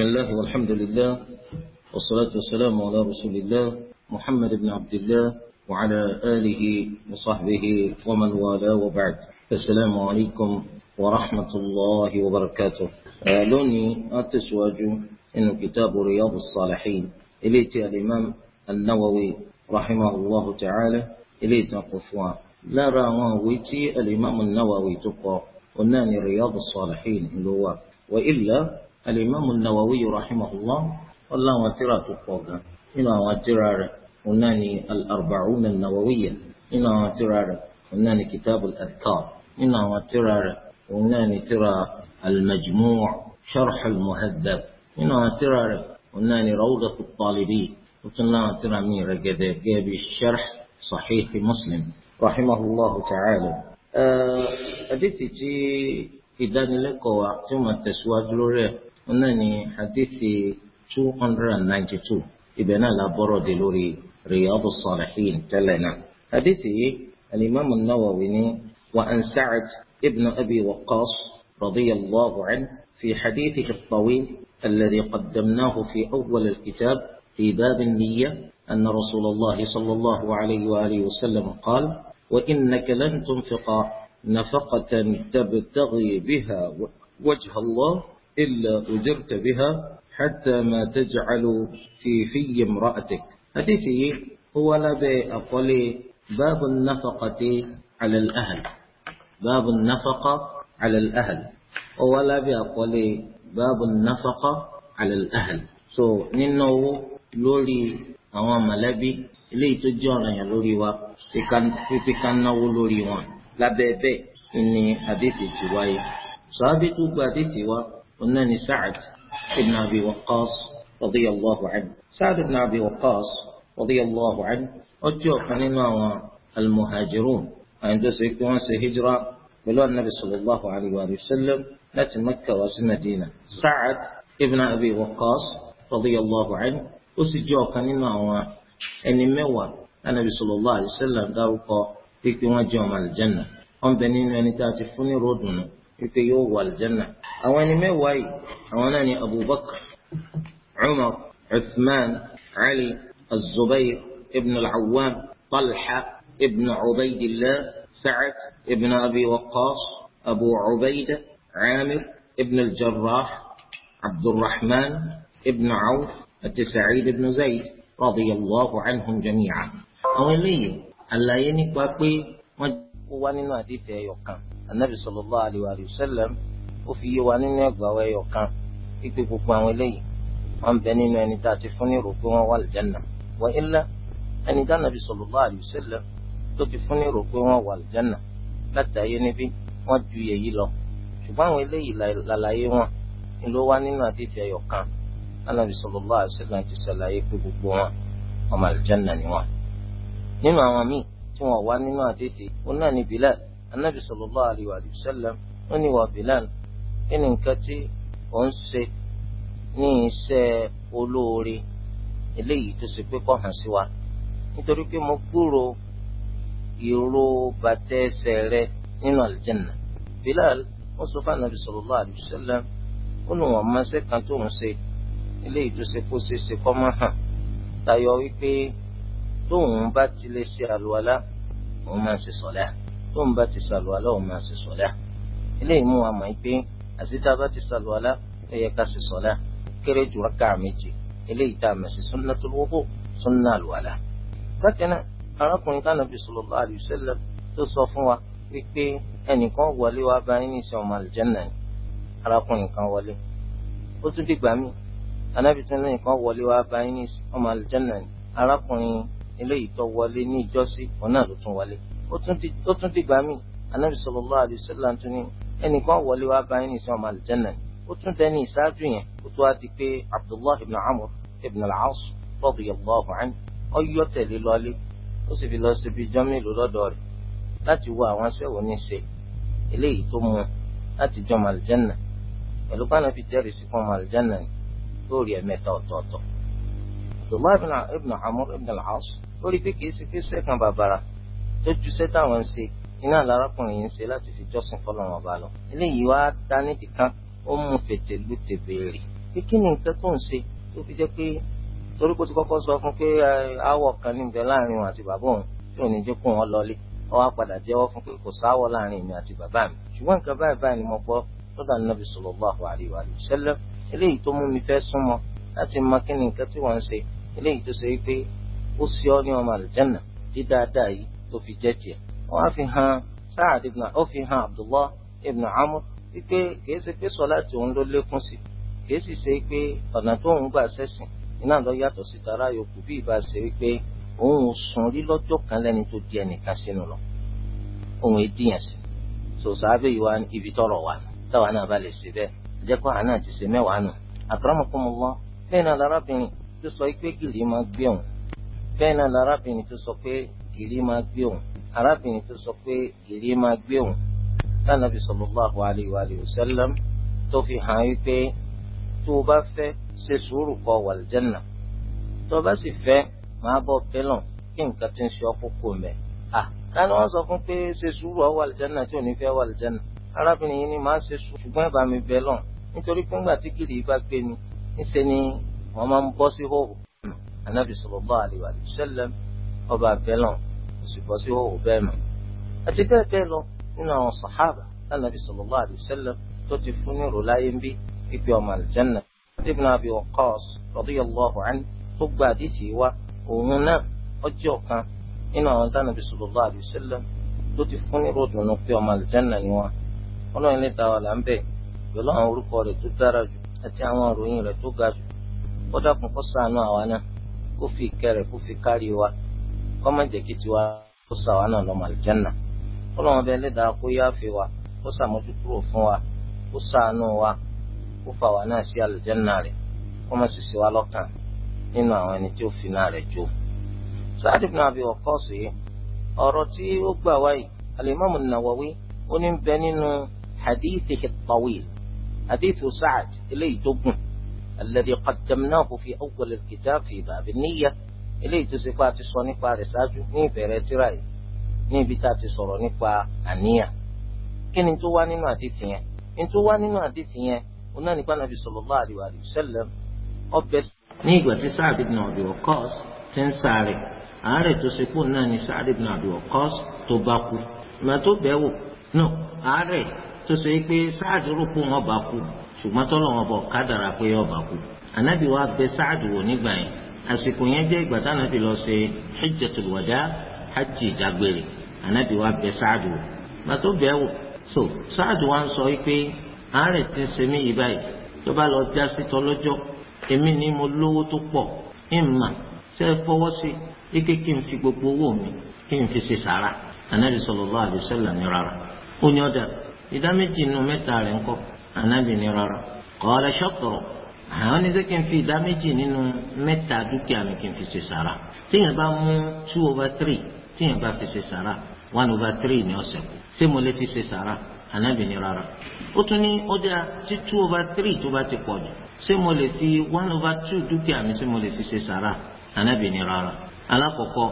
بسم الله والحمد لله والصلاة والسلام على رسول الله محمد بن عبد الله وعلى آله وصحبه ومن والاه وبعد السلام عليكم ورحمة الله وبركاته آه، لوني أتسواج إن كتاب رياض الصالحين إليت الإمام النووي رحمه الله تعالى إليت قفوا لا راويتي الإمام النووي تقوى قلنا رياض الصالحين هو وإلا الإمام النووي رحمه الله ولا وترى تقوغا إما وترى هناني الأربعون النووية إما وترى هناني كتاب الأذكار إما وترى هناني ترى المجموع شرح المهذب إما وترى هناني روضة الطالبين وتنا وترى مين رجدي جاب الشرح صحيح مسلم رحمه الله تعالى أديتي تي إذا نلقوا أعطيما التسواد لوريه ونني حديثي 292 إبن لا برد لوري رياض الصالحين تلنا حديثي الإمام النووي وأن سعد ابن أبي وقاص رضي الله عنه في حديثه الطويل الذي قدمناه في أول الكتاب في باب النية أن رسول الله صلى الله عليه وآله وسلم قال وإنك لن تنفق نفقة تبتغي بها وجه الله إلا أجرت بها حتى ما تجعل في في امرأتك حديثي هو لدي أقول باب النفقة على الأهل باب النفقة على الأهل هو لدي أقول باب النفقة على الأهل so ننو لولي أو لبي لي تجونا لولي و في نو لولي وان لدي بي إني حديثي جواي صحابي تبقى حديثي onani Sa'ad ibn Abi Waqqas radiyallahu anhu Sa'ad ibn Abi Waqqas radiyallahu anhu ọjọ́ ọ̀kan nínú àwọn almuhajirun àwọn tó ṣe pé wọ́n ṣe hijira pẹ̀lú anabi sallallahu alayhi wa sallam láti Mẹ́kà wá sí Madina Sa'ad ibn Abi Waqqas radiyallahu anhu ó sì jẹ́ ọ̀kan nínú àwọn ẹni mẹ́wàá anabi sallallahu alayhi wa sallam dárúkọ pé kí wọ́n jẹ́ ọmọ àlùjẹ́nà wọ́n bẹ nínú ẹni tá a ti fún ní ròdùnú títí yóò wà lìjánà àwọn ẹni mẹ́wàá yìí àwọn náà ni abubakar umar uthman ali azubair ibn al-awwam talha ibn ubaydillah sacad ibn abi waqqas abu ubayda amir ibn al-jarrah abdulrahman ibn cawf àti sa'id ibn zayd radiyallahu canhum jamiica. àwọn eléyìí àlàyé nípa pé wọ́n kó wá nínú àdìtẹ̀ ẹ̀yọ̀ kan. anabi sallallahu alayhi wa sallam ó fi yé wa nínú ẹgbà wa ẹyọ kan wípé gbogbo àwọn eléyìí wọn bẹ nínú ẹni tá a ti fún ní rò pé wọn wà lìjánà wa illa ẹni tá anabi sallallahu alayhi wa sallam tó ti fún ní rò pé wọn wà lìjánà láti ayé níbí wọn ju yèyí lọ ṣùgbọ́n àwọn eléyìí làlàyé wọn ni ló wá nínú àdìsí ẹyọ kan anabi sallallahu alayhi wa ti ṣàlàyé pé gbogbo wọn ọmọ àlìjánà ni wọn nínú àwọn míì tí wọn wá nínú àdìsí anabi sallallahu alayhi wa sallam ó ní wà Bilal kí ni nǹkan tí ò ń ṣe ní iṣẹ́ olóore eléyìí tó ṣe pé kọ́ hàn sí wa nítorí pé mo gbúrò ìró bàtẹ́ ẹsẹ̀ rẹ nínú àlùjànnà Bilal ó sọ fún anabi sallallahu alayhi wa ó ní wọn máa ṣe kan tó ń ṣe eléyìí tó ṣe kó ṣe ṣe kọ́ máa hàn tayọ wípé tóun bá ti ṣe àlùwalá òun máa ṣe sọ̀lẹ́ tó ń bá ti sàlùwàlá òun máa ṣe sọ̀lá eléyìí mú wa mọ̀ ẹ́ pé àtijọ́ bá ti sàlùwàlá ó yẹ ká ṣe sọ̀lá kéré jù rákà méjì eléyìí tá a mọ̀ sí sunnatul wudu sunna àlùwàlá. bákan náà arákùnrin kan Ànábì sallallahu alayhi wa sallam tó sọ fún wa wípé ẹnìkan wọlé wa bá yín ní ìṣẹ́ ọmọ àlùjẹ́nà ni arákùnrin kan wọlé ó tún dìgbà míì anábì tún wọlé wa bá yín ní ọmọ àlùjẹ́nà ni arákùnrin eléyìí tó wọlé ní ìjọ́sí òun náà ló tún wọlé ó tún dìgbà mí anabi sallallahu alaihi wasallam tún ní ẹnìkan wọlé wá bá yín nìsan ọmọ àlùjẹ́nà ó tún tẹ́ ní ìṣáájú yẹn ó tó wá di pé abdullahi ibn amr ibn al-as radiyallahu anhu ó yọ tẹ̀lé lọ́lé ó sì fi lọ síbi jọ́mìlú lọ́dọ̀ rẹ̀ láti wo àwọn aṣẹ́wó ní ṣe eléyìí tó mú láti jọ ọmọ àlùjẹ́nà pẹ̀lú pàánà fi jẹ́rìí sí fún ọmọ lórí ẹ̀mẹ́ta ọ̀tọ̀ọ̀tọ̀ tó ju iṣẹ́ táwọn ń ṣe iná lárakùnrin yìí ń ṣe láti fi jọ́sìn fọlọ́run ọba lọ eléyìí wá dá nídìí kan ó mú fètè lù tèbè rè pé kí ni nǹkan tó ń ṣe tó fi jẹ́ pé torí kó ti kọ́kọ́ sọ fún pé aáwọ̀ kan níbẹ̀ láàrin òun àti bàbá òun tí òun ní jẹ́ kó wọn lọlé ọwọ́ padà jẹ́wọ́ fún pé kò sáwọ́ láàrin èmi àti bàbá mi ṣùgbọ́n nǹkan báyìí báyìí ni mo gbọ́ lọ́dọ̀ nàbì sallallahu alaihi wa sallam eléyìí tó mú mi fẹ́ súnmọ́ láti mọ kí ni nǹkan tí wọ́n ń ṣe tó fi jẹ́ tiẹ̀. wọ́n fi hàn Sa'ad ibn ó fi hàn Abdullah ibn Amr wípé kìí ṣe pé sọ láti òun ló lékún sí kìí sì ṣe pé ọ̀nà tó òun gbà sẹ́sìn iná lọ yàtọ̀ sí tara yòókù bí ìbá ṣe wípé òun sùn rí lọ́jọ́ kan lẹ́ni tó di ẹnìkan sínú lọ òun èdìyàn sí so sàábẹ̀ yìí wá ibi tọrọ wà táwa náà bá lè ṣe bẹ́ẹ̀ jẹ́ àná ti ṣe mẹ́wàá nù akramakumullah bẹ́ẹ̀ náà lárábìnrin tó sọ pé gìrì máa gbé òun bẹ́ẹ̀ náà lárábìnrin tó sọ pé gìrì máa gbé òun arábìnrin tó sọ pé gìrì máa gbé òun lánàbí sallallahu alayhi wa sallam tó fi hàn yí pé tó o bá fẹ́ ṣe sùúrù kó wàlìjánà tó o bá sì fẹ́ máa bọ́ pẹ́lọ̀n kí nǹkan ti ń ṣe ọkókó mẹ́ à lánàá wọ́n sọ fún pé ṣe sùúrù ọ wàlìjánà tí ò ní fẹ́ wàlìjánà arábìnrin yìí ni màá ṣe sùúrù ṣùgbọ́n ẹ mi bẹ lọ́n nítorí pé ńgbà tí gìrì bá gbé mi níṣẹ́ ni wọ́n máa ń bọ́ sí hóhù Ànábì sallallahu alayhi wa sallam ọba bẹ́lọ̀n òsìbọ́ sí òwò bẹ́ẹ̀ mọ̀ àti bẹ́ẹ̀ bẹ́ẹ̀ lọ nínú àwọn sàhábà lánàbí sallallahu alaihi wasallam tó ti fún ní rò láyé ń bí pípé ọmọ àlùjánà ibn abi Waqqas radiyallahu anhu tó gba àdìsí wa òun náà ọjọ́ kan nínú àwọn tánàbí sallallahu alaihi wasallam tó ti fún ní ròdùnú pé ọmọ àlùjánà ni wọn ọlọ́run ní tàwa là ń bẹ̀ pẹ̀lú àwọn orúkọ rẹ̀ tó dára jù àti àwọn òròyìn rẹ̀ tó ga jù kó dákun kó ṣàánú àwa náà kó fi ìkẹ́ rẹ̀ kó fi kárí wa kọ́mọ jẹ́ kí tiwa kó sà wá náà lọ́mọ àlùjànnà kọ́lọ́wọ́n bẹ́ẹ̀ lẹ́dàá kó yááfì wa kó sàmójú kúrò fún wa kó ṣàánú wa kó fà wá náà sí àlùjànnà rẹ̀ kọ́mọ sì sí wa lọ́kàn nínú àwọn ẹni tí ó fi náà rẹ̀ jó. Sa'ad ibn Abi Waqqas ọ̀rọ̀ tí ó gbà wáyé al nawawi ó ní bẹ nínú hadithihi at-tawil Sa'ad eléyìí tó gùn alladhi qaddamnahu fi awwal al-kitab fi bab an eléyìí tó ṣe pé a ti sọ nípa rẹ̀ ṣáájú ní ìbẹ̀rẹ̀ tírà yìí ní ibi tá a ti sọ̀rọ̀ nípa àníyàn kí ni tó wá nínú àdìtì yẹn ní tó wá nínú àdìtì yẹn òun náà nípa nàbì sallallahu alaihi wasallam ọbẹ̀. ní ìgbà tí Sa'd ibn Abi Waqqas ti ń sáré àárẹ̀ tó ṣe pò náà ni Sa'd ibn Abi Waqqas tó bá kú ìgbà tó bẹ̀ wò náà àárẹ̀ tó ṣe pé Sa'd rò pé wọn bá kú ṣùgbọ́n tọ́lọ́ wọn bọ̀ kádàrà pé wọn bá kú ànábì wa bẹ̀ Sa'd nígbà yẹn àsìkò yẹn jẹ́ ìgbà táwọn ti lọ ṣe hijjatul wada hajj ìdágbére ànábì wa bẹ sáàdù wò màtó bẹ́ẹ̀ wò so sáàdù wa ń sọ pé àárẹ̀ ti ń ṣe mí yìí báyìí tó bá lọ já sí tọlọ́jọ́ èmi ni mo lówó tó pọ̀ ìmà ṣe é fọwọ́ sí ike kí n fi gbogbo owó mi kí n fi ṣe sàrà ànábì sallallahu alaihi wasallam ní rárá ó ní ọ̀dà ìdá méjì nínú mẹ́ta rẹ̀ ńkọ́ ànábì ní rárá qala shatru àwọn ní sẹ́ kí n fi ìdá méjì nínú mẹ́ta dúkìá mi kí n fi ṣe sàrà tíyẹn bá mú two over three tíyẹn bá fi ṣe sàrà one over three ni ọ̀sẹ̀ kù ṣé mo lè fi ṣe sàrà ànábì ni rárá ó tún ní ó dáa tí two over three tó bá ti pọ̀ jù ṣé mo lè fi one over two dúkìá mi ṣé mo lè fi ṣe sàrà ànábì ni rárá alákọ̀ọ́kọ́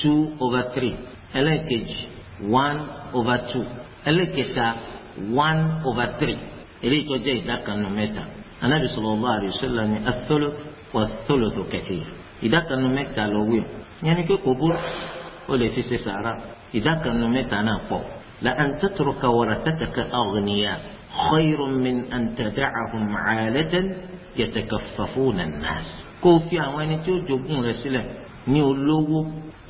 two over three ẹlẹ́ẹ̀kejì one over two ẹlẹ́ẹ̀kẹta one over three eléyìí tó jẹ́ ìdá kan nù mẹ́ta anabi sallallahu alaihi wasallam ní athuluth wa thuluthu kathir ìdá kan nu mẹ́ta lọ wí yẹn ni pé kò burú ó lè fi ṣe sàrà ìdá kan nu mẹ́ta náà pọ̀ la an tatruka warathataka aghniya khayrun min an tada'ahum 'alatan yatakaffafuna an-nas kó o fi àwọn ẹni tí ó jogún rẹ̀ sílẹ̀ ní olówó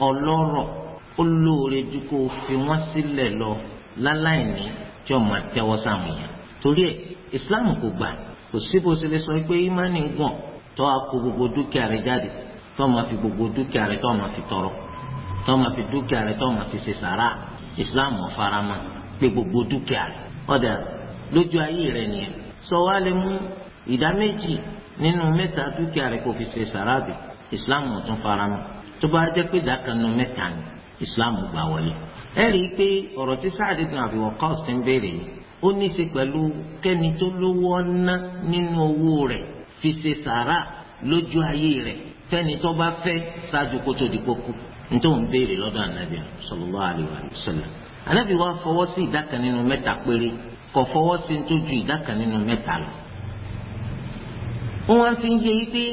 ọlọ́rọ̀ ó lóore ju kó o fi lọ láláìní tí ọmọ àtẹ́wọ́ sáwọn èèyàn torí ẹ̀ islam kò gbà kò síbò sí lè sọ pé ìmánì ń gùn tó a kó gbogbo dúkìá rẹ jáde tó máa fi gbogbo dúkìá rẹ tó máa fi tọrọ tó máa fi dúkìá rẹ tó máa fi ṣe sàrà islam ọ̀farama pé gbogbo dúkìá rẹ ọ̀dà lójú ayé rẹ nìyẹn sọ wá lè mú ìdá méjì nínú mẹ́ta dúkìá rẹ kò fi ṣe sàrà bì islam ọ̀tún farama tó bá jẹ́ pé ìdákanu mẹ́ta ni islam gbà wọlé ẹ rí i pé ọ̀rọ̀ tí Sa'd ibn Abi Waqqas ń béèrè yìí ó ní í ṣe pẹ̀lú kẹ́ni tó lówó ọ̀nà nínú owó rẹ̀ fi ṣe sàrà lójú ayé rẹ̀ fẹ́ni tó bá fẹ́ ṣáájú kó tó di kókó béèrè lọ́dọ̀ ànábì ànábì wa fọwọ́ sí n'inu nínú mẹ́ta péré kò fọwọ́ sí tó ju ìdá nínú mẹ́ta lọ. wọ́n fi ń yé yí pé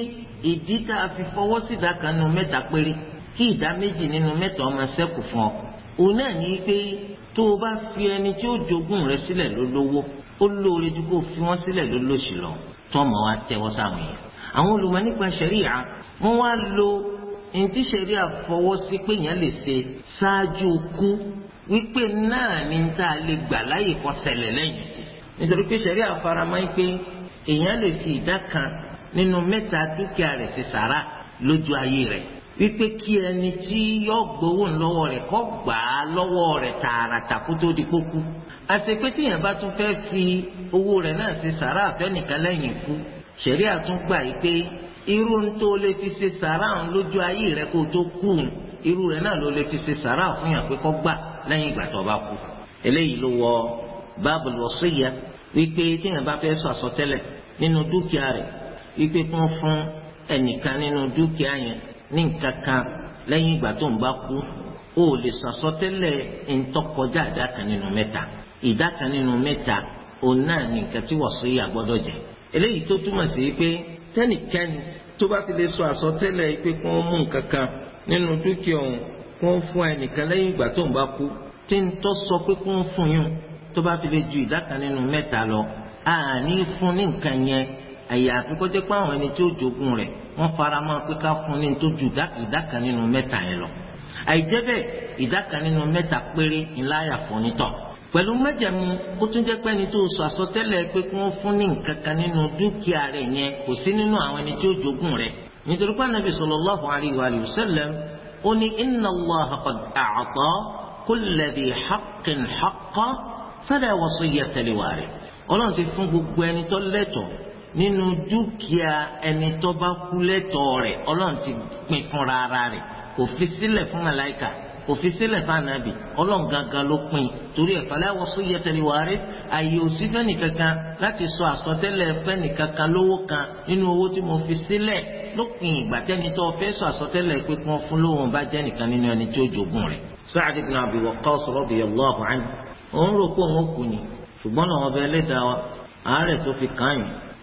ìdí tá a fi fọwọ́ sí nínú mẹ́ta péré kí ìdá méjì nínú mẹ́ta ọmọ fún ọ òun náà ní tó o bá fi ẹni tí ó jogún rẹ sílẹ̀ ló lówó ó lóore dúpọ fi wọn sílẹ̀ ló lòṣì lọ tọmọ wa tẹ́wọ́ sáwọn yẹn àwọn olùmọ̀ nípa ṣẹríà wọn wá lo ntí ṣẹríà fọwọ́ sí pé yẹn lè ṣe ṣáájú kú wípé náà ni tá a lè gbà láyè kó ṣẹlẹ̀ lẹ́yìn nítorí pé ṣẹríà faramọ́ pé èèyàn lè fi ìdá kan nínú mẹ́ta dúkìá rẹ̀ ti sàrà lójú ayé rẹ̀ wípé kí ẹni tí yọ gbowó lọ́wọ́ rẹ̀ kọ́ gbà á lọ́wọ́ rẹ̀ tààràtà kó tó di kókú. àti pé tíyẹn bá tún fẹ́ fi owó rẹ̀ náà ṣe sàrà àfẹ́nìkan lẹ́yìn ikú ṣẹ̀rí àtúngbà yìí pé irú ń tó lè fi ṣe sàrà ń lójú ayé rẹ̀ kó tó kú irú rẹ̀ náà ló lè fi ṣe sàrà fún yàn pé kọ́ gbà lẹ́yìn ìgbà tó bá kú. eléyìí ló wọ báàbù lọ́sọ̀yà wípé tíyẹn bá fẹ́ sọ àsọtẹ́lẹ̀ nínú dúkìá rẹ̀ wípé kún fún ẹnìkan nínú dúkìá yẹn ní nǹkan kan lẹ́yìn ìgbà tó ń bá kú ó lè sàsọtẹ́lẹ̀ ntọ́kọjá ìdá kan nínú mẹ́ta ìdá kan nínú mẹ́ta òun náà ní nǹkan tí wàsíyà gbọ́dọ̀ jẹ́ eléyìí tó túmọ̀ sí pé tẹ́nìkẹ́ni tó bá ti lè sọ àsọtẹ́lẹ̀ pé kí wọ́n mú nǹkan nínú dúkìá òun kí wọ́n fún ẹnìkan lẹ́yìn ìgbà tó ń bá kú tí ń tọ́ sọ pé kí wọ́n fún yún tó bá fi lè ju ìdá kan nínú mẹ́ta lọ àní fún ní nǹkan yẹn àyàfi kó jẹ́ pé àwọn ẹni tí ó jogún rẹ̀ wọ́n fara mọ́ pé ká fún ní tó ju ìdá kan nínú mẹ́ta yẹn lọ àìjẹ́ bẹ́ẹ̀ ìdá kan nínú mẹ́ta péré ńlá yà fún nítọ̀ pẹ̀lú mẹ́jẹ̀mú kó tún jẹ́ pé ẹni tó sọ àsọtẹ́lẹ̀ pé kí wọ́n fún ní nǹkan kan nínú dúkìá rẹ̀ yẹn kò sí nínú àwọn ẹni tí ó jogún rẹ̀ nítorí pé anabi sallallahu alayhi wa sallam ó ní nínú dúkìá ẹni tó bá kú lẹ́tọ̀ọ́ rẹ̀ ọlọ́run ti pín fúnra ara rẹ̀ kò fi sílẹ̀ fún màláìkà kò fi sílẹ̀ fún ànábì ọlọ́run gangan ló pín torí ẹ̀ fala wasiyyata li warith àyè òsì fẹ́nì láti sọ àsọtẹ́lẹ̀ fẹ́nì lówó kan nínú owó tí mo fi sílẹ̀ lópin ìgbà tẹ́ni tó fẹ́ sọ àsọtẹ́lẹ̀ pé kí wọ́n fún lóhùn bá jẹ́ nìkan nínú ẹni tí ó jogún rẹ̀. Sa'd ibn Abi Waqqas radiyallahu anhu òun rò pé òun kù ni ṣùgbọ́n àwọn ọbẹ̀ ẹlẹ́dàá wa àárẹ̀ tó fi kàn yín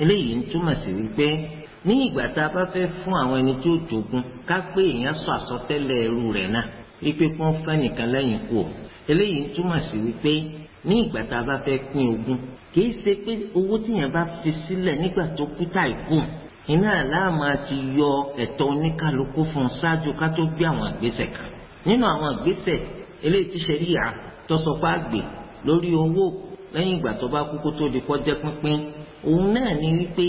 eléyìí ń túmọ̀ sí wípé ní ìgbà tá a bá fẹ́ fún àwọn ẹni tí ó jogún ká pé èèyàn sọ àsọtẹ́lẹ̀ ẹrú rẹ̀ náà wípé kí wọ́n fẹ́ nìkan lẹ́yìn kù ọ́ eléyìí ń túmọ̀ sí wípé ní ìgbà tá a bá fẹ́ pín ogún kìí ṣe pé owó tíyẹn bá fi sílẹ̀ nígbà tó kú tá iná àláàmà ti yọ ẹ̀tọ́ oníkálukú fún ṣáájú ká tó gbé àwọn ìgbésẹ̀ kan nínú àwọn ìgbésẹ̀ eléyìí ti ṣe òun náà ni wípé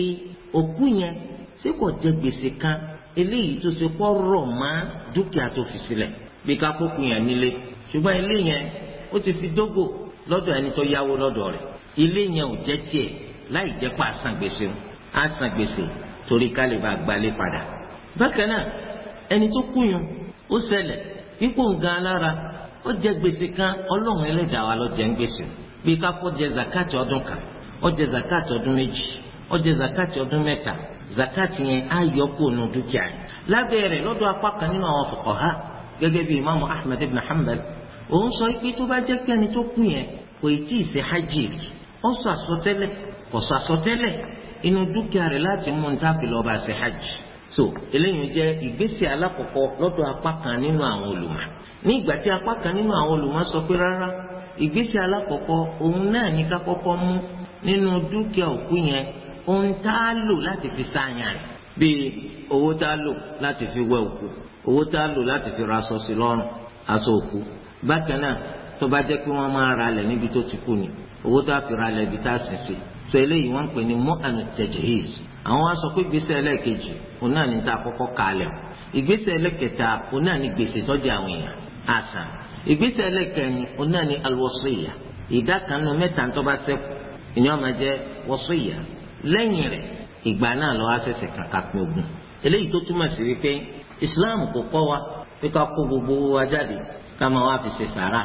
òkú yẹn ṣé kò jẹ gbèsè kan eléyìí tó ṣe pọ̀ rọ̀ mọ́ dúkìá tó fi sílẹ̀ bí ká kókù yẹn nílé ṣùgbọ́n ilé yẹn ó ti fi dógò lọ́dọ̀ ẹni tó yáwó lọ́dọ̀ rẹ̀ ilé yẹn ò jẹ́ tiẹ̀ láì jẹ́ pa àsan gbèsè o àsan gbèsè torí ká lè bá gbalé padà. bákan náà ẹni tó kú ó ṣẹlẹ̀ ipò nǹkan alára ó jẹ gbèsè kan ọlọ́run ẹlẹ́dàá wa ló jẹ́ ń gbèsè bí ká kó jẹ zakati ọdún kan ó jẹ zakati ọdún méjì ó jẹ zakati ọdún mẹ́ta zakati yẹn á yọ kó nu dúkìá yẹn lábẹ́ rẹ̀ apá kan nínú àwọn fuqaha gẹ́gẹ́ bíi imaamu ahmed ibn hanbal òun sọ pé tó bá jẹ́ kẹ́ni tó kú yẹn kò tí ì ṣe hajj rí ó sọ àsọtẹ́lẹ̀ kò sọ àsọtẹ́lẹ̀ inú dúkìá rẹ̀ láti mú un táàpì lọ́ọ́ bá ṣe hajj so eléyìí jẹ́ ìgbésẹ̀ alákọ̀ọ́kọ́ lọ́dọ̀ apá kan nínú àwọn olùmọ̀ nígbà tí apá kan nínú àwọn olùmọ̀ sọ pé rárá ìgbésẹ̀ alákọ̀ọ́kọ́ òun náà ní ká kọ́kọ́ mú nínú dúkìá òkú yẹn ohun tá a lò láti fi sáyàn rẹ̀ bíi owó tá a lò láti fi wẹ òkú owó tá a lò láti fi ra aṣọ sí lọ́rùn aṣọ òkú bákan náà tó bá jẹ́ pé wọ́n máa ra lẹ̀ níbi tó ti kú ni owó tá a fi ra lẹ̀ ibi tá a sì sí so eléyìí wọ́n ń pè ní mu'anu tajhiz àwọn wá sọ pé ìgbésẹ̀ ẹlẹ́ẹ̀kejì òun náà ní tá kọ́kọ́ kalẹ̀ ìgbésẹ̀ ẹlẹ́ẹ̀kẹta òun náà ní gbèsè tọ́jú àwọn èèyàn àṣà ìgbésẹ̀ ẹlẹ́ẹ̀kẹrin òun náà ní alwasiyya ìdá kan nínú mẹ́ta tó bá ṣẹ́kù ìyẹn máa jẹ́ wọ́sọ̀yà lẹ́yìn rẹ̀ ìgbà náà lọ́ wá ṣẹ̀ṣẹ̀ kàkà pé ogun eléyìí tó túmọ̀ sí wípé islam kò kọ́ wa pé ká kó gbogbo wa jáde ká máa wá fi ṣe sàrà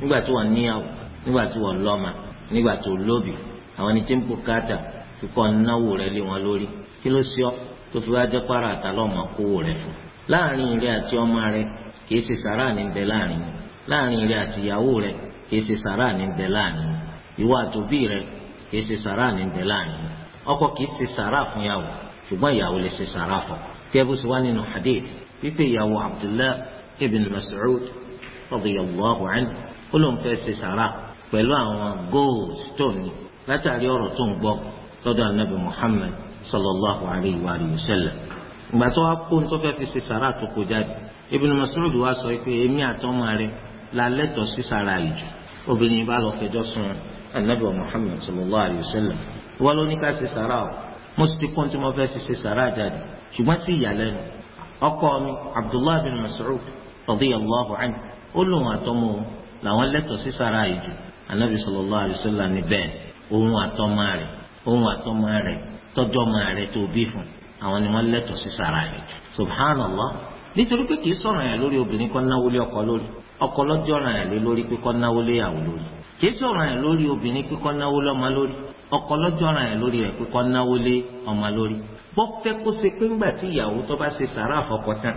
nígbà tí wọ́n níyàwó nígbà tí wọ́n lọ́mọ nígbà tó lóbì àwọn ẹni tí ń bò káàtà fi kọ́ náwó rẹ lé wọn lórí kí ló ṣe tó fi wá jẹ́ pàrọ̀ àtàlọ́mọ kówó rẹ fún láàrin rẹ àti ọmọ rẹ kì í ṣe sàrà ní bẹ láàrin láàrin rẹ àti ìyàwó rẹ kì í ṣe sàrà ní bẹ láàrin ìwọ àtòbí rẹ kì í ṣe sàrà ní bẹ láàrin ọkọ kì í ṣe sàrà fún yàwó ṣùgbọ́n ìyàwó lè ṣe sàrà fún kẹbù sí wá nínú hadith wípé ìyàwó abdullahi ibn mas'ud radiyallahu anhu ó lóun fẹ́ ṣe sàrà pẹ̀lú àwọn gold stone látàrí ọ̀rọ̀ tó ń gbọ́ lọ́dọ̀ anabi muhammad sallallahu alayhi wa sallam ìgbà tó wá kó tó fẹ́ fi ṣe sàrà tó kó jáde ibn mas'ud wá sọ pé èmi àtọ́mọ rẹ la lẹ́tọ̀ọ́ sí sàrà ìjù obìnrin bá lọ fẹjọ́ sùn anabi muhammed sallallahu alayhi wa sallam wọ́n ló ní ká ṣe sàrà o mo sì ti kún tí mo fẹ́ ti ṣe sàrà jáde ṣùgbọ́n sí ìyàlẹ́nu ọkọ mi abdullahi bin mas'ud radiyallahu anhu ó lóun àtọmọ o làwọn lẹ́tọ̀ọ́ sí sàrà yìí jù anabi sallallahu alayhi wa sallam ní bẹ́ẹ̀ òun àtọmọ rẹ̀ òun àtọmọ rẹ̀ tọ́jọ́ ọmọ rẹ̀ tó bí fún àwọn ni wọ́n lẹ́tọ̀ọ́ sí sàrà yìí jù subhanallah nítorí pé kì í sọ̀rọ̀ yẹn lórí obìnrin kan náwó lé ọkọ lórí ọkọ lọ́jọ́ ràn yẹn lé lórí pé kọ́ náwó lé ìyàwó lórí kìí sọ̀rọ̀ yẹn lórí obìnrin pé kó náwó lọ́mọ lórí ọkọ lọ́jọ́ ọ̀ràn yẹn lórí rẹ̀ pé kó náwó lé ọmọ lórí bọ́ fẹ́ kó ṣe pé ńgbà tí ìyàwó tó bá ṣe sàrà àfọkọ tán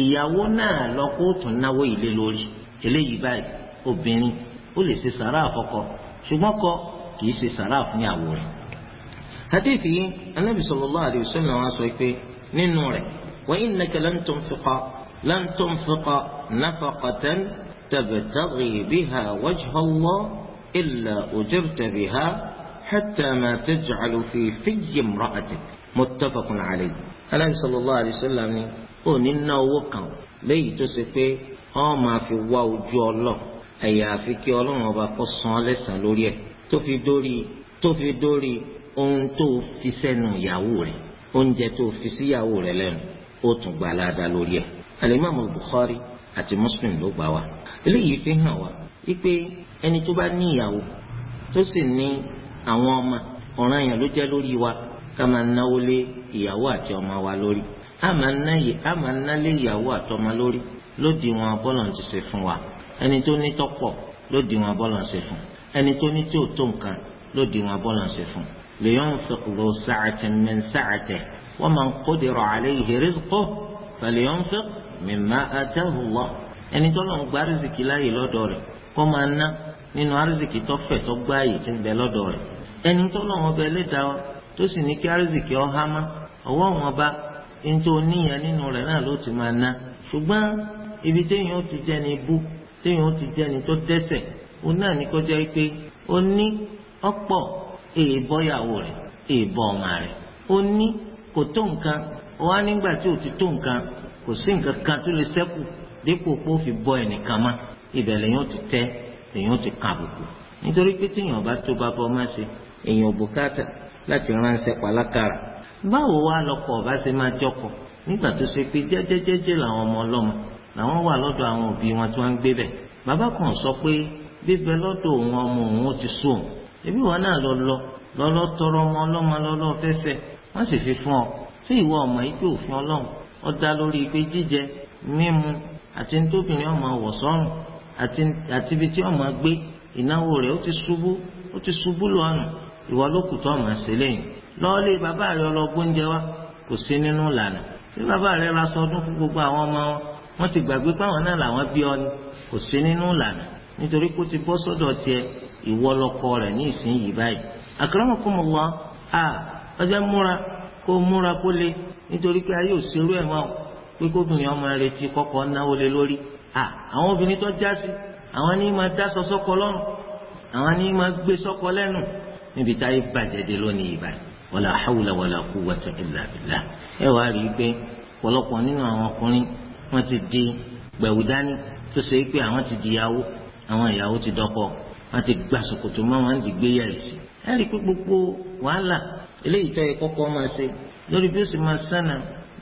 ìyàwó náà lọ kó tún náwó ilé lórí eléyìí báyìí obìnrin ó lè ṣe sàrà àfọkọ ṣùgbọ́n kọ kìí ṣe sàrà fún ìyàwó rẹ̀. hadith yìí anábì sallallahu alaihi wasallam wa sọ pé nínú rẹ̀ wa tabtaghi biha wajha Allah إلا أجرت بها حتى ما تجعل في في امرأتك متفق عليه النبي صلى الله عليه وسلم ní òní ná owó kan léyìí tó ṣe pé ọ máa fi wá ojú ọlọ àyàfi kí Ọlọ́run ọba kó san án lẹ́san lórí ẹ̀ tó fi dórí tó fi dórí ohun tó fi sẹ́nu ìyàwó rẹ̀ oúnjẹ tó fi síyàwó rẹ̀ lẹ́nu ó tún gba aláàdá lórí ẹ̀. alimami Bukhari àti Muslim ló gbà wá eléyìí fi hàn wá wípé ẹni tó bá ní ìyàwó tó sì ní àwọn ọmọ ọ̀ràn yẹn ló jẹ́ lórí wa ká máa náwó lé ìyàwó àti ọmọ wa lórí a máa ná yìí a máa ná lé ìyàwó àti ọmọ lórí lódì wọn bọ́lọ̀ ti ṣe fún wa ẹni tó ní tọ́pọ̀ lódì wọn bọ́lọ̀ ṣe fún ẹni tó ní tí ò tó nǹkan lódì wọn bọ́lọ̀ ṣe fún لينفق ذو سعة من سعته ومن قدر عليه رزقه فلينفق مما آتاه الله ẹni tó lọ́n gba rìsìkì láàyè lọ́dọ̀ rẹ̀ kó nínú arzikì tó fẹ̀ tó gbáàyè tí ń bẹ lọ́dọ̀ rẹ̀ ẹni tó lọ́wọ́ bẹ lẹ́dàá wa tó sì ní kí arzikì ọ há má ọwọ́ wọn bá ní tó nínú rẹ̀ náà ló ti máa ná ṣùgbọ́n ibi téèyàn ti ni bú téèyàn ti ni tó dẹ́sẹ̀ òun náà ní kọjá pé ó ní ọ̀pọ̀ èèbọ̀ ìyàwó rẹ̀ èèbọ̀ ọmọ ó ní kò tó nǹkan wá nígbà tí ò ti tó nǹkan kò sí èèyàn ti ka àbùkù nítorí pé èèyàn bá tó bá bọ́ má ṣe èèyàn bùkátà láti ránṣẹ́ pàlákàrà báwo wá lọkọ ọba ṣe máa jọkọ nígbà tó ṣe pé jẹ́jẹ́jẹ́jẹ́ làwọn ọmọ ọlọ́mọ làwọn wà lọ́dọ̀ àwọn òbí wọn tí wọ́n ń gbé bàbá kan sọ pé bíbẹ lọ́dọ̀ òun ọmọ òun ti sùn ẹbí wọn náà lọ lọ lọlọ tọrọ ọmọ àti ibi tí ọmọ gbé ìnáwó rẹ̀ ó ti ṣubú ó ti ṣubú lọ́nà ìwọ ló kù tó ọmọ ṣe lẹ́yìn lọ́ọ́lé bàbá rẹ̀ ọlọ́gbọ́n jẹ wá kò sí nínú ìlànà tí bàbá rẹ̀ ra sọdún fún gbogbo àwọn ọmọ wọn wọ́n ti gbàgbé páwọn náà làwọn bí ọ ni kò sí nínú ìlànà nítorí kó ti bọ́ sọ́dọ̀ tiẹ̀ ìwọ lọkọ rẹ̀ ní ìsín yìí báyìí akramakumullah a ọjọ́ múra kó múra kó le nítorí pé ayé òṣèrú ẹ̀ mọ́ pé kóbìnrin ọmọ rẹ̀ ti kọ́kọ́ náwó lé lórí àwọn obìnrin tó já sí àwọn ní máa dá sọ sọ́kọ lọ́rùn àwọn ní máa gbé sọ́kọ lẹ́nu níbi táyé bàjẹ́ dé lónìí ìbàdàn wàlà hawla wàlà quwwata illa billah ẹ wàá rí i pé pọ̀lọpọ̀ nínú àwọn ọkùnrin wọ́n ti di gbẹ̀wù dání tó ṣe é pé àwọn ti di ìyàwó àwọn ìyàwó ti dọ́kọ wọ́n ti gba ṣòkòtò mọ́ wọn ti gbé yẹ̀rì sí ẹ rí i pé gbogbo wàhálà eléyìí tó yẹ kọ́kọ́ máa ṣe lórí bí ó sì máa sánà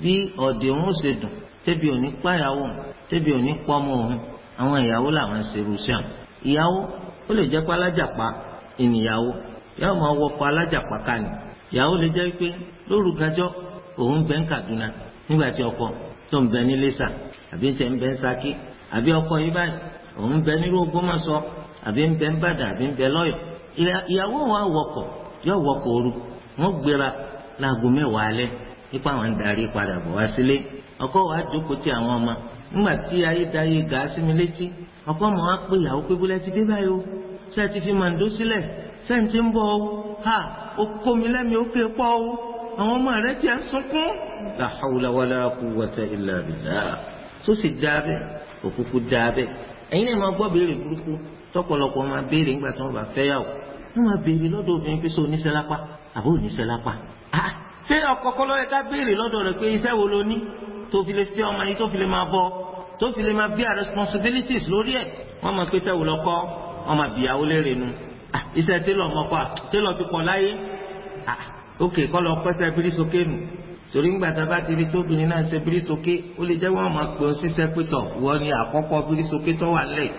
bí ọ̀dẹ̀ òun ó ṣe dùn tẹ́bi òní pàyàwó tẹ́bi òní pọ́ ọmọ òun àwọn ìyàwó làwọn ṣerú Iyawo o ìyàwó ó lè jẹ́ pé alájàpá ènìyàwó yàwó máa wọkọ̀ alájàpá ká ni ìyàwó lè jẹ́ pé lóru gajọ́ òun ń nígbà tí ọkọ tó ń bẹ ní Iléṣà àbí tẹ̀ ń bẹ ń Ṣakí àbí ọkọ yìí báyìí òun bẹ nílùú Ògbómọ̀ṣọ́ àbí ń bẹ ń Bàdàn àbí ń bẹ lọ́yọ̀ ìyàwó wọn gbéra láago àwọn darí padà ọkọ wa jókòó nígbà tí ayédáyé gàá sí mi létí ọkọ mọ wá pé ìyàwó pé bólẹ́ ti dé báyìí o ṣé ẹ ti fi màǹdó sílẹ̀ ṣé ẹ ti ń bọ̀ o ha ó kó mi lẹ́mi ó ké pọ́ o àwọn ọmọ rẹ ti ń sunkún. la hawla wala quwwata illa billah tó sì dábẹ́ òkúkú dábẹ́ ẹ̀yin náà máa gbọ́ béèrè burúkú tọ́pọ̀lọpọ̀ máa béèrè nígbà tí wọ́n bá fẹ́ yàwó wọ́n máa béèrè lọ́dọ̀ obìnrin pé sọ oníṣẹ́ àbó oníṣẹ́ ah! ṣé ọkọ kọ́lọ́ yẹ ká béèrè lọ́dọ̀ rẹ̀ pé iṣẹ́ wo lo ní tó fi lè fẹ́ ọmọ yìí tó fi lè máa bọ́ tó fi lè máa bí a responsibilities lórí ẹ̀ wọ́n máa pété wò lọ́kọ́ ọmọ àbíyáwó lérè nu ah, iṣẹ́ télọ̀ ọmọkọ́ à télọ̀ ti pọ̀ láyé ah, ok kọ́ lọ pẹ́sẹ́ bírí sókè nù torí ńgbà tá a bá ti rí tóbìnrin náà ṣe bírí sókè ó lè jẹ́ wọ́n máa pè ó ṣiṣẹ́ pétọ̀ wọ́n ní àkọ́kọ́ bírí sókè tó wà lẹ̀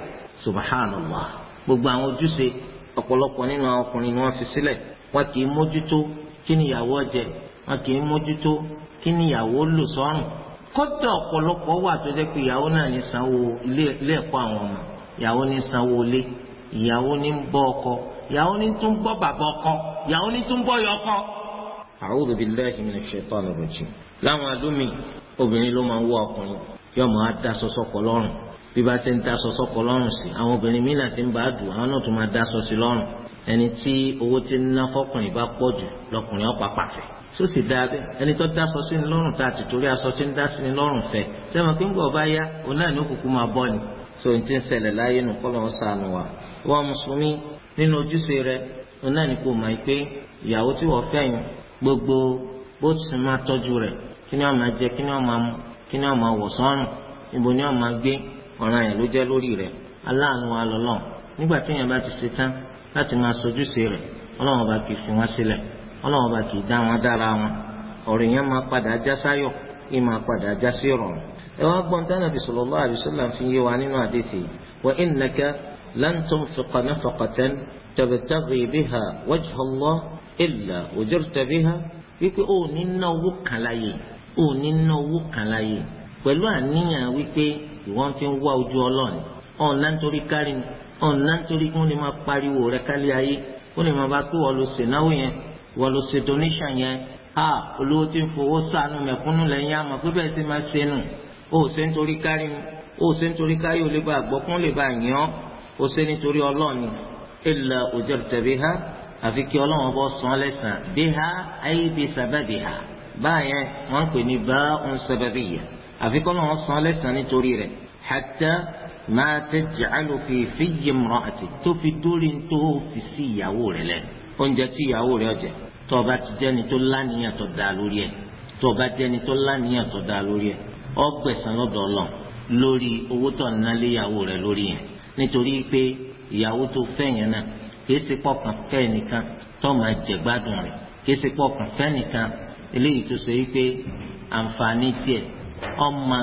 subhanallah gbogbo àwọn ojúṣe ọ̀pọ̀lọpọ̀ nínú àwọn ọkùnrin ni wọ́n fi sílẹ̀ wọn kì í mójútó kí ni ìyàwó jẹ wọn kì í mójútó kí ni ìyàwó lò sọ́rùn kódà ọ̀pọ̀lọpọ̀ wà tó jẹ́ pé ìyàwó náà ní sanwó ilé ẹ̀kọ́ àwọn ọmọ ìyàwó ní sanwó ilé ìyàwó ní ń bọ́ ọkọ ìyàwó ní tún bọ́ bàbá ọkọ ìyàwó ní tún bọ́ ìyá ọkọ. A'udhu billahi minash shaitanir rajim. láwọn alómi obìnrin ló máa ń wọ ọkùnrin yóò máa da sọsọ kọ lọ́rùn bí bá ti ń da sọsọ kọ lọ́rùn sí àwọn obìnrin míì náà ti ń bá dùn àwọn náà tún máa da sọ sí lọ́rùn ẹni tí owó ti ń ná fọkùnrin bá pọ̀ jù lọkùnrin ọ̀pá pàfẹ́ tó sì dáa bẹ́ẹ̀ ẹni tó dá aṣọ sí ni lọ́rùn tá a ti torí aṣọ tí ń dá sí ni lọ́rùn fẹ́ sẹ́wọ̀n pé ń gbọ̀ bá yá òun náà ní òkùnkùn máa bọ́ ni so n ti ń ṣẹlẹ̀ láyé nù kọ́ lọ́wọ́ sànù wa wọ́n mùsùlùmí nínú ojúṣe rẹ òun náà ní kò mọ̀ pé ìyàwó tí wọ́n fẹ́ yín gbogbo bó ti máa tọ́jú rẹ̀ kí ni wọ́n máa jẹ kí ni ni wọ́n máa láti máa sojúṣe rẹ̀ ọlọ́run ọba kì í fi wọ́n sílẹ̀ ọlọ́run ọba kì í dá wọn dára wọn ọ̀rọ̀ yẹn máa padà já sáyọ̀ yìí máa padà já sí ìrọ̀rùn. ẹ wá gbọ́n tí Ànábì sallallahu alaihi wasallam fi yé wa nínú àdéhìí wa innaka lan tunfiqa nafaqatan tabtaghi biha wajha Allah illa ujirta biha wípé ó ní ná owó kan láyè ó ní ná kan láyè pẹ̀lú àníyàn wípé ìwọ́n fi ń wá ojú ọlọ́ọ̀ni ọ̀n ọ̀nà nítorí kí wọ́n lè máa pariwo rẹ̀ kálí ayé wọ́n lè máa bá pé wọ́n lọ ṣe náwó yẹn wọ́n lọ ṣe donation yẹn a olówó tí ń fowó sànù mẹ̀kúnnù lẹ́yìn àmọ́ pé bẹ́ẹ̀ sì máa ṣe nù ó ṣe nítorí kárí ó ṣe nítorí káyọ̀ lè bá àgbọ̀kún lè bá yàn án ó ṣe nítorí ọlọ́ọ̀ni illa ujirta biha àfi kí ọlọ́wọ́n bọ́ sàn lẹ́sàn biha ayé bi sababiha báyẹn wọ́n ń pè ní bá ń sababiya àfi kọ́ lọ́wọ́n sàn lẹ́sàn nítorí rẹ̀ hatta máa tẹ̀jẹ̀ àlòfin ìfìyè mọ́ àti tó fi dórí tó fi sí ìyàwó rẹ̀ lẹ̀ oúnjẹ tí ìyàwó rẹ̀ jẹ tó o bá ti jẹ́ni tó láníyàn tó dáa lórí ẹ̀ tó o bá jẹ́ni tó láníyàn tó dáa lórí ẹ̀ ó gbẹ̀san lọ́dọ̀ ọlọ́ lórí owó tó ń ná lé ìyàwó rẹ̀ lórí yẹn nítorí pé ìyàwó tó fẹ́ yẹn náà kìí ṣe pọ̀kàn fẹ́ nìkan tó máa jẹ gbádùn rẹ̀ kìí ṣe pọ̀kàn fẹ́ nìkan eléyìí tó ṣe wípé àǹfààní tiẹ̀ ọmọ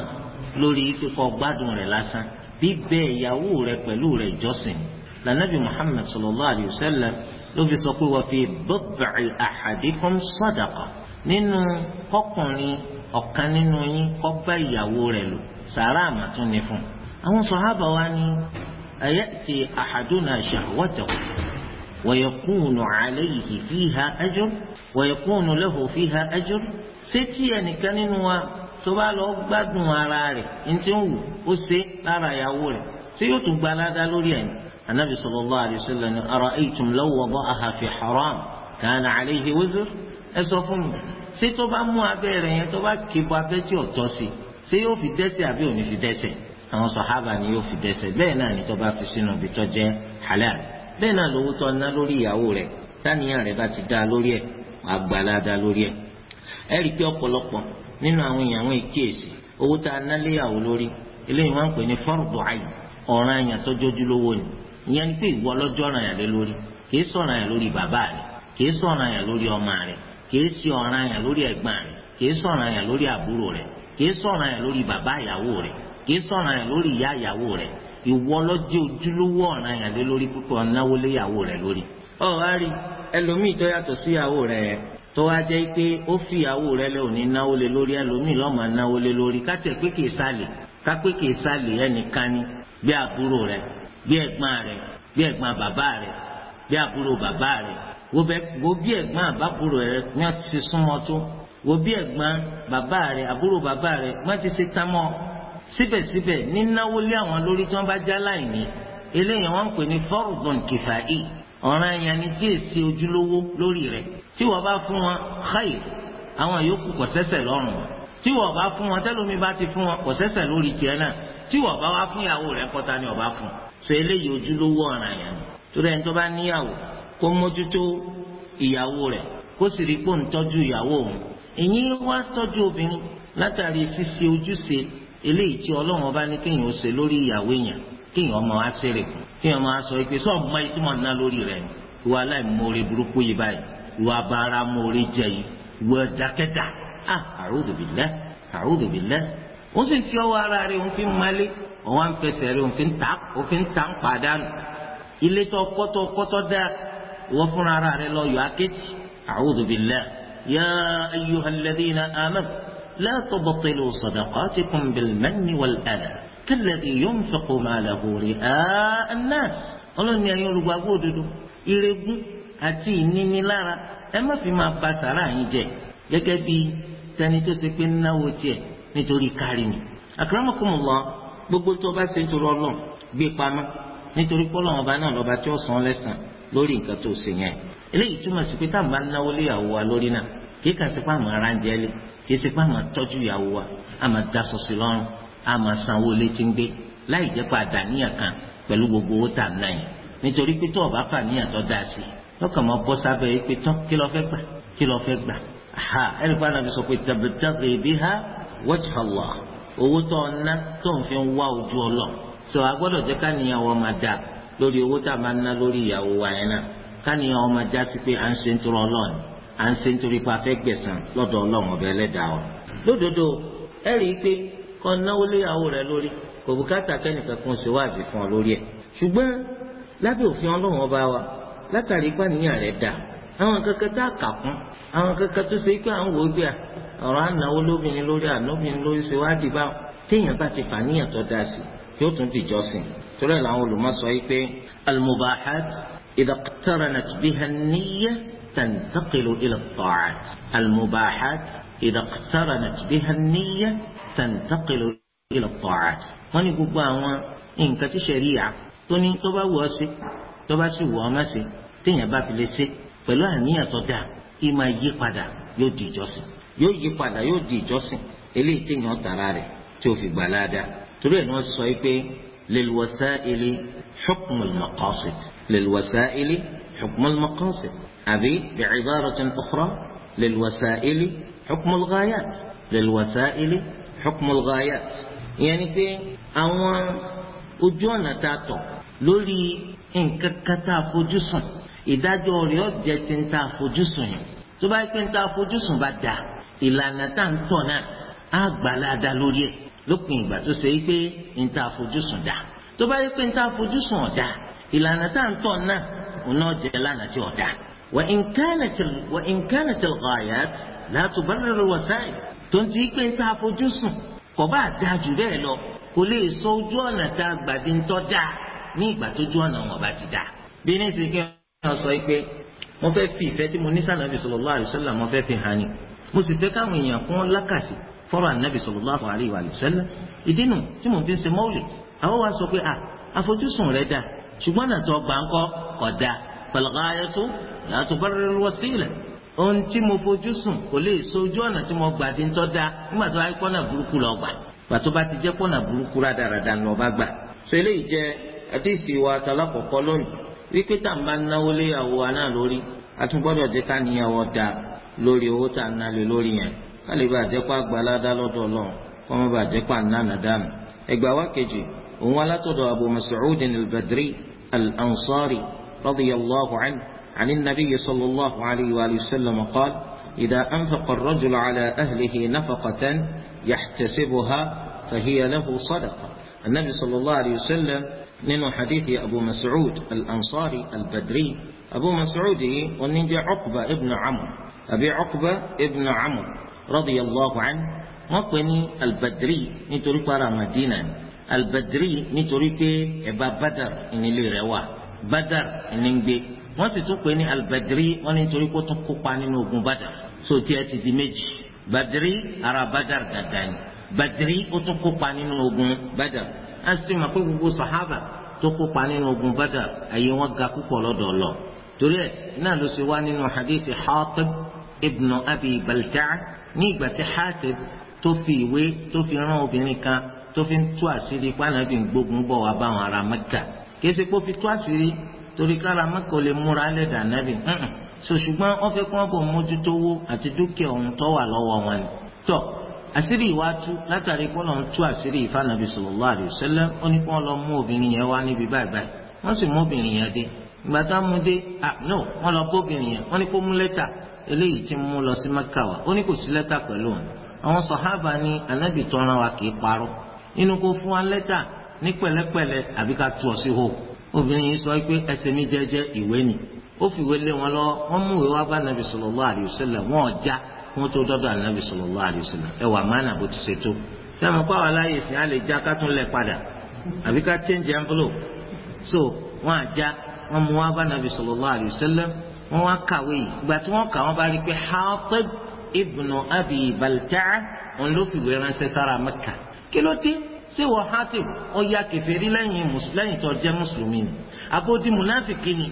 lórí kíkọ gbádùn rẹ̀ lásán bíbẹ ìyàwó rẹ pẹ̀lú rẹ ìjọsìn lànàbì muhammed sallallahu alayhi wa sallam ló fi sọ pé wọ́n fi bọ́bẹ̀rẹ̀ ahadikum sadaqa nínú kọkùnrin ọ̀kan nínú yín kó ìyàwó rẹ̀ lò sàárà àmàtún ni fún àwọn sọ̀hábà wa ní ayati ahaduna shahwatahu wa yakunu alayhi fiha ajr wa yakunu lahu fiha ajr ṣé tí ẹnìkan nínú wa tó bá lọ gbádùn ara rẹ̀ ntí ń wù ó ṣe lára ìyàwó rẹ̀ tí yóò tún gba aládá lórí ẹ̀yìn anabi sallallahu alayhi wa sallam ara'aytum law wada'aha fi haram kana alayhi wizr ẹ sọ fún mi ṣé tó bá mú abẹ́ rẹ̀ yẹn tó bá kébọ abẹ́ tí ò tọ́ sí ṣé yóò fi dẹ́ṣẹ̀ àbí ò ní fi dẹ́ṣẹ̀ àwọn sọ̀hábà ni yóò fi dẹ́ṣẹ̀ bẹ́ẹ̀ náà ni tó bá fi sínú ibi tó jẹ́ halal bẹ́ẹ̀ náà lówó tó ná lórí ìyàwó rẹ̀ táníyàn rẹ̀ bá ti dá lórí ẹ̀ àgbàlá dá lórí ẹ̀ ẹ̀ rí i pé ọ̀pọ̀lọpọ̀ nínú àwọn èèyàn àwọn èkéèsì owó tá a ná léyàwó lórí eléyìí wọ́n ń pè ní fọ́rùdù àyè ọ̀ràn àyàn tó jójú lówó ni ìyẹn ni pé ìwọ ọlọ́jọ́ ràn yàn lé lórí kìí sọ̀ràn yàn lórí bàbá rẹ̀ kìí sọ̀ràn yàn lórí ọmọ rẹ̀ kìí sí ọ̀ràn yàn lórí ẹ̀gbọ́n rẹ̀ kìí sọ̀ràn lórí àbúrò rẹ̀ kìí sọ̀ràn lórí bàbá ìyàwó rẹ̀ kìí sọ̀ràn lórí ìyá tó wá jẹ́ pé ó fi ìyàwó rẹ lẹ́ òní náwó lé lórí ẹlòmíì lọ́mọ náwó lé lórí kátẹ̀ pé kìí sálè kápé kìí sálè ẹnìkan ni bí àbúrò rẹ bí ẹ̀gbọ́n rẹ bí ẹ̀gbọ́n bàbá rẹ bí àbúrò bàbá rẹ wo bí ẹ̀gbọ́n àbábúrò rẹ ní wọ́n ti súnmọ́ tó wo bí ẹ̀gbọ́n bàbá rẹ àbúrò bàbá rẹ wọ́n ti ṣe támọ́ síbẹ̀síbẹ̀ nínáwó lé àwọn lórí tí wọ́n bá já láìní eléyìí wọ́n ń pè ní fọ́ọ̀rùbọ̀n kìfàì ọ̀ràn ẹ̀yàn ni díẹ̀ sí ojúlówó lórí rẹ̀ tí wọ́n bá fún wọn xayì àwọn yòókù kò sẹ́sẹ̀ lọ́rùn wọn tí wọ́n bá fún wọn tẹ́lómi bá ti fún wọn kò sẹ́sẹ̀ lórí tiẹ̀ náà tí wọ́n bá wá fún ìyàwó rẹ̀ kọ́ta ni ọba fún so eléyìí ojúlówó ọ̀ràn yẹn ni torí ẹni tó bá níyàwó kó mójútó ìyàwó rẹ̀ kó sì rí pò ń tọ́jú ìyàwó òun ìyín wá tọ́jú obìnrin látàrí ṣíṣe ojúṣe eléyìí tí ọlọ́run ọba ní kéèyàn ó ṣe lórí ìyàwó èèyàn kéèyàn ọmọ wa ṣeré kéèyàn ọmọ wa sọ pé sọ́ọ̀ mọ́ ìtumọ̀ ná lórí rẹ̀ ìwà aláìmoore burúkú yìí báyìí ìwà bàrà mọ orí jẹ yìí ìwà dákẹ́dà ah a'udhu billah a'udhu billah ó sì fi ọwọ́ ara rẹ̀ òun fi ń malé òun á ń fẹsẹ̀ rẹ̀ òun fi ń tà ń pàdánù ilé tó kọ́tọ̀ kọ́tọ̀ dá wọ́n fúnra ara rẹ̀ lọ yọ akéjì a'udhu billah ya ayyuhal ladhina amanu la tubtilu sadaqatikum bil manni wal adha kalladhi yunfiqu malahu ri'a an-nas ọlọ́ni ayé olùgbàgbọ́ òdodo ìrẹ́gùn àti ìnínilára ẹ má fi máa ba sàrà yín jẹ gẹ́gẹ́ bí tẹni tó ṣe pé náwó tiẹ̀ nítorí kárí mi. akramakumullah gbogbo tó bá ṣe ń torọ lọ gbé pamọ nítorí pọ́lọ́ ọba náà lọ́ba tí ó san lẹ́sàn lórí nǹkan tó ṣe yẹn. eléyìí túmọ̀ sí pé táwọn bá ń náwó lé ìyàwó wa lórí náà kì í kà sí pé àwọn ará ń jẹ́lé kì í sí pé àwọn tọ́jú ìyàwó wa àmọ́ daṣọ sí lọ́rùn àmọ́ sanwó létí ń gbé láì jẹ́ pé àdàníyàn kan pẹ̀lú gbogbo owó tà náà yẹn. nítorí pé tó ọba fà níyàn tó dáa sí lọ́kàn máa bọ́ sábẹ́ yìí pé tán kí lọ́ọ́ fẹ́ gbà kí lọ́ọ́ fẹ́ gbà ha ẹnì kan náà fi sọ pé tabtaghi biha wajha Allah owó tó ń ná tó ń fi ń wá ojú ọlọ sọ agbọ́dọ̀ jẹ́ káníyàn wọ́n máa dà lórí owó tá a máa ná lórí ìyàwó wa yẹn náà káníyàn wọ́n máa já sí pé à ń ṣe nítorí ọlọ́run à ń ṣe nítorí pé a fẹ́ gbẹ̀san lọ́dọ̀ ọlọ́run ọ̀bẹ lábẹ́ òfin ọlọ́run ọba wa látàrí pàníyàn rẹ̀ dà àwọn kankan tá a kà fún àwọn kankan tó ṣe pé à ń wò ó gbé à ọ̀rọ̀ ànáwó lóbìnrin lórí ànóbìnrin lórí ṣe wá dì báwọn téèyàn bá ti pàníyàn tó dáa sí yóò tún di ìjọsìn torí ẹ̀ làwọn olùmọ̀ sọ yìí pé al-mubahat biha niyya tantaqilu ila at-ta'at biha niyya tantaqilu ila wọ́n ní gbogbo àwọn nǹkan tí ṣẹ̀ríyà tó ní tó bá wù ọ́ sí tó bá sì wù ọ́ má sí téèyàn bá fi lè ṣe pẹ̀lú àníyàn tó dáa kí máa yí padà yóò di ìjọsìn yóò yí padà yóò di ìjọsìn eléyìí téèyàn tara rẹ̀ tí ó fi gbà ládàá torí ẹ̀ ni wọ́n sọ pé lil wasa'ili hukmul maqasid lil wasa'ili àbí bi'ibaratin ukhra lil wasa'ili hukmul ghayat lil wasa'ili hukmul ghayat lórí nǹkan kan tá a fojú sùn ìdájọ́ rẹ̀ ó jẹ́ ti ń tá a fojú sùn yẹn tó bá yẹ pé ń tá a fojú sùn bá dà ìlànà tá à ń tọ̀ náà á gbà láàdá lórí ẹ̀ lópin ìgbà tó ṣe pé ń tá a sùn dà tó bá yẹ pé ń tá a sùn ọ̀dà ìlànà tá à ń tọ̀ náà òun náà jẹ́ tí ọ̀dà. وإن كانت ال... وإن كانت الغايات لا تبرر الوسائل tó ń ti pé ń tá a fojú sùn kò bá dáa bẹ́ẹ̀ lọ kò lè sọ ojú ọ̀nà tá a gbà ń tọ́ dáa ní ìgbà tójú ọ̀nà wọn bá ti dà bí ní ti kí wọn sọ pé mo fẹ́ fi ìfẹ́ tí mo ní sànà àbí sallallahu alaihi wasallam mo fẹ́ fi hàn ni mo sì fẹ́ káwọn èèyàn kún lákàtì fọ́rọ̀ ànábì sallallahu alaihi wasallam ìdí nu tí mo fi ń ṣe mọ́ọ̀lì àwọn wa sọ pé à àfojúsùn rẹ dà ṣùgbọ́n náà tó gbà ń kọ́ kọ̀ dà pẹ̀lẹ́gáyẹ́tò látòbárẹ́rẹ́ wọ́sílẹ̀ ohun tí mo fojú sùn kò lè sojú ọ̀nà tí mo gbà di tọ́ da nígbà tó wáyé kọ́nà burúkú lọ gbà gbà bá ti jẹ́ kọ́nà burúkú rádaràdà ni ọba gbà. so eléyìí àdéhìsì wa àtàlákọ̀ọ́kọ́ lónìí wípé tá à ń bá náwó lé ìyàwó wa náà lórí àtúgbọ́dọ̀ jẹ́ ká níyàwó dà lórí owó tá à ná lé lórí yẹn ká lè bàa jẹ́ pa gbalada lọ́dọ̀ ọlọ́run kó má bàa jẹ́ pa nánà dànù. ẹgbàá wa kejì òun alátọ̀dọ̀ abu mas'ud al-badri al-ansari radiyallahu anhu عن النبي صلى الله عليه وآله وسلم قال إذا أنفق الرجل على أهله نفقة fahiya فهي له صدقة النبي صلى الله عليه وسلم nínú hadithi abu mas'ud al-ansari al-badri abu mas'ud yìí oníjẹ ọkùbà ibn amr àbí ọkùbà ibn amr radiyallahu anhu wọ́n pè ní al-badri nítorí para madina al-badri nítorí pé ẹ̀bá badar ìnílé rẹ̀ wà badar ìnígbé wọ́n sì tún pè ní al-badri wọ́n nítorí kó tún kópa nínú ogun badar so tiẹ̀ ti di méjì badri ara badar gàgà ni badri ó tún kópa nínú ogun badar a sì mọ̀ pé gbogbo sàhábà tó kópa nínú ogun bàdà àyè wọn ga púpọ̀ lọ́dọ̀ lọ torí ẹ̀ náà ló ṣe wá nínú hadith Hatib ibn Abi Balta'a ní ìgbà tí Hatib tó fi ìwé tó fi rán obìnrin kan tó fi ń tú àṣírí pàànàbì gbógun bọ̀ wá báwọn ará Mẹ́kà kì í ṣe pé ó fi tú àṣírí torí kára Mẹ́kà ò lè múra lẹ́dà nàbì ṣùgbọ́n wọ́n fẹ́ kí wọ́n mójútó owó àti dúkìá ohun tó wà lọ́wọ́ wọn ni àṣírí ìwà tú látàrí kó lọ́n tú àṣírí ìfànàbí sallallahu alaihi wasallam ó ní kó lọ mú obìnrin yẹn wá níbi báyìí báyìí wọ́n sì mú obìnrin yẹn dé ìgbà tá a mú dé à no wọ́n lọ bó obìnrin yẹn wọ́n ní kó mú lẹ́tà eléyìí tí mú lọ sí Mẹ́kà wá ó ní kò sí lẹ́tà pẹ̀lú òun àwọn sọ̀hábà ní anábì tó rán wa kì í parọ́ inú kó fún wa lẹ́tà ní pẹ̀lẹ́pẹ̀lẹ́ àbí ká wọn tó dọdọ anabi sallallahu alaihi wasallam ẹ wà mánà bó ti ṣe tó sẹmu kó àwọn aláyè sìn á já kátó lẹ padà àbí ká change envelope so wọn àjá wọn mú wá bá anabi sallallahu alaihi wasallam wọn wá kàwé yìí ìgbà tí wọn kà wọn bá rí pé Hatib ibn Abi Balta'a òun ló fìwé ránṣẹ́ sára Mẹ́kà kí ló dé ṣé wọ Hatib ọya kèfèrí lẹ́yìn lẹ́yìn tó jẹ́ mùsùlùmí ni àbódì mùnáfìkì ni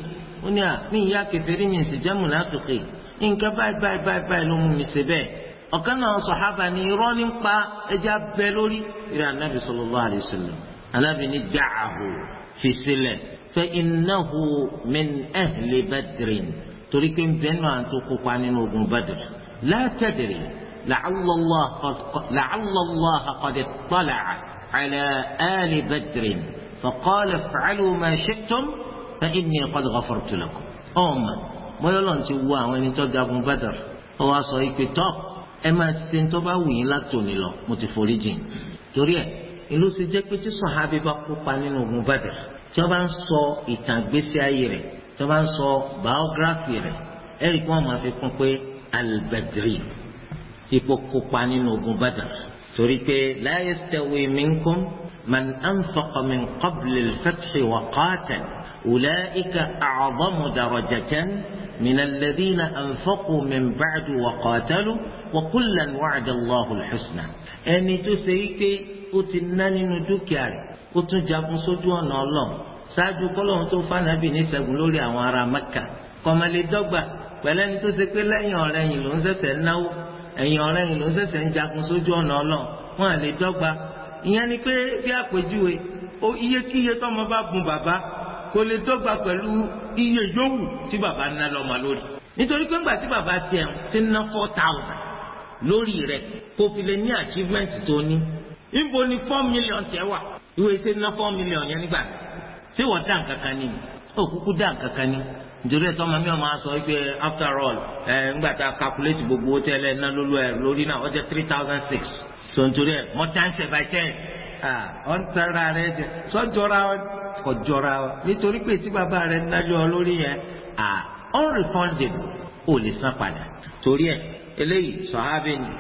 ó ní à mí ìyá kèfèrí mi sì jẹ́ mùnáfìkì nǹkan báyìí báyìí báyìí báyìí ló mú mi ṣe bẹ́ẹ̀ ọ̀kan náà bá ni irọ́ ní pa ẹja bẹ lórí ìrìn anábì sallallahu alaihi wasallam anábì ní da'ahu fi sílẹ̀ fa innahu min ahli badrin torí pé ń bẹ́ẹ̀ náà tó kópa nínú ogun badr la tadri la'alla Allah qad ittala'a ala ali badrin faqala if'alu ma shi'tum fa inni qad ghafartu lakum. ọ̀ma mọ́lọ́lọ́ ti wo àwọn ẹni tó jagun Badr ó wá sọ ìpè tọ́ ẹ máa ṣe ń tó bá wù yín látòní lọ mo ti forí jìn torí ẹ̀ ìlú ṣe jẹ́ pé tí sọ̀hábí bá kópa nínú ogun Badr tí wọ́n bá ń sọ ìtàn ìgbésí ayé rẹ̀ tí wọ́n bá ń sọ biography rẹ̀ ẹ̀rí wọ́n máa fi kún pé al ipò kópa nínú ogun Badr torí pé la yastawi minkum man anfaqa min qabli al-fath wa qatal. أولئك أعظم درجة من الذين أنفقوا من بعد وقاتلوا وكلا وعد الله الحسنى ẹni tó ṣe é pé ó ti ná nínú dúkìá rẹ̀ ó tún jagun sójú ọ̀nà ọlọ́run ṣáájú kọ́lọ́run tó fànàbì níṣẹ́gun lórí àwọn ará mẹ́kà kọ́mọlé dọ́gba pẹ̀lẹ́ni tó ṣe pé lẹ́yìn ọ̀rẹ́yìn ló ń ṣẹ̀ṣẹ̀ náwó ẹ̀yìn ọ̀rẹ́yìn ló ń ṣẹ̀ṣẹ̀ ń jagun sójú ọ̀nà ọlọ́run wọn à lè dọ́gba ìyẹn ni pé bí àpèjúwe iye kíye tọ́mọ bá bùn bàbá kò lè dọ́gba pẹ̀lú iye yòówù tí bàbá ná lọ́mọ lórí nítorí pé ńgbà tí bàbá tiẹ̀ ti ná four thousand lórí rẹ̀ kò fi lè ní achievement tó ní níbo ni four million tẹ̀ wà ìwé ṣe ná four million yẹn nígbà tí wọ́n dá nǹkan kan ní ó kúkú dá nǹkan kan ní nítorí ẹ̀tọ́ ọmọ mi ọmọ sọ pé after all ẹ̀ ńgbà tá a calculate gbogbo owó tẹ́lẹ̀ ná lólu ẹ̀ lórí náà ó jẹ́ three thousand six so nítorí ẹ̀ more times by ten ah ọ̀n tẹ́ra rẹ̀ jẹ́ sọ́jọ́ra ọ̀n kọjọra wa nítorí pé tí bàbá rẹ ń dájọ́ lórí yẹn à unrefundable ò lè san padà torí ẹ eléyìí sọ̀hábì ni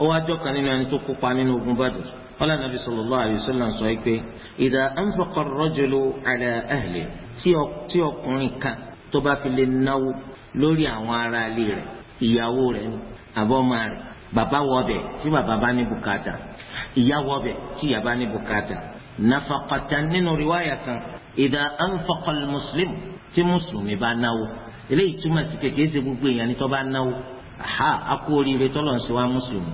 ó wá jọ́kan nínú ẹni tó kópa nínú ogun Badr qala Nabi sallallahu alayhi wa sallam sọ pé idha anfaqa ar-rajulu ala ahli tí ọkùnrin kan tó bá fi lè náwó lórí àwọn ará ilé rẹ̀ ìyàwó rẹ̀ ni àbọ̀mọ́ rẹ̀ bàbá wọbẹ̀ tí bàbá bá ní bùkátà ìyá wọbẹ̀ tí ìyá bá ní bùkátà nafaqatan nínú riwaya kan ìdá anfaqal muslim tí mùsùlùmí bá náwó eléyìí túmọ̀ sí kékeré ṣe gbogbo èèyàn ni tó bá náwó aha akó oríire tọ́lọ̀ ń ṣe wá mùsùlùmí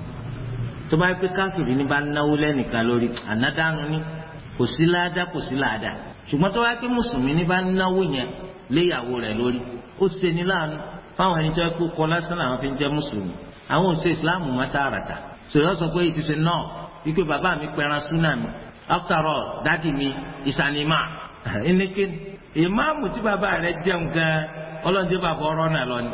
tó bá yẹ pé káfíìrì ni bá náwó lẹ́nìkan lórí ànádánu ni kò sí láàdá kò sí láàdá ṣùgbọ́n tó bá yẹ pé mùsùlùmí ni bá náwó yẹn léyàwó rẹ̀ lórí ó ṣe láàánú fáwọn ẹni tó yẹ kó kọ lásán làwọn fi ń jẹ́ mùsùlùmí àwọn ò ṣe ìsìláàmù mọ́ sọ̀rọ̀ sọ pé ìtúsẹ̀ náà wípé bàbá mi pẹran súnà mi after all dadi mi is an imam ẹnikẹ́ni ìmáàmù tí bàbá rẹ̀ jẹun gan ọlọ́njẹ́ bàbá ọ̀rọ̀ náà lọ ni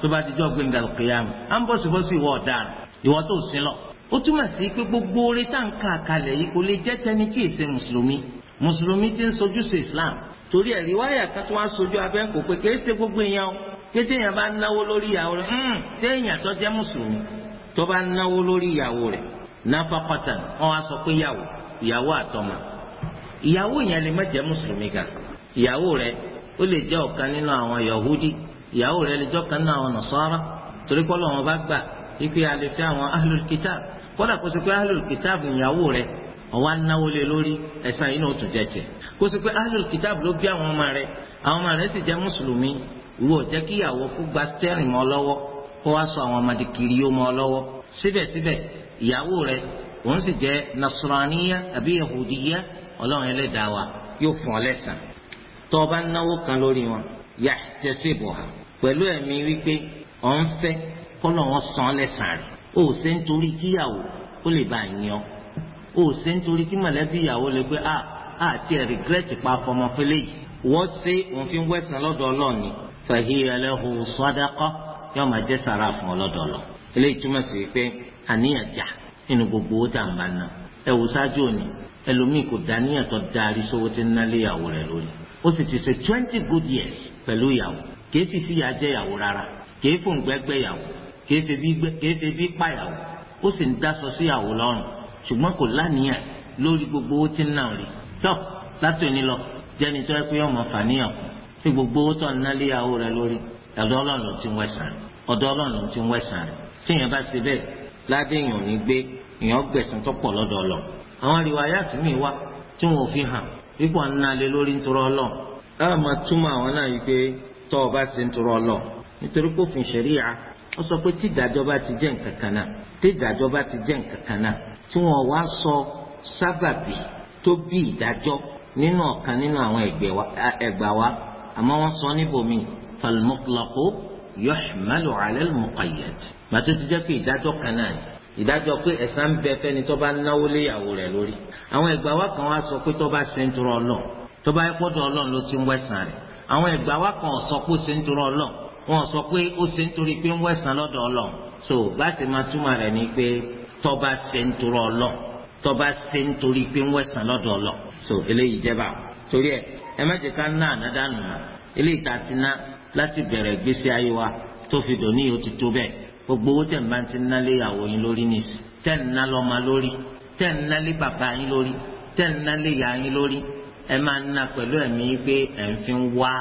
tó bá dijọ́ gbé nígbà kìyàmù à ń bọ̀sibọ́sì ìwọ ọ̀daràn ìwọ tó sin lọ. ó túmọ̀ sí pé gbogbo orí tá n kà kalẹ̀ yìí kò lè jẹ́ tẹni kí èsè mùsùlùmí mùsùlùmí ti ń sojú sí islam torí ẹ̀rí wáyà kan tó wá sojú abẹ́ kò pé kì í ṣe gbogbo èèyàn o kété èèyàn bá náwó lórí ìyàwó rẹ̀ ṣé èèyàn tó jẹ́ mùsùlùmí tó bá náwó lórí ìyàwó rẹ̀ náfàkọ́tà wọn wá sọ pé yàwó ìyàwó àtọmọ ìyàwó yẹn lè má jẹ́ mùsùlùmí gan ìyàwó rẹ ó lè jẹ́ ọ̀kan nínú àwọn yahudi ìyàwó rẹ lè jẹ́ ọ̀kan nínú àwọn nasara torí kọ́ lọ́wọ́n bá gbà ikú ya lè fi àwọn ahlul kitab kó pé ahlul ìyàwó rẹ ọwọ́ anáwó lé lórí ẹ̀sán yìí náà ó tún kó pé ló bí àwọn ọmọ rẹ àwọn sọ àwọn ọmọdé kiri yó mọ́ lọ́wọ́ síbẹ̀síbẹ̀ òun sì jẹ́ nasraniya àbí yahudiya ọlọ́run ẹlẹ́dàá wa yóò fún ọ lẹ́sàn tó o bá náwó kan lórí wọn yà tẹ̀sí bọ̀ ha pẹ̀lú ẹ̀mí wípé ọ̀ ń fẹ́ kọ́lọ̀ wọn san lẹ́sàn rẹ̀ o ò ṣe nítorí kíyàwó ó lè bá yín ọ o ò ṣe nítorí kí mọ̀lẹ́bí ìyàwó lè gbé a ah, àti ah, ẹ̀ rìgírẹ́tì pa fọmọfẹ́lẹ́ yìí wọ́n ṣe òun fi ń wẹ̀sán lọ́dọ̀ ọlọ́ọ̀ni fahiya lahu sadaqa yóò máa jẹ́ sàrà fún ọlọ́dọ̀ ọlọ́ eléyìí túmọ̀ sí pé àníyàn jà nínú gbogbo owó tá à ń bá ná ẹ wò ṣáájú òní ẹlòmíì kò dáníyàn tó darí sówó tí ń ná lé ìyàwó rẹ̀ lórí ó sì ti ṣe twenty good years pẹ̀lú ìyàwó kìí fi síyà jẹ ìyàwó rárá kìí fòǹgbẹ́gbẹ́ ìyàwó kìí fi bí pa ìyàwó ó sì ń dáṣọ sí ìyàwó lọ́rùn ṣùgbọ́n kò láníyàn lórí gbogbo owó tí ń ná rí tọ́ láti òní lọ jẹ́ni tó yẹ pé ọmọ fàníyàn kù fi gbogbo owó tó ń ná lé ìyàwó rẹ̀ lórí ọ̀dọ̀ Ọlọ́run ló ti ń wẹ̀sán rẹ̀ ọ̀dọ̀ Ọlọ́run ló ti ń ládé èèyàn ní gbé èèyàn gbẹ̀sán tó pọ̀ lọ́dọ̀ lọ. àwọn rìwáyàtì mi wá tí wọn ò fi hàn pípọ̀ ń nalé lórí nítorọ́ ọlọ́run láà máa túmọ̀ àwọn náà yìí pé tọ́ ọ bá ṣe nítorọ́ ọlọ́run nítorí pé òfin ṣẹ̀ríà ó sọ pé tí ìdájọ́ bá ti jẹ́ nǹkan kan náà tí ìdájọ́ bá ti jẹ́ nǹkan kan náà tí wọ́n wá sọ sábàbí tó bí ìdájọ́ nínú ọ̀kan nínú àwọn ẹ̀gbà wa àmọ́ wọ́n sọ níbòmí falmutlaqu yuhmalu ala al-muqayyad màtó ti jẹ́ pé ìdájọ́ kan náà ni ìdájọ́ pé ẹ̀san ń bẹ fẹ́ni tó bá náwó léyàwó rẹ̀ lórí àwọn ẹgbàá wa kan wá sọ pé tó bá ṣe ń turọ ọlọ́ọ̀ tó bá yẹ ọlọ́ọ̀ ló ti ń wẹ̀sán rẹ̀ àwọn ẹgbàá wa kan sọ pé ó ṣe ń turọ ọlọ́ọ̀ wọn sọ pé ó ṣe ń torí pé ń wẹ̀sán lọ́dọ̀ ọlọ́ọ̀ so láti máa túmọ̀ rẹ̀ ni pé tó bá ṣe ń so eléyìí jẹ́ báwọn torí ẹ ẹ má jẹ́ ká láti bẹ̀rẹ̀ gbèsè ayé wa tó fi dòní yìí ó ti tó bẹ́ẹ̀ gbogbo owó tẹ̀ ń bá ti ná lé ìyàwó yín lórí ní tẹ̀ ń ná lọ́mọ lórí tẹ̀ ń ná lé bàbá yín lórí tẹ̀ ń ná lé ìyá yín lórí ẹ máa ń ná pẹ̀lú ẹ̀mí pé ẹ̀ ń fi wá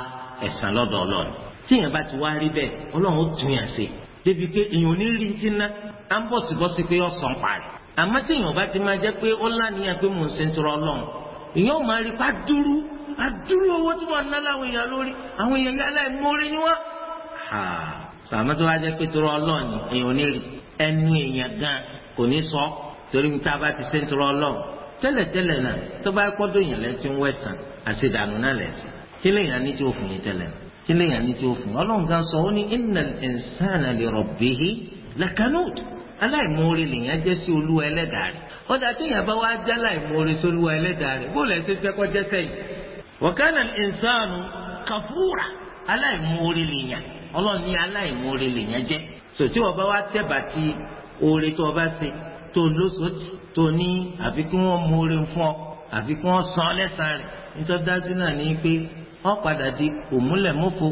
ẹ̀san lọ́dọ̀ ọlọ́run tí èèyàn bá ti wá rí bẹ́ẹ̀ ọlọ́run ó tún yàn sí débi pé èèyàn ò ti ná à ń bọ̀ síbọ́sí pé ọ̀sán parí àmọ́ tí èèyàn bá ti máa jẹ́ pé ó lá àdúró owó tí wọ́n ná láwọn èèyàn lórí àwọn èèyàn yálà ìmọ̀ọ́rẹ́ ni wọ́n. sàmọ́ tó wá jẹ́ pé torọ ọlọ́ọ̀ni èèyàn ò ní rí ẹnu èèyàn gan kò ní sọ torí tá a bá ti ṣe ń torọ ọlọ́ọ̀ tẹ́lẹ̀tẹ́lẹ̀ náà tó bá pọ́dọ̀ èèyàn lẹ́tí ń wẹ̀sán àṣedànù náà lẹ́sìn kí lèèyàn ní tí ó fún yín tẹ́lẹ̀ kí lèèyàn ní tí ó fún ọlọ́run gan sọ ó ní innal insana li rabbihi lakanud aláìmoore lèèyàn jẹ́ sí olúwa ẹlẹ́dàá rẹ̀ ọ̀dà téèyàn bá wá jẹ́ aláìmoore sí olúwa ẹlẹ́dàá rẹ̀ bó lẹ́sẹ̀ fẹ́ kọ́ jẹ́ sẹ́yìn wọ̀kánà ìnsánu kàfúrà aláìmoore lèèyàn ọlọ́run ní aláìmoore lèèyàn jẹ́ sòtí wọ́n bá wá tẹ̀bà tí oore tó o bá ṣe tó o lóṣòtì tó o ní àfi kí wọ́n moore fún ọ àfi kí wọ́n san lẹ́sàn-án rẹ̀ nítorí dájú náà ní pé wọ́n padà di òmúlẹ̀mófo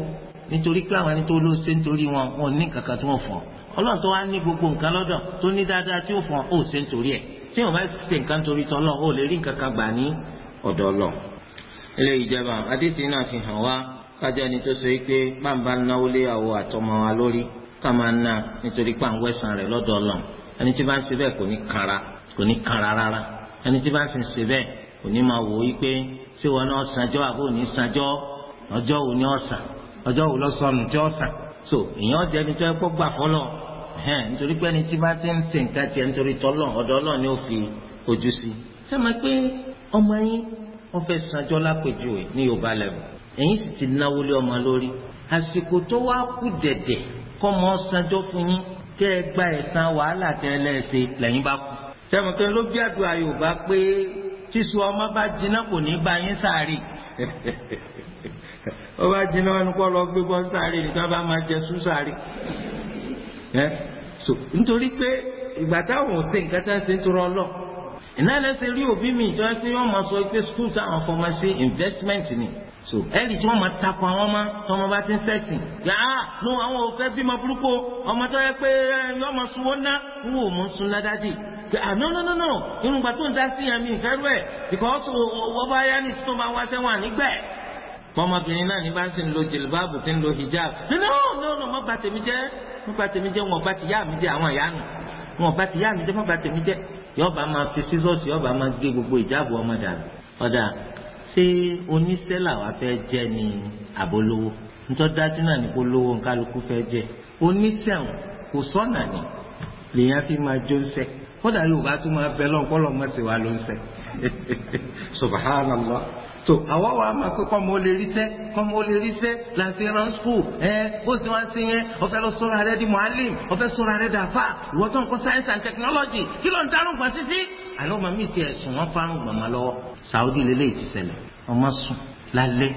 nítorí pé àwọn ẹni tó ló ṣe nítorí wọn wọn ní kankan tí wọ́n fọ̀ ọlọ́run tó wá ní gbogbo nǹkan lọ́dọ̀ tó ní dáadáa tí ó fọ̀ ọ́ ṣe nítorí ẹ̀ tí wọ́n bá ṣe nǹkan torí tọ́lọ́ ò lè rí nǹkan kan gbà ní ọ̀dọ̀ ọlọ́run. ilé ìjọba àdìsí náà fi hàn wá kájọ ẹni tó so pé bàbá náwó léyàwó àtọmọ wa lórí ká máa ná nítorí pàǹwẹ́ rẹ̀ lọ́dọ̀ ọ̀la. ẹni tí bá ń se bẹ́ẹ̀ kò ní kara. kò ní kara rárá ẹni tí bá ń ṣe bẹ́ẹ̀ kò ní máa wò ó pé ṣé wọn náà sanjọ́ àbò ní sanjọ́ ọjọ́ ọjọ́ wọ́n fẹ́ sanjọ́ lápèjúwe ní yorùbá lẹ́bù ẹ̀yin sì ti náwó lé ọmọ lórí àsìkò tó wá kú dẹ̀dẹ̀ kọ́ mọ́ sanjọ́ fún yín kẹ́ ẹ gba ẹ̀san wàhálà tẹ́ ẹ lẹ́ẹ̀ṣẹ̀ lẹ́yìn bá kú. sẹ́wọ̀n kan ló bí àdúrà yorùbá pé sísun ọmọ bá jiná kò ní bá yín sáré wọ́n bá jiná wọn kọ́ lọ gbé bọ́ sáré nìkan bá máa jẹ sún sáré. nítorí pé ìgbà táwọn ò sí nǹkan tá à ṣe ń torọ ọlọ́ọ̀ iná lẹsẹ rí òbí mi ìjọ pé wọn máa sọ pé skul táwọn fọmọ sí investment ni so ẹ̀rí tí wọ́n máa takò àwọn ọmọ tí wọ́n bá ti ń sẹ́sìn yà á nu àwọn òfẹ́ bímọ burúkú ọmọ tó yẹ pé yọ ọmọ sunwó ná wò ó mú sun ná dájì ah, no no no no irungba tó ń dá sí yẹn mi ìfẹ́ rú ẹ̀ because ọba ayá ni tó bá wá sẹ́wọ̀n nígbẹ́ ọmọbìnrin náà ní bá ń sì ń lo jìlbáàbù tí ń lo hijab no no no mo bà tèmi jẹ́ mo bà tèmi jẹ́ wọn bá ti yá mi jẹ́ àwọn ìyá nù wọn bá mi jẹ́ mo bà jẹ́ yọba máa fi sísọ́ọ̀sì yọba máa gé gbogbo ìjábọ̀ ọmọ dànù ọ̀dà ṣé oníṣẹ́là wa fẹ́ jẹ́ ni àbólówó nítorí dájú náà ní kó lówó nkálukú fẹ́ jẹ́ oníṣẹ́wọ̀n kò sọ́nà ni lèèyàn fi máa jó ń sẹ́ẹ̀ kódà yorùbá tún máa bẹ lọ kọlọ mọ sí wa ló ń sẹ subhanallah tó àwa wa máa pé kọ́ mo lè rí sẹ́ kọ́ mo lè rí sẹ́ láti rán skul ẹ ó sì wá sí yẹn ọ̀fẹ́ lọ sọ̀rọ̀ rẹ di muhalim ọ̀fẹ́ sọ̀rọ̀ rẹ dàfà ìwọ tó ń kọ́ science and technology kí ló ń darún gbà títí. àlọ́ màmí tiẹ̀ sùn wọ́n fárùn gbàmọ́ lọ́wọ́ Saudi lélẹ́yìí ti ṣẹlẹ̀ ọmọ sùn lálẹ́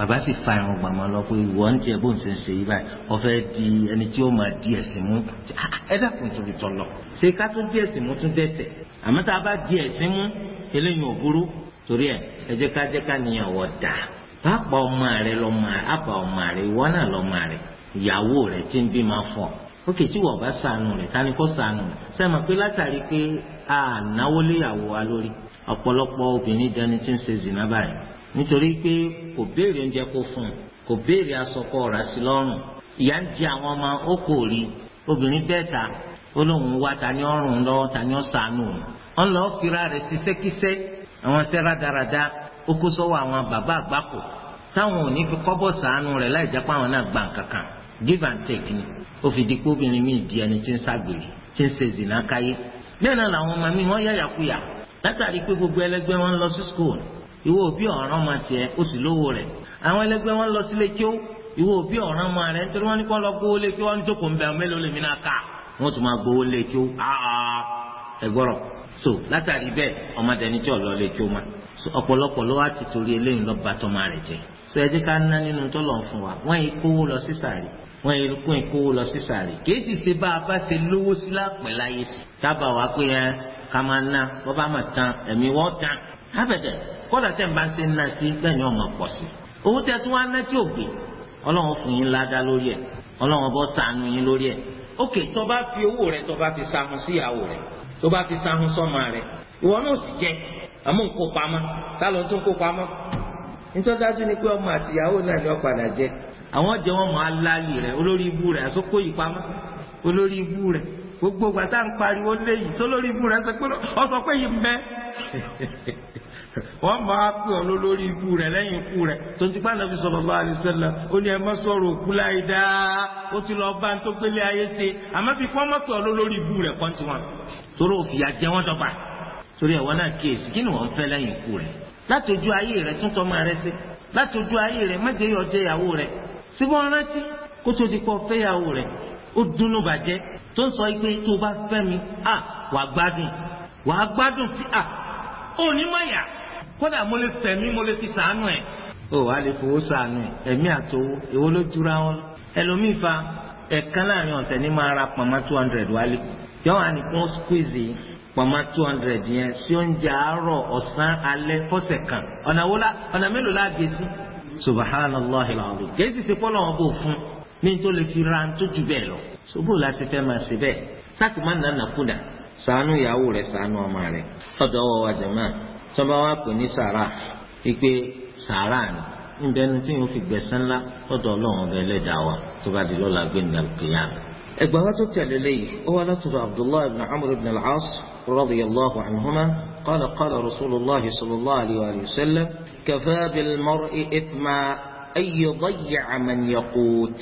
bàbá sì fa irun gbàmọ́ lọ pé ìwọ ń tiẹ̀ bó ṣe ń ṣe yí báyìí ọ̀fẹ́ di ẹni tí ó máa di ẹ̀sìn mú ah, ah, ẹ dàkún torí tọ̀lọ̀ ṣé ká tún di ẹ̀sìn mú tún dẹ̀tẹ̀ àmọ́ tá a bá di ẹ̀sìn mú eléyìí ò burú torí ẹ̀ ẹ jẹ́ ká jẹ́ ká níyàwó dà pápá ọmọ rẹ lọmọ àpá ọmọ rẹ ìwọ náà lọmọ rẹ ìyàwó rẹ tí ń bí máa fọ ó kè tí wọ́n bá sànù rẹ̀ tani kò sànù rẹ̀ sẹ́mi pé látàrí pé ànáwó léyàwó wa lórí ọ̀pọ̀lọpọ̀ obìnrin jẹni tí ń ṣe nítorí pé kò béèrè oúnjẹ kó fún un kò béèrè aṣọ kó rà sí lọ́rùn ìyá ń di àwọn ọmọ ó kò rí obìnrin bẹ́ẹ̀ ta ó lóun wá ta ni ọrùn lọ́wọ́ ta ni ó sànù ọ̀n lọ́ fira rẹ̀ ṣiṣẹ́kíṣẹ́ àwọn ṣẹ́ rádaràda ó kó sọ́wọ́ àwọn bàbá àgbákò táwọn ò ní fi kọ́bọ̀ sànù rẹ̀ láì jẹ́ àwọn náà gbà kankan give and take ni ó fi di pé obìnrin míì di ẹni tí ń ṣàgbèrè tí ń ṣe zìnnà káyé bẹ́ẹ̀ náà làwọn ọmọ mi wọ́n yáyàkuyà látàrí pé gbogbo ẹlẹgbẹ́ wọn lọ sí school ìwọ òbí ọ̀ràn ọmọ tiẹ̀ ó sì lówó rẹ̀ àwọn ẹlẹgbẹ́ wọn lọ sílé kí ó ìwọ òbí ọ̀ràn ọmọ rẹ̀ nítorí wọn ní kó lọ gbówó lé kí wọn jókòó ń bẹ mélòó lèmi náà ká wọn tún máa gbówó lé kí ó áá ẹgbọ́rọ̀ so látàrí bẹ́ẹ̀ ọmọdé ní tí ọ̀lọ́ kí ó má ọ̀pọ̀lọpọ̀ ló wá ti torí eléyìí lọ bá tọ́mọ rẹ̀ jẹ so ẹ jẹ́ ká ná nínú tọ́lọ̀ fún wa wọ́n yìí kówó lọ sí sàárì wọ́n yìí kún ìkówó lọ sí sàárì kì í sì ṣe bá a bá ṣe lówó sí lápẹ̀ láyé tábà wá pé ẹ ká máa ná bọ́ bá máa tán ẹ̀mí wọ́n tán ábẹ̀dẹ̀ kọ́dà tẹ̀ ń bá ń ṣe sí ọmọ pọ̀ sí. owó tẹ̀ tún wá ná tí ò gbé ọlọ́run fún yín ládá lórí ẹ̀ ọlọ́run bọ́ sànù yín lórí ẹ̀. ok tó fi owó rẹ tó bá fi sahun síyàwó rẹ tó bá fi sahun rẹ ìwọ náà sì jẹ ń kó pamọ́ sálọ tó ń kó pamọ́. ni pé ọmọ náà ni padà rẹ olórí ibú rẹ yìí pamọ́ rẹ gbogbo gbàtà ń pariwo sólórí ibú rẹ sọ pé pé wọ́n máa pè ọ́ lórí ikú rẹ̀ lẹ́yìn ikú rẹ̀ tó ń tipa nàbí sallallahu alaihi wasallam ó ní ẹ má sọ̀rọ̀ òkú láì dáa ó ti lọ bá ń tó gbélé ayé ṣe àmọ́ bí kọ́ mọ́tò ọ́ lórí ikú rẹ̀ kọ́ ti wọn. torí òfìyà jẹ wọn dọ́gba torí ẹ̀wọ́n náà kíyèsí kí ni wọ́n fẹ́ lẹ́yìn ikú rẹ̀ láti ojú ayé rẹ̀ tún tọ́ máa rẹ sí láti ojú ayé rẹ̀ má jẹ́ yọ jẹ́ ìyàwó rẹ̀ síbọn rántí kó tó ti kọ́ fẹ́ ìyàwó rẹ̀ ó dùnnú bàjẹ́ tó ń sọ pé tó bá fẹ́ mi à wàá gbádùn wàá gbádùn sí à ò ní mọ̀ yà kódà mo lè tẹ̀mí mo lè fi sàánú ẹ̀. o wa lè fowó sàánú ẹ̀ ẹ̀mí àtowó èwo ló jura wọn lọ. ẹlòmíì láàrin ọ̀sẹ̀ ní máa ra pọ̀nmọ́ two hundred wálé yọ̀wọ́ àníkún squeeze pọ̀nmọ́ two hundred yẹn sí oúnjẹ àárọ̀ ọ̀sán alẹ́ fọ́sẹ̀ kan ọ̀nà wo la ọ̀nà mélòó la gé sí. subhanallah ilaahu kèésì ti pọ́lọ́ wọn bò fún ní tó lè fi ra tó ju bẹ́ẹ̀ lọ. sobó la ti fẹ́ máa ṣe bẹ́ẹ̀ sáàtì má nà nàkúdà sàánú ìyàwó rẹ̀ sàánú ọmọ rẹ̀ ọ̀dọ́ wọ wa jẹ̀ máa sọba wa pè ní sàrà ipe sàrà ni níbẹ̀ ni tí yóò fi gbẹsẹ ńlá ọdọ ọlọ́run ọbẹ̀ ẹlẹ́dàá wa tó bá di lọ́la gbé gbẹ̀ndà kìyà. ẹgbẹ́ wa tó tẹ̀lé léyìí ó wá látọ̀dọ̀ abdullahi ibn amr ibn al-as radiyallahu anhuma qala qala rasulillah sallallahu alayhi wa sallam kafa bil mar'i ithma an yudayya man yaqut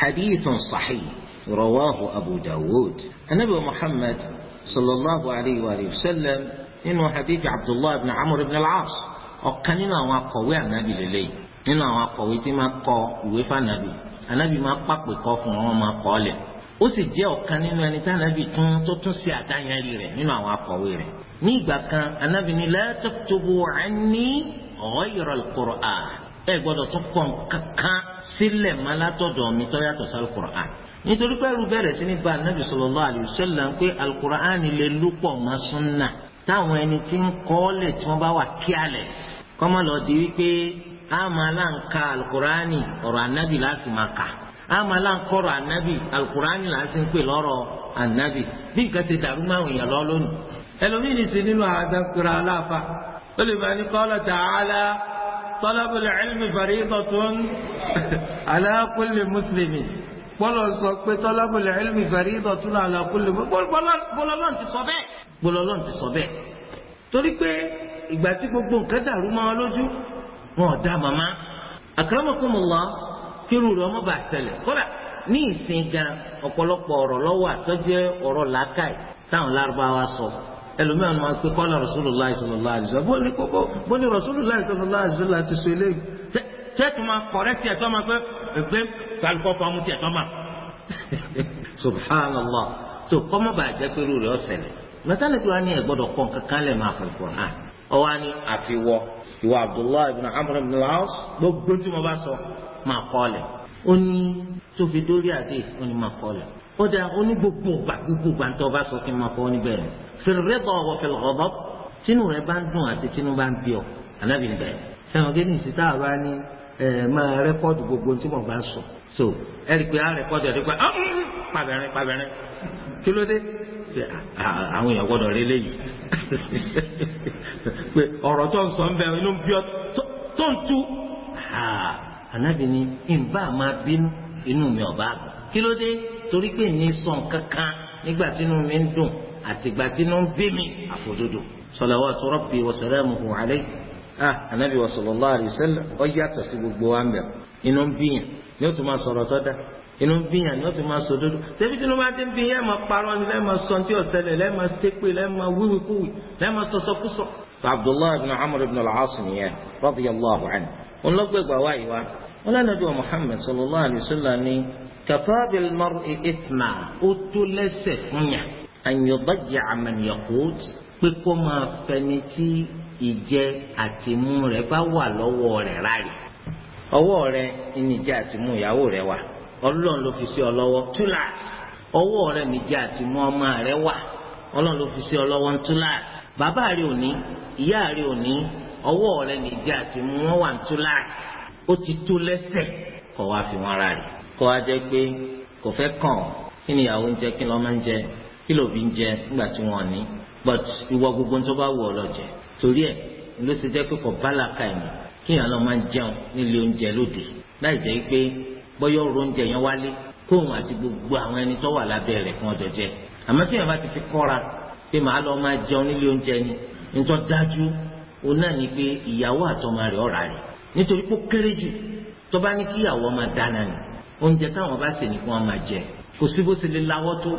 hadith sahih rawahu abu dawud anabi muhammad sallallahu alayhi wa sallam nínú hadith abdullahi ibn amr ibn al-as ọ̀kan nínú àwọn akọ̀wé anabi lélẹ́yìí nínú àwọn akọ̀wé tí máa kọ ìwé fànàbì anabi máa pàpè kọ fún wọn máa kọ ọ lẹ̀ ó sì jẹ́ ọ̀kan nínú ẹni tí anabi tún tó tún ṣe àdáyẹrí rẹ̀ nínú àwọn akọ̀wé rẹ̀ ní ìgbà kan anabi ní la taktubu anni ghayra al-Qur'an ẹ gbọ́dọ̀ tún kọ kankan sílẹ̀ má mi tó sí al-Qur'an nítorí pé ẹrù bẹ̀rẹ̀ sí ní ba anabi sallallahu alaihi wasallam pé al-Qur'an lè lúpọ̀ má sunnah táwọn ẹni tí ń kọ́ lẹ̀ tí wọ́n bá wà kíálẹ̀ kọ́mọ lọ di wípé àmọ́ aláǹka alukurani ọ̀rọ̀ anábì láti máa kà àmọ́ aláǹka ọ̀rọ̀ anábì alukurani láti ń pè lọ́rọ̀ anábì bí nǹkan ti dàrú máwùn yẹn lọ lónìí. ẹlòmíì ní sí nínú àdàkùrà aláfa ó lè máa ní qala ta'ala talabul ilmi faridatun ala bọ́lọ̀ sọ pé tọ́lábùlẹ̀ ẹlmi fẹ̀rí ìdọ̀tún àlàkùlẹ̀ bọ́lọ́lọ́n ti sọ bẹ́ẹ̀ bọ́lọ́lọ́n ti sọ bẹ́ẹ̀ torí pé ìgbà tí gbogbo nǹkan dàrú mọ́ wọn lójú wọn ò dá màmá àkàràmọ̀kọ́mọ̀lá kírun rẹ̀ ọmọ bá ṣẹlẹ̀ kọ́dà ní ìsìn gan ọ̀pọ̀lọpọ̀ ọ̀rọ̀ lọ́wọ́ àtọ́jẹ́ ọ̀rọ̀ làákàì táwọn lárúbáwá sọ ẹlòmíràn máa ń pe kọ́lá rasulullah sallallahu alaihi wasallam bó ní rasulullah sallallahu alaihi wasallam ti sọ eléyìí tẹ́tù máa kọ̀rẹ́ tiẹ̀ tó máa pẹ́ ẹgbẹ́ kálukọ́ kan mú tiẹ̀ tó máa. subhanallah tó kọ́mọ́ bàjẹ́ pé rúurẹ́ ọ̀sẹ̀ lẹ̀ mẹtálẹ́tì wa ní ẹ̀ gbọ́dọ̀ kọ́ kankan lẹ̀ máa fẹ́ fọ́ hàn ọwọ́ ni àfiwọ́ ìwà abdullahi ibn amr ibn al-aas gbogbo tí mo bá sọ máa kọ́ lẹ̀ ó ní tó fi dórí àdé ó ní máa kọ́ lẹ̀ ó dà ó ní gbogbo gbà gbogbo gbà tó bá sọ kí n máa kọ́ ní bẹ́ẹ̀ fil-ridha wa fil-ghadab tínú rẹ bá ń dùn àti tínú bá ń bí ọ máa rẹ́kọ́dù gbogbo tí mo bá ń sọ so ẹ rí i pé á rẹ́kọ́dù ẹ̀ rí i pé ah, mm, mm, pàbẹ̀rẹ̀ pàbẹ̀rẹ̀ kí ló dé ah, ah, àwọn èèyàn gbọ́dọ̀ rí léyìí pé ọ̀rọ̀ tó ń sọ ń bẹ inú bí ọ tó ń tú ànábì ni ìbá máa bínú inú mi ọba àgbà kí ló dé torí pé ní sọ nǹkan nígbà tí inú mi ń dùn àtìgbà tí inú ń bí mi àfòdodo salawatu rabbi wa salamuhu alayhi ah anabi wa sallallahu alayhi wa sallam ọ yàtọ̀ sí gbogbo wa ń bẹ inú ń bíyàn ni ó tún máa sọ̀rọ̀ tó dá inú ń bíyàn ni ó tún máa sọ̀rọ̀ tó tẹbi tí inú bá ti ń bí yẹn máa parọ́ ni lẹ́ẹ̀ máa sọ̀ntì ọ̀sẹ̀lẹ̀ lẹ́ẹ̀ máa ṣépè lẹ́ẹ̀ máa wíwì kúwì lẹ́ẹ̀ máa sọ̀sọ̀kúsọ. abdullahi ibn amr ibn al-aas radiyallahu anhu wọn lọ gbẹgbà wáyé wa wọn lẹ́nu bí wa muhammad sallallahu alayhi wa sallam ni kafabil ìjẹ àtìmú rẹ̀ bá wà lọ́wọ́ rẹ̀ láàyè ọwọ́ rẹ̀ ìníjẹ àtìmú ìyàwó rẹ̀ wà ọlọ́run ló fi sí ọ lọ́wọ́ túláàsì ọwọ́ rẹ̀ níjẹ àtìmú ọmọ rẹ̀ wà ọlọ́run ló fi sí ọ lọ́wọ́ túláàsì bàbá rẹ̀ ò ní ìyá rẹ̀ ò ní ọwọ́ rẹ̀ níjẹ àtìmú wọn wà túláàsì ó ti tó lẹ́sẹ̀ kọ́ wá fi wọn ara rẹ̀ kọ́ wá jẹ́ pé kò fẹ́ kàn kí ni ìyàwó ń jẹ kí ni ń jẹ kí lòbí ń jẹ nígbà tí wọn ní but ìwọ gbogbo tó bá wù ọ lọ jẹ torí ẹ̀ ló ṣe jẹ́ pé kò bálaka ẹ̀ mọ̀ kí èèyàn lọ máa jẹun nílé oúnjẹ lóde láì jẹ́ pé bọ́yọ̀ ro oúnjẹ yẹn wálé kóun àti gbogbo àwọn ẹni tó wà lábẹ́ rẹ̀ fún ọjọ́ jẹ àmọ́ tí èèyàn ti fi kọ́ra pé màá lọ máa jẹun nílé oúnjẹ ni nítorí dájú òun náà ni pé ìyàwó àtọmọ rẹ̀ ọ̀rà rẹ̀ nítorí pé ó kéré jù tó bá ní kí ìyàwó máa dáná ni oúnjẹ táwọn bá sì ní kí wọ́n máa jẹ kò sí bó ti lè láwọ́ tó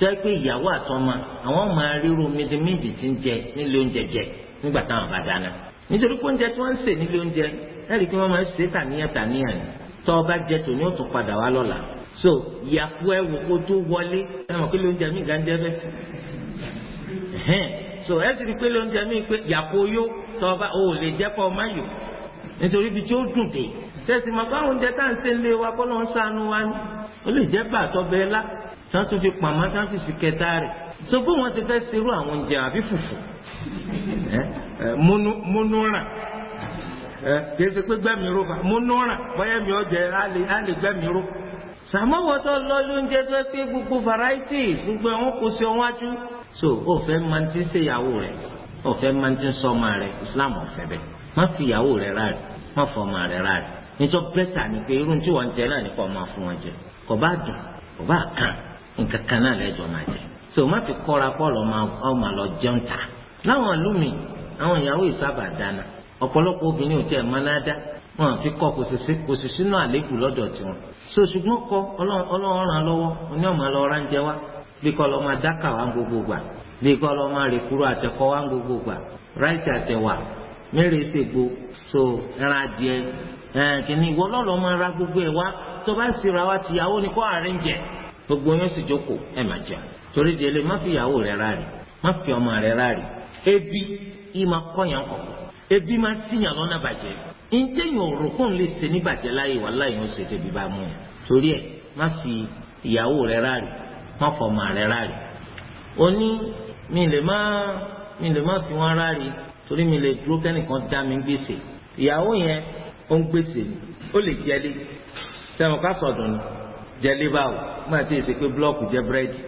jẹ́ pé ìyàwó àtọmọ àwọn máa ríro mídìmídì tí ń jẹ nílé oúnjẹ jẹ nígbà táwọn bá dáná nítorí pé oúnjẹ tí wọ́n ń sè nílé oúnjẹ ẹ̀rí pé wọ́n máa ń sè tàníyàn tàníyàn ni tọ́ ọba jẹ tòní ó padà wá lọ́la so ìyàfu ẹ wò kó tó wọlé ẹ mọ̀ pé lóúnjẹ mi gà ń jẹ bẹ́ẹ̀ so ẹ sì rí pé lóúnjẹ mi pé yàpò yó tọ́ ọba ò lè jẹ́ kọ́ ọmọ yò nítorí ibi tí ó dùn dé tẹ̀sí mọ̀ pé àwọn oúnjẹ tá à ń sè ń lé wa kọ́ ló ń sànú wa ni ó lè jẹ́ bàtọ́ bẹ́ẹ̀ lá tí wọ́n tún fi pàmò tí wọ́n fi kẹta rẹ̀ so bó wọn ti fẹ́ serú àwọn oúnjẹ àbí fùfù múnú kì í ṣe pé ró fa mi ò á lè ró. lọ gbogbo gbogbo kò sí ọwọ́n so ó fẹ́ máa ti rẹ̀ fẹ́ Islam ọ̀fẹ́ bẹ́ẹ̀ fi ìyàwó rẹ̀ má rẹ̀ bẹ́tà ni tí wọ́n jẹ náà fún wọn jẹ kò bá dùn kò bá kan náà lẹ́jọ́ máa jẹ so má fi kọ́ra pọ́ọ̀lù ọmọ lọ jẹun ta láwọn àlùmí àwọn ìyàwó ìsábà dáná ọ̀pọ̀lọpọ̀ obìnrin ò tiẹ̀ máa dá wọn fi kọ kò sì sínú àlékù lọ́dọ̀ tiwọn. so ṣùgbọ́n kọ ọlọ́run ràn lọ́wọ́ oní ọ̀ma lọ ra ń jẹ bí kọ́ lọ́ máa gbogbo gbà bí kọ́ wa gbogbo gbà àtẹ̀wà mẹ́rin ṣègbò so ẹran adìẹ kìnnì ìwọ lọ́lọ́ máa ra gbogbo ẹ̀ wá tó bá sì ra gbogbo yẹn sì jókòó ẹ̀ máa jẹun torí di ebi ima kọyàn kọ ebi máa síyàn lọ́nà bàjẹ́ ntẹ̀yìn ọ̀rọ̀ kò ń lè ṣe ní bàjẹ́ láyé wà láyé ó ṣe tẹ̀bi bá mú yẹn torí ẹ̀ má fi ìyàwó rẹ ráàlì má fọmọ rẹ ráàlì ó ní mi lè má mi lè má fi wọn ráàlì torí mi lè dúró kẹ́nìkan dá mi gbèsè ìyàwó yẹn ó ń gbèsè ni ó lè jẹlé sẹ́wọ̀n ká sọ̀dọ̀ ni jẹlé báwo má ti ṣe pé búlọ́ọ̀kù jẹ búrẹ́dì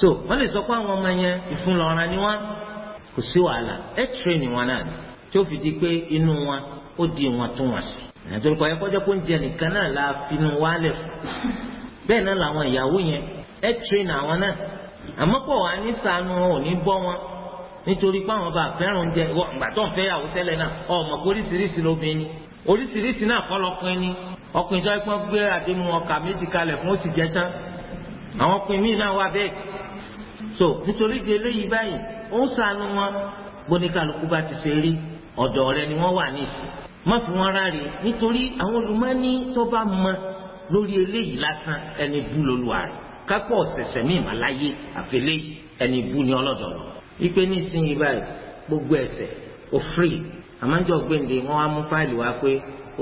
so wọ́n lè sọ pé àwọn ọmọ yẹn ìfúnlọ́ra ni wọ́n kò sí wàhálà wọn náà ni tí ó fi di pé inú wọn ó di wọn tún wọn sí. nítorí pé ẹ̀kọ́jọ́ pé oúnjẹ nìkan náà la finú wálẹ̀ fún bẹ́ẹ̀ náà làwọn ìyàwó yẹn ẹ̀ tírẹ̀nì náà àmọ́ pọ̀ wá ní sànù ò ní bọ́ wọn nítorí pé àwọn bá fẹ́ràn oúnjẹ fẹ́ yàwó tẹ́lẹ̀ náà ọmọ oríṣiríṣi oríṣiríṣi náà kọ́ lọ́kùnrin ni ọkùnrin tó ẹgbọ́n gbé àdéhùn ọkà méjì kalẹ̀ so nítorí di eléyìí báyìí ó ń sànù wọn gbóníkàlùkù bá ti ṣe rí ọ̀dọ̀ rẹ ni wọ́n wà nísì má fi wọn ráre nítorí àwọn olùmọ́ni tó bá mọ lórí eléyìí lásán ẹni bú lolúwa rẹ kápọ̀ ọ̀sẹ̀sẹ̀ mí mà láyé àfẹlẹ́ ẹni bú ni ọlọ́dọ̀ọ̀lọ́ ipe nísìnyí báyìí gbogbo ẹsẹ̀ ó firi àmọ́jọ́ gbẹ̀ǹde wọn á mú fáìlì wá pé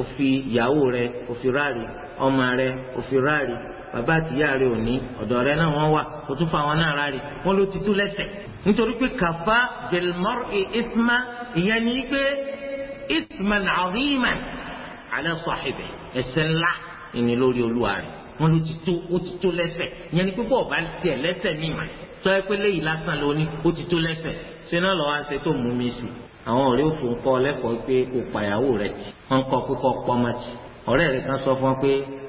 ó fi ìyàwó rẹ ó fi ráre ọmọ rẹ ó fi ráre bàbá àtìyá rẹ ò ní ọ̀dọ̀ rẹ náà wọ́n wà kó tún fa àwọn náà rárẹ̀ wọ́n ló ti tú lẹ́sẹ̀ nítorí pé kàfá bilmar isma ìyẹn ni pé isman aziman ala sahibi ẹ̀ṣẹ̀ ńlá ìní lórí olúwa rẹ̀ wọ́n ló ti tú ó ti tú lẹ́sẹ̀ ìyẹn ni pé bọ́ọ̀ bá tiẹ̀ lẹ́sẹ̀ mímà tọ́ ẹ pé léyìí lásán ló ní ó ti tú lẹ́sẹ̀ ṣe náà lọ́wọ́ àṣẹ tó mú mi sí àwọn ọ̀rẹ́ òfò ń kọ́ lẹ́kọ̀ọ́ pé kò pàyàwó rẹ̀ wọ́n kọ́ pé kọ́ pọ́nmọ́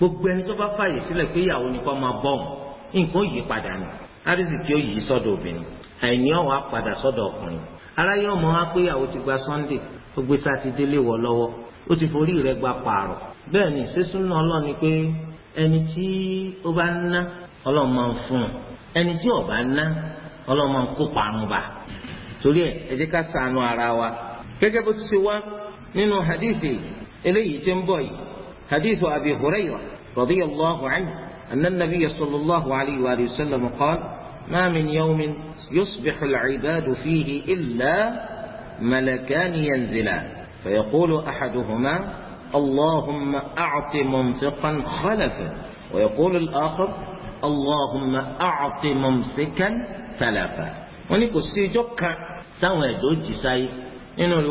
gbogbo ẹni tó bá fàyè sílẹ̀ pé ìyàwó ni kó máa bọ̀ nǹkan yí padà ni àrísìkí ó yí sọ́dọ̀ obìnrin àìní ọ̀hún á padà sọ́dọ̀ ọkùnrin aráyé ọmọ wa pé ìyàwó ti gba sunday ó gbé sátidé lé wọ lọ́wọ́ ó ti forí rẹ̀ gba pààrọ̀ bẹ́ẹ̀ ni sísun náà lọ ni pé ẹni tí ó bá ń ná ọlọ́run máa ń fún un ẹni tí ò ń ná ọlọ́run máa ń kó parun bá torí ẹ ẹ jẹ́ ká ṣàánú ara wa gẹ́gẹ́ bó ti ṣe wá nínú hadithi eléyìí tí ń bọ̀ yìí حديث أبي هريرة رضي الله عنه أن النبي صلى الله عليه وآله وسلم قال ما من يوم يصبح العباد فيه إلا ملكان ينزلان فيقول أحدهما اللهم أعط منفقا خلفا ويقول الآخر اللهم أعط ممسكا تلفا wọ́n السي جوكا سوى دوجي ساي táwọn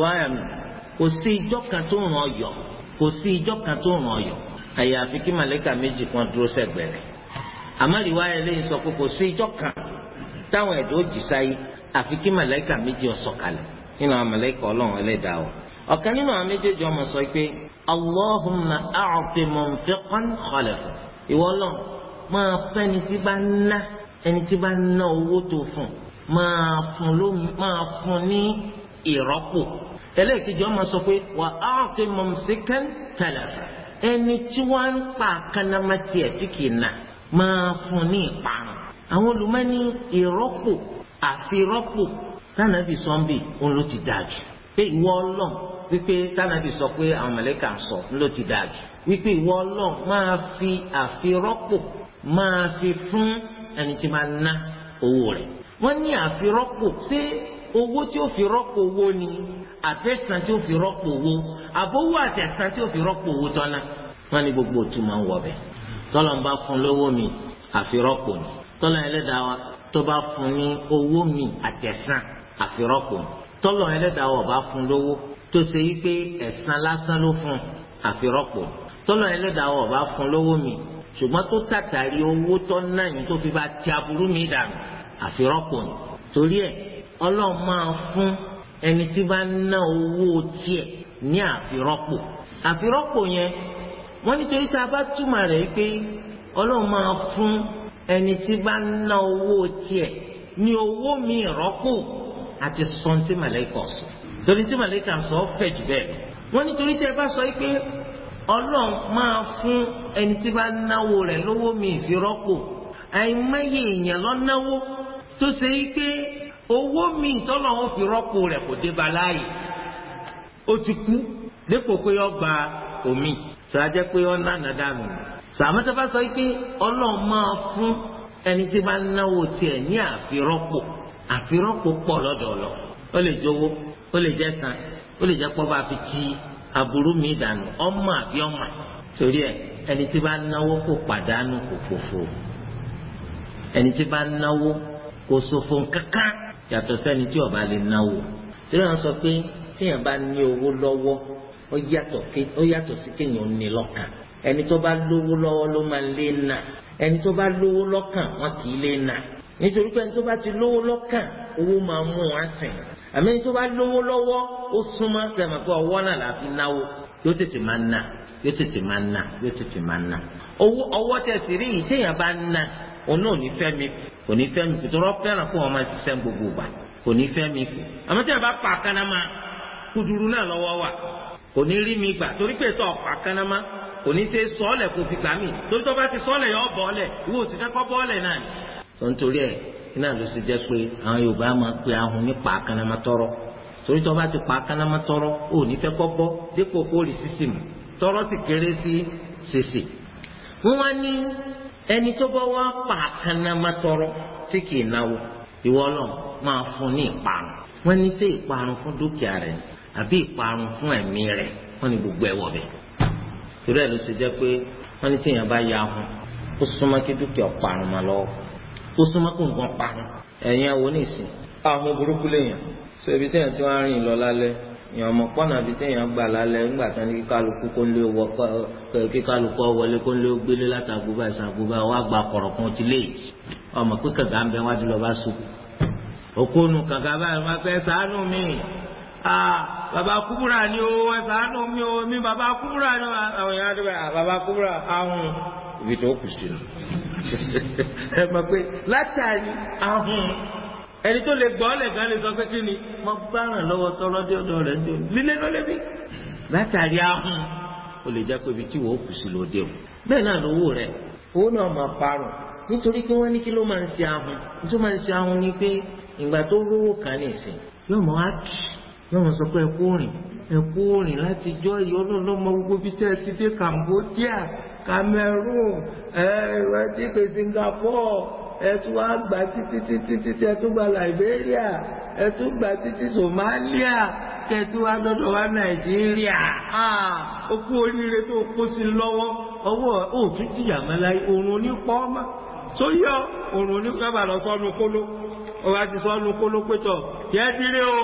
ẹ̀dọ́ jì جوكا nínú kò sí ìjọ kan tó ràn ọyọ àyàfi kí màlẹ́kà méjì kan dúró sẹ́gbẹ̀ẹ́ rẹ̀ àmọ́ ìwáyà eléyìí sọ pé kò sí ìjọ kan táwọn ẹ̀dọ́ òjì sáyé àfi kí màlẹ́kà méjì ó sọ̀kalẹ̀ nínú àwọn màlẹ́kà ọlọ́run ẹlẹ́dàá o ọ̀kan nínú àwọn méjèèjì ọmọ sọ pé allahumma a'ti munfiqan khalafa ìwọ ọlọ́run máa fẹ́ni tí bá ná ẹni tí bá ná owó tó fún máa fún ní ìrọ́pò ẹlẹ́ẹ̀kejì ọmọ sọ pé wà á ti mọ̀mùsíkẹ́ń tẹ̀lẹ̀ ẹni tí wọ́n ń pa kanamati ẹ̀ tí kì í nà máa fún ní ìparun. àwọn olùmọ́ni ìrọ́pò àfi rọ́pò tánàbì sọ́ńbì òun ló ti dáa jù pé ìwọ ọlọ́ wípé tánàbì sọ pé àwọn mọ̀lẹ́kà ń sọ ló ti dáa wípé ìwọ ọlọ́ máa fi àfi rọ́pò máa fi fún ẹni tí máa ná owó rẹ̀. wọ́n ní àfi rọ́pò ṣé owó tí ó fi rọ́pò owó ni àtẹ̀sán tí ó fi rọ́pò owó àbówó àtẹ̀sán tí ó fi rọ́pò owó tọ́lá wọn ni gbogbo òtún máa ń wọbẹ̀ tọ́lọ̀ ń bá fún lówó mi àfirọ́pò ni tọ́lọ̀ ẹlẹ́dàá wa tó bá fún ní owó mi àtẹ̀sán àfirọ́pò ni tọ́lọ̀ ẹlẹ́dàá wa bá fún lówó tó ṣe yí pé ẹ̀san lásán ló fún àfirọ́pò ni tọ́lọ̀ ẹlẹ́dàá wa bá fún lówó mi ṣùgbọ́n tó tàtàrí owó tọ́ náà yìí tó fi bá ti aburú mi dànù àfirọ́pò ni torí ẹ̀ ọlọ́run máa fún ẹni tí bá ń ná owó tiẹ̀ ní àfirọ́pò àfirọ́pò yẹn wọ́n nítorí tá a bá túmọ̀ rẹ̀ pé ọlọ́run máa fún ẹni tí bá ń ná owó tiẹ̀ ní owó mi ìrọ́pò àti sọ́ńtì màlẹ́kà ọ̀sùn torí tí màlẹ́kà sọ fẹ̀ jù bẹ́ẹ̀ wọ́n nítorí tẹ́ ẹ bá sọ pé ọlọ́run máa fún ẹni tí bá náwó rẹ̀ lówó mi ìfirọ́pò àìmọye èèyàn lọ náwó tó ṣe pé owó mi ìtọ́lọ̀ ń fi rọ́pò rẹ̀ kò dé ba láàyè ó ti kú dípò pé ó gba omi sàájẹ́ pé nànà dànù sọ pé ọlọ́run máa fún ẹni tí bá náwó tiẹ̀ ní àfirọ́pò àfirọ́pò pọ̀ lọ́dọọlọ ó lè ó lè jẹ́ ó lè jẹ́ fi ẹ ẹni tí bá náwó kò pàdánù kò fòfò ẹni tí bá náwó kò yàtọ̀ sẹ́ni tí ọba lè náwó torí wọn sọ pé téèyàn bá ní owó lọ́wọ́ ó yàtọ̀ sí kéèyàn ní lọ́kàn ẹni tó bá lówó lọ́wọ́ ló máa lè nà ẹni tó bá lówó lọ́kàn wọn kì í lè nà nítorí pé ẹni tó bá ti lówó lọ́kàn owó máa mú wọn sìn àmì ẹni tó bá lówó lọ́wọ́ ó súnmọ́ sẹ́mi pé ọwọ́ náà là fi náwó yóò tètè máa nà yóò tètè máa nà yóò tètè máa nà owó ọwọ́ tẹ̀sí rí yìí téèyàn bá nà òun náà ò ní fẹ́ mi kò ní fẹ́ mi kò tó rọ́ fẹ́ràn kó wọn máa ṣiṣẹ́ gbogbo ìgbà kò ní fẹ́ mi kù àmọ́ tí a bá pa àkànnàmá kúdùrú náà lọ́wọ́ wa kò ní rí mi gbà torí pé tó pa àkànnàmá kò ní ṣe sọ́ọ̀lẹ̀ kò fi gbà mí torí tó bá ti sọ́ọ̀lẹ̀ yọ bọ́ọ̀lẹ̀ ìwọ ò fẹ́ kọ́ bọ́ọ̀lẹ̀ náà ni. sọ nítorí ẹ iná ló ṣe jẹ́ pé àwọn Yorùbá máa pe ahun ní pa àkànnàmá tọrọ torí tó bá ti pa àkànnàmá tọrọ ò ní fẹ́ kọ́ bọ́ dípò kó rí sísì tọrọ sì kéré sí sèsì. wọ́n wá ní ẹni tó bá wá pàkànnàmá tọrọ tí kì í náwó ìwọ náà máa fún ní ìparun wọn ní sí ìparun fún dúkìá rẹ àbí ìparun fún ẹ̀mí rẹ wọn ní gbogbo ẹwọ bẹ torí ẹ ló ṣe jẹ pé wọn ní téèyàn bá ya ahun ó súnmọ́ kí dúkìá parun mà lọ́wọ́ ó súnmọ́ kó nǹkan parun ẹ̀yin àwọn oníṣìn ahun burúkú lèèyàn ṣe ibi téèyàn ti wá rìn lọ lálẹ́ èèyàn ọmọkọ́nà bíi téèyàn gbà lálẹ́ ńgbà tán ní kíkálukú kó lé wọ kíkálukú wọlé kó lé gbélé látàgùbà ìsàgùbà wà gba kọ̀rọ̀ kan ti lé ọmọ pé kàgà ń bẹ wájú lọ bá sùn. òkúnu kàgà báyìí wọn pẹ́ ṣàánú mi bàbá kúbúrà ni o ẹ ṣàánú mi o mi bàbá kúbúrà ni o àwọn èèyàn ti bẹ bàbá kúbúrà ahùn ibi tó kù sí nu ẹ mọ̀ pé látàrí ahùn. ẹni tó lè gbọ́ lẹ̀ gan lè sọ pé kí ni mo bá ràn lọ́wọ́ tọrọ dé ahụ rẹ̀ látàrí ahun o lè jẹ́ pé ibi tí wọ́n kù sí o bẹ́ẹ̀ náà lówó rẹ̀ owó náà máa parun nítorí pé wọ́n ní kí ló máa ń ṣe ahun tó máa ń ahun ni pé ìgbà tó rówó kan yóò mọ yóò mọ sọ pé láti jọ ìyọ́ Singapore. ẹ tún wá gbà títí gba Liberia ẹ gba Somalia kẹ wá dọ́dọ̀ wá Nàìjíríà ó oríire tó kó sí jìyà òrùn ọmọ tó yọ òrùn lọ kóló ọba ti sọ́nu kóló pétọ̀ yẹ́ dílé o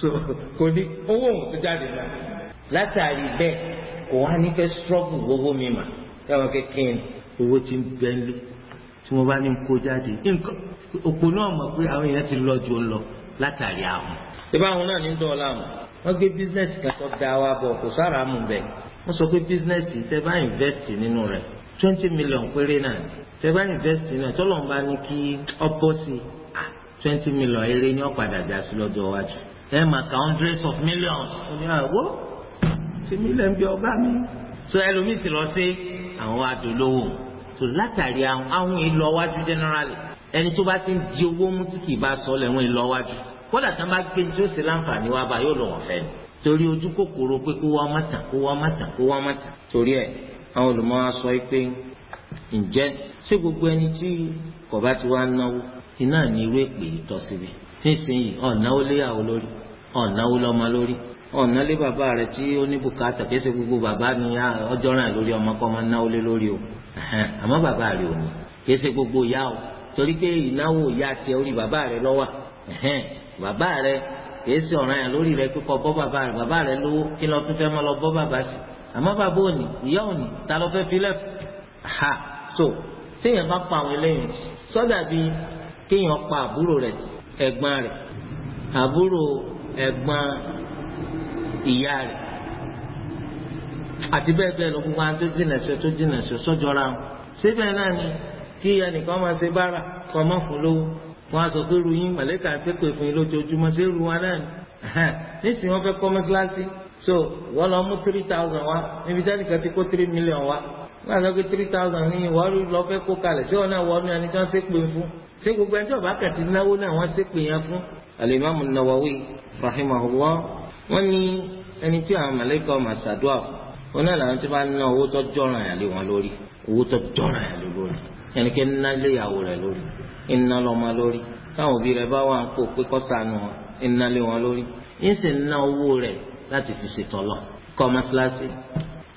kò ní owó òun tó jáde náà látàrí bẹ́ẹ̀ kò wá ní fẹ́ gbogbo mi mà kékeré owó ti ń bẹ́ńlé tí mo bá ní kó jáde nǹkan òpó náà mọ̀ pé àwọn èèyàn ti lọ ju ń lọ látàrí àhùn. ìbá àwọn náà ní dọ́ọ̀lá mu wọ́n gbé bísínẹ́sì kan da wa bọ̀ kò sára mu bẹ̀ wọ́n sọ pé bísínẹ́sì tẹ́ bá ìnvẹ́sì nínú rẹ̀ twenty million péré náà ni tẹ́ bá ìnvẹ́sì náà tọ́lọ̀ ń bá ní kí ọ̀pọ̀ sí twenty million eré ní ọ̀padà já sí lọ́jọ́ iwájú ẹ mà ká hundreds of millions ní àwọ̀ tèmi lẹ́ ń bí ọba mi. sọ ẹlòmíì sì lọ sí àwọn adolówó so látàrí àwọn àwọn ìlọwájú generally ẹni tó bá ti ń di owó mú tí kì í bá sọ lẹ́wọ̀n ìlọwájú kódà tán bá gbé tí ó sì láǹfààní wá bá yóò lọ wọ́n fẹ́ ni torí ojú kòkòrò pé kó wá má tàn kó wá má tàn kó wá má tàn torí ẹ̀ àwọn olùmọ̀ wa sọ pé ǹjẹ́ ṣé gbogbo ẹni tí kò bá ti wá náwó iná ní irú èpè yìí tọ́ síbi nísìnyí ọ̀nàwó léyàwó lórí ọ̀nàwó lọ́mọ lórí ọ̀nà lé bàbá rẹ tí ó ní bùkátà kése gbogbo bàbá ni ọjọ́ ràn lórí ọmọ kọ́ máa náwó lé lórí o àmọ́ bàbá rẹ ò ní kése gbogbo ìyá o torí pé ìnáwó ìyá tiẹ̀ orí bàbá rẹ lọ́wọ́ bàbá rẹ kése ọ̀ràn yẹn lórí rẹ kíkọ bọ́ bàbá rẹ bàbá rẹ lówó kí lọ tún fẹ́ máa lọ bọ́ bàbá sí àmọ́ bàbá òní ìyá òní ta ló fẹ́ filẹ̀ ha so téèyàn bá pa àwọn eléyìí sọ́dà bíi kéèyàn pa àbúrò rẹ̀ ìyá rẹ̀ àti bẹ́ẹ̀ bẹ́ẹ̀ lọ gbogbo àwọn tó jìnà ṣe tó jìnà ṣe sọ́jọ́ra wọn. síbẹ̀ náà ni kí ẹnìkan máa ṣe bára kọ́ máa fún lówó wọn á sọ pé ru yín mọ̀lẹ́kà ṣe pé fún yín lójoojúmọ́ ṣé ru wa náà ni nísìnyí wọ́n fẹ́ kọ́ mọ́síláṣí so wọ́n lọ mú three thousand wá níbi tí ẹnìkan ti kó three million wá wọ́n á sọ pé three thousand ní ìwọ́ lọ fẹ́ kó kalẹ̀ ṣé wọn náà wọ́n ní ẹni tí wọ́n ṣe pé fún nawawi rahimahullah wọ́n ní ẹni tí àwọn mọ̀lẹ́kọ̀ máa ṣàdúrà fún wọn náà làwọn tí wọ́n bá ná owó tó jọ̀ràn yà lé wọn lórí owó tó jọ̀ràn yà lé lórí ẹni kí ńná lé ìyàwó rẹ̀ lórí ńná lọ́mọ lórí táwọn òbí rẹ̀ bá wà ń kó pé kọ́sànù wọn ńná lé wọn lórí ń sì ná owó rẹ̀ láti fi ṣètò lọ kọ́ mọ́sálásí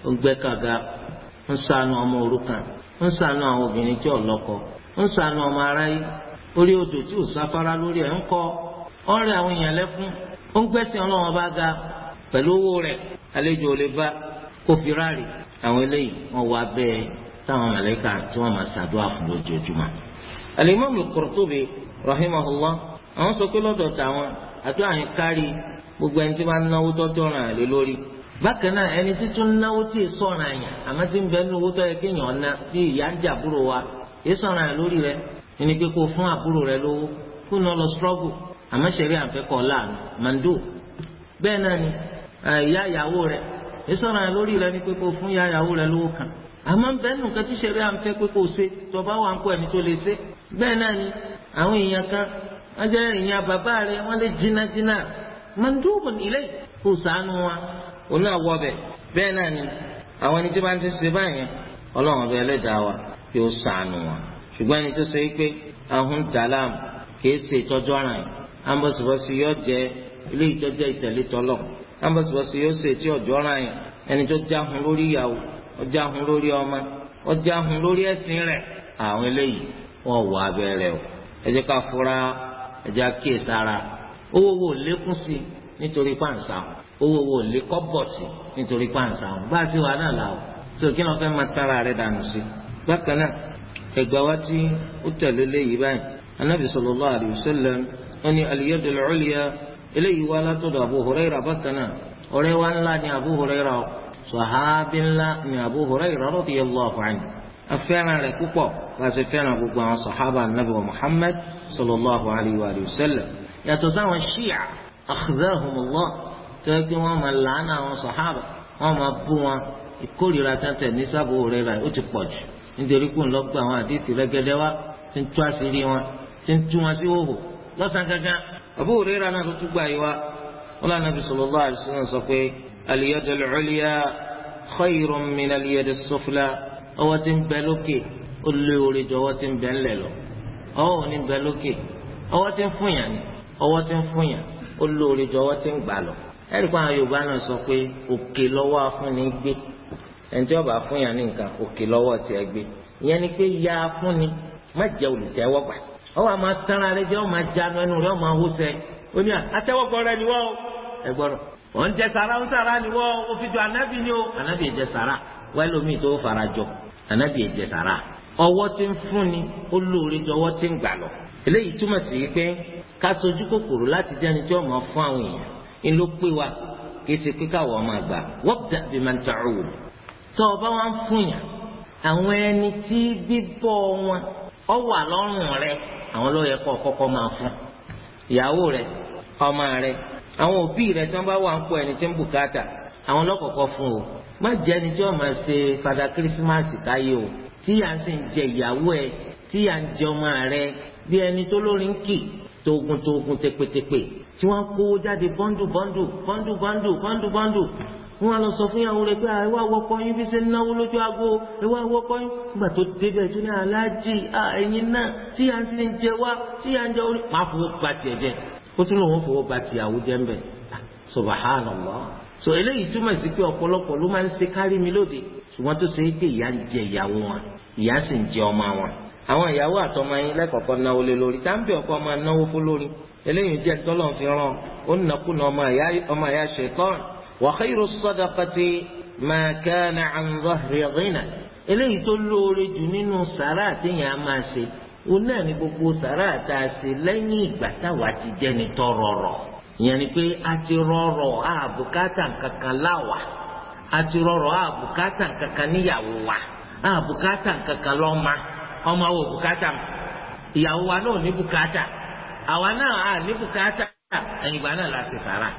ó gbẹ́ kàga ń ṣàánú ọmọ òrukàn ń ṣàánú àwọn obìnrin tí ọlọ́kọ ń ṣàánú ọmọ aráyé orí odò tí ò sáfárá lórí ẹ̀ ń kọ́ ọ̀rẹ́ àwọn èèyàn lẹ́kún ó ń gbẹ́sìn ọlọ́run ọba ga pẹ̀lú owó rẹ̀ àlejò ò lè bá kó fi ráàlì àwọn eléyìí wọn wá bẹ́ẹ̀ táwọn màláíkà tí wọ́n máa ṣàdúrà fún lójoojúmọ́. Al-Imam Al-Qurtubi àwọn sọ pé lọ́dọ̀ kárí gbogbo ẹni tí wọ́n á náwó tọ́jọ́ ràn eni lé lórí bákan náà ẹni tí tún náwó tí ì sọ̀ràn àyàn àmọ́ tí ń bẹ wa lọ àmọ́ ṣẹ̀rí àfẹ́kọ̀ láàánú màndó bẹ́ẹ̀ náà ni ìyá ìyàwó rẹ̀ ìsọ̀rọ̀ lórí rẹ ni pé fún ìyá ìyàwó rẹ̀ lówó kan àmọ́ bẹ́ẹ̀ nù kẹ́tí ṣẹ̀rí àfẹ́ pé kó ṣe tọba wà ń kọ́ ẹni tó lè ṣe bẹ́ẹ̀ náà ni bàbá wọ́n lè ilé sànù wa òun náà wọ bẹ́ẹ̀ náà ni àwọn ẹni tí wọ́n ti ṣe báyẹn ọlọ́run ọbẹ̀ ambọ̀sibọ̀sì yóò jẹ ilé ìjọjẹ ìtẹ̀lé tọlọ. ambọ̀sibọ̀sì yóò ṣe tí ọ̀jọ́ ra yẹn ẹni tó jáhun lórí ìyàwó ọjáhun lórí ọmọ ọjáhun lórí ẹ̀sìn rẹ àwọn eléyìí wọ́n wọ abẹ́rẹ́ o ẹ ká fura ẹ kíyè sára owó wo lékún sí nítorí pàǹsà owó wo sí nítorí pàǹsà ti náà là o tó kí fẹ́ máa dànù sí ẹgbàá wa ẹni aliyadu lọ́ọ̀lìyà eléyìí wá látọ̀dọ̀ Abu Hurairah bákan náà ọ̀rẹ́ wa ńlá ni Abu Hurairah sọ̀hábí ńlá ni Abu Hurairah radiyallahu anhu afẹ́ràn rẹ̀ púpọ̀ láti fẹ́ràn gbogbo àwọn sọ̀hábà nàbẹ̀ Muhammad sallallahu alayhi wa sallam yàtọ̀ sáwọn ṣíà akhzahumullah tó yẹ kí wọ́n máa làánà àwọn sọ̀hábà wọ́n máa bú wọn ìkórìíra tẹ́tẹ̀ ní sábò ó ti pọ̀ jù nítorí pé ńlọ́gbà àwọn àdìsí rẹ́gẹ́dẹ́ wá ń tú àṣírí wọn ti ń tú wọn sí hòhò lọ́sàn-án gangan Abu Hurairah náà tó tún gbà yìí wá wọn lànà bí sallallahu alaihi wasallam sọ pé al-yadul ulya khayrun min al-yadis sufla ọwọ́ tí ń bẹ lókè ó lé orí jọ ọwọ́ tí ń bẹ ńlẹ̀ lọ ọwọ́ ò ní bẹ lókè ọwọ́ tí ń fúnyàn ni ọwọ́ tí ń fúnyàn ó lé orí jọ ọwọ́ tí ń gbà lọ ẹ̀rí àwọn Yorùbá náà sọ pé òkè lọ́wọ́ afúnni gbé ẹni tí ọba fúnyàn ní nǹkan òkè lọ́wọ́ tiẹ̀ gbé ìyẹn ni pé ya afúnni má jẹ́ olùtẹ́wọ́gbà ọwọ́ àmọ́ tánra rẹ jẹ́ ọmọ ajanu ẹnu rẹ ọmọ ahóṣẹ́ ó ní ni wọ́n Ọ jẹ sàrà ń sàrà ni wọ́n ó fi ni ó ànábì jẹ fara jọ jẹ ọwọ tí ń fúnni ó lóore jọ ọwọ tí ń gbà lọ eléyìí túmọ̀ sí pé ká sojú kòkòrò láti jẹ́ni tí ọmọ fún àwọn èèyàn ń ló pé wa kì í ṣe pé ọmọ àgbà wa fún yàn àwọn ẹni tí wọn àwọn ló yẹ kó kọ́kọ́ máa fún ìyàwó rẹ ọmọ rẹ àwọn òbí rẹ tí wọ́n bá wà ń pọ̀ ẹni tí ń bùkátà àwọn lọ́kọ̀ọ́kọ́ fún o má jẹ́ ẹni tí wọ́n máa ṣe fada kírísímàsì káyé o tí à ń sì ń jẹ ìyàwó ẹ tí à ń jẹ ọmọ rẹ bí ẹni tó lórí ń kì tógun tógun tepetepe tí wọ́n kó jáde bọ́ndù bọ́ndù bọ́ndù bọ́ndù bọ́ndù bọ́ndù wọn lọ sọ fún ìyàwó rẹ pé ẹ wá wọkọ yín fi ṣe ń náwó lójú aago ẹ wá wọkọ yín nígbà tó débẹ̀ tó ní aláàjì ẹ̀yin náà tí à ń ti jẹ wá tí à ń jẹ orí máa fowó gba tiẹ̀ jẹ ó tún lòun fowó gba tìyàwó jẹ ńbẹ subahánàlá so eléyìí túmọ̀ sí pé ọ̀pọ̀lọpọ̀ ló máa ń ṣe kárí mi lóde ṣùgbọ́n tó ṣe é pé ìyá ń jẹ ìyàwó wọn ìyá sì ń jẹ ọmọ wọn àwọn ìyàwó àtọmọ yín lẹ́kọ̀ọ́kọ́ náwó lé lórí táǹbì ọkọ máa náwó fún lórí eléyìí jẹ́ tọ́lọ́ fi rán ó nàkúnà ọmọ ìyá ṣe tọ́rùn وخير الصدقة ما كان عن ظهر غنى eléyìí tó lóore jù nínú sàrà àtẹ̀yìn a máa ṣe òun náà ni gbogbo sàrà àtà ṣe lẹ́yìn ìgbà táwa ti jẹ́ni tọ́ rọrọ̀ ìyẹn ni pé a ti rọrọ̀ àbùkátà kankan láwa a ti rọrọ̀ àbùkátà kankan níyàwó wa àbùkátà kankan lọ́ma ọmọ wo bùkátà ìyàwó wa náà ní bùkátà àwa náà à ní bùkátà ẹ̀yìn ìgbà náà la ṣe sàrà.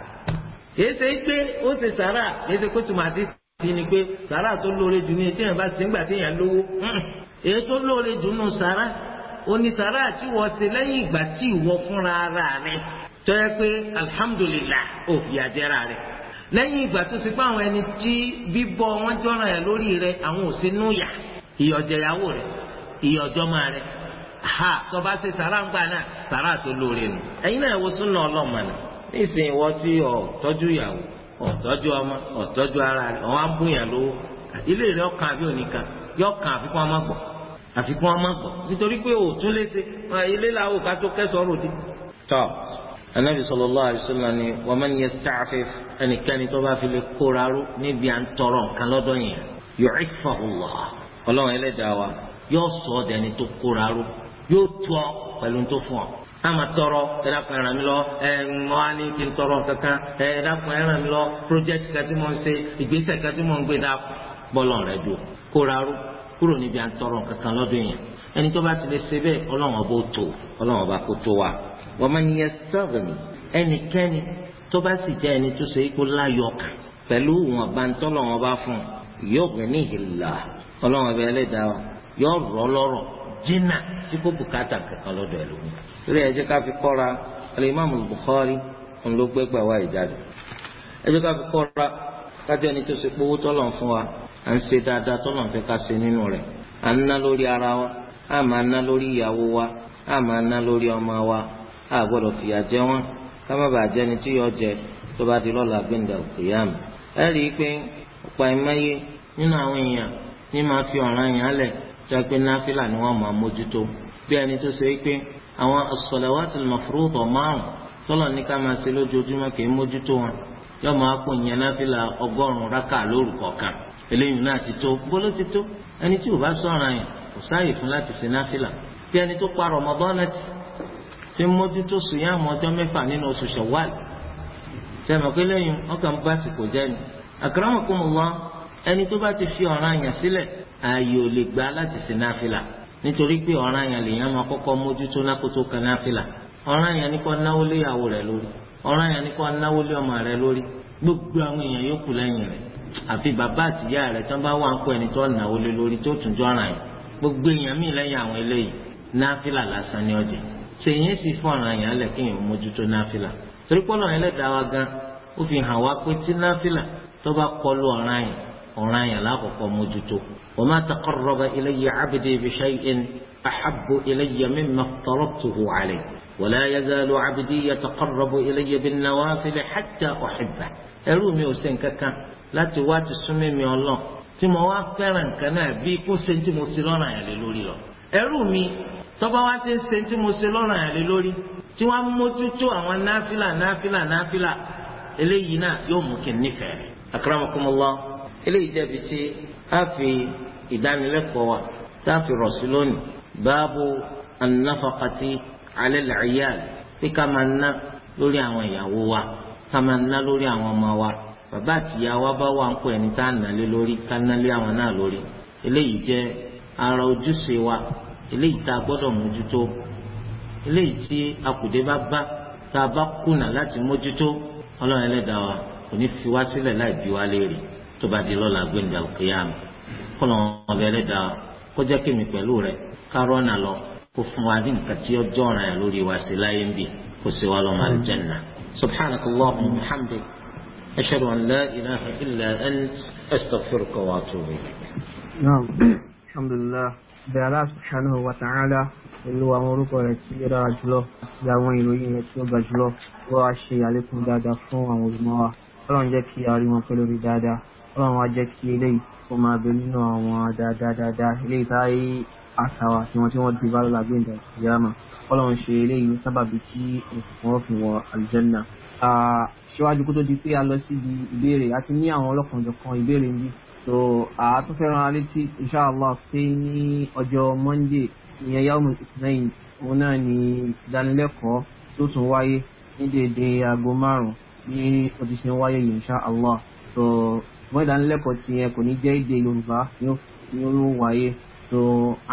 kìí ṣe pé ó ṣe sàrà kìí ṣe kó tùmọ̀ àti sí ni pé sàrà tó lóore jù ní ètò ti sí ńgbà tí èèyàn lówó èyí tó lóore jù nù sàrà oní sàrà tí wọ́n ṣe lẹ́yìn ìgbà tí ìwọ fúnra ara pé alhamdulillah ò fi lẹ́yìn ti pa àwọn ẹni tí bíbọ wọn jọra ẹ̀ lórí rẹ̀ àwọn ò sí núyà ìyọ̀jẹ̀yàwó re ha tó bá ṣe sàrà ńgbà náà sàrà tó lóore nù náà nísìnyí wọ́n tí ọ̀ tọ́jú ìyàwó ọ̀ ọmọ ọ̀ ara rẹ̀ ọ̀hún abúyàn lówó ilé rẹ̀ ọkàn àbí òníkan afikun kàn àfikún ọmọ àfikún ọmọ nítorí pé òtún léṣe ilé kẹsàn-án tọ́ anabi sọlọ alaihi wasallam ni wa ẹnikẹ́ni tó bá fi lè níbi à ń tọrọ nǹkan lọ́dọ̀ yẹn Allah sọ a máa tọrọ ẹ dákun ẹ ràn mí lọ ẹ mọ á ní kí n tọrọ kankan ẹ dákun ẹ ràn mí lọ project kan tí mo ń ṣe ìgbésẹ̀ kan tí mo ń gbé dá bọ́lọ̀ rẹ dùn kóra rú kúrò níbi à ń tọrọ kankan lọ́dún yẹn ẹni tó bá ti lè ṣe bẹ́ẹ̀ ọlọ́run ọba ó tó ọlọ́run ọba kó tó wa wọ́n máa ń yẹ sẹ́ẹ̀rì ẹnikẹ́ni tó bá sì jẹ́ ẹni tó ṣe é kó láyọ̀ kàn pẹ̀lú wọn bá ń tọ́lọ̀ wọn bá fún un yóò gbé ní ìlà ọlọ́run ọba ẹlẹ́dàá yóò rọ́ kankan lọ́dọ̀ ẹlòmíràn. torí ẹ jẹ́ ká fi kọ́ra alimami Bukhari òun ló ìjáde ẹ jẹ́ ká fi kọ́ra kájọ ẹni tó ṣe kpowó tọ́lọ̀ fún wa à ń ṣe dáadáa tọ́lọ̀ fẹ́ ká ṣe nínú rẹ̀ à lórí ara wa à ná lórí ìyàwó wa à ná lórí ọmọ wa à fìyà jẹ wọn ká má bàa tí yọ jẹ tó bá di lọ́la gbẹ̀ndà òkèèyàmù ẹ rí i pé fi ọ̀ràn yàn lẹ̀ pé náfìlà ni wọ́n máa mójútó bí ẹni tó àwọn as-salawat al-mafruḍa márùn tọ́lọ̀ ní ká máa ṣe lójoojúmọ́ kì í mójútó wọn yóò máa kó yẹn náfìlà ọgọ́rùn-ún rákà lórúkọ kan eléyìí náà ti tó bóló ti tó ẹni tí ò bá sọ̀ràn yẹn kò sáàyè fún láti ṣe náfìlà bí ẹni tó pa Ramadan fi mójútó sùnyàmù ọjọ́ mẹ́fà nínú oṣù Shawwal sẹ́mi pé lẹ́yìn ọkàn bá ti kò jẹ́ni akramakumullah ẹni tó bá ti fi ọ̀ràn yẹn sílẹ̀ ààyè ò lè gbà láti ṣe náfìlà nítorí pé ọ̀ràn yẹn lèèyàn máa kọ́kọ́ mójútó lákòótó kan ní àfìlà ọ̀ràn yẹn ni kò náwó lé ìyàwó rẹ̀ lórí ọ̀ràn yẹn ni kò náwó lé ọmọ rẹ lórí gbogbo àwọn èèyàn yóò kù lẹ́yìn rẹ̀ àfi bàbá àtìyá rẹ̀ tán bá wà ń kó ẹni tó náwó lé lórí tó tún jọ ọ̀ràn yẹn gbogbo èèyàn míì lẹ́yìn àwọn eléyìí náfìlà lásán ni ọ̀jẹ̀ sì fún wa ọ̀ràn yẹn lákòókò mójútó. wa ma taqarraba ilayya abdi bi shay'in ahabbu ilayya mimma taraktuhu alayhi wa la yazalu abdi yataqarrabu ilayya bin nawafil hatta uhibba. ẹrú mi ò ṣe nǹkan kan láti wá ti súnmí mi ọlọ́ tí mo wá fẹ́ràn nǹkan náà bí kó ṣe tí mo ṣe lọ́ràn yẹn lé lórí lọ. ẹrú mi tọ́ba wá ti ń mo ṣe lọ́ràn yẹn lé lórí tí wọ́n mójútó àwọn náfìlà náfìlà náfìlà eléyìí náà yóò mú kí n nífẹ̀ẹ́. akramakumullah eléyìí jẹ́bi tí a fi ìdánilẹ́kọ̀ọ́ wa tá a fi rọ̀ sí lónìí báàbò anáfàkàtì alẹ́ làyà pé ká máa ná lórí àwọn ìyàwó wa ká máa ná lórí àwọn ọmọ wa bàbá àtìyá wa bá wà ń pè ní tá a nà lé lórí ká ná lé àwọn náà lórí eléyìí jẹ́ ara ojúṣe wa eléyìí tá a gbọ́dọ̀ mójútó eléyìí tí akùdé bá bá tá a bá kùnà láti mójútó ọlọ́run ẹlẹ́dàá wa kò ní fi wá sílẹ̀ láì bí wá léèrè tó bá di lọ́la gbẹ̀ngà òkèèyàn kọ́nà ọbẹ̀ rẹ̀ dá kọjá kémi pẹ̀lú rẹ̀ kárọ́nà lọ kó fún wa ní nǹkan tí ọjọ́ ọ̀ràn yà lórí wa sí láyé ń bì kó sì wá lọ́mọ àlùjẹ́nà. subhanaka allahumma wa hamdika ashhadu an la ilaha illa ant astaghfiruka wa atubu ilayk. naam alhamdulilah bi Allah subhanahu wa ta'ala pẹ̀lú àwọn orúkọ rẹ̀ tí ó dára jùlọ àti àwọn ìròyìn rẹ̀ tí ga jùlọ wọ́n ṣe àlékún dáadáa fún àwọn olùmọ̀ wa ọlọ́run jẹ́ kí a rí wọn pẹ́ lórí dáadáa ọlọ́run wa jẹ́ kí eléyìí kó máa bẹ nínú àwọn dáadáa eléyìí táyé àtàwà tí wọ́n tí wọ́n di báyọ̀ lágbé ìdá ìyáàmà ọlọ́run ṣe eléyìí sábàbí kí òṣùpọ̀ òfin wọ àlùjẹ́nà. ṣíwájú kó tó di pé a lọ síbi ìbéèrè àti ní àwọn ọlọ́kanjọ̀kan ìbéèrè ń bí so àtúnfẹ́ràn alétí inṣàlá pé ní ọjọ́ monday ìyẹn yawm ìsìnlẹ́yìn òun náà ni ìdánilẹ́kọ̀ọ́ tó tún wáyé ní ṣùgbọ́n ìdánilẹ́kọ̀ọ́ ti yẹn kò ní jẹ́ èdè Yorùbá ni ó wáyé so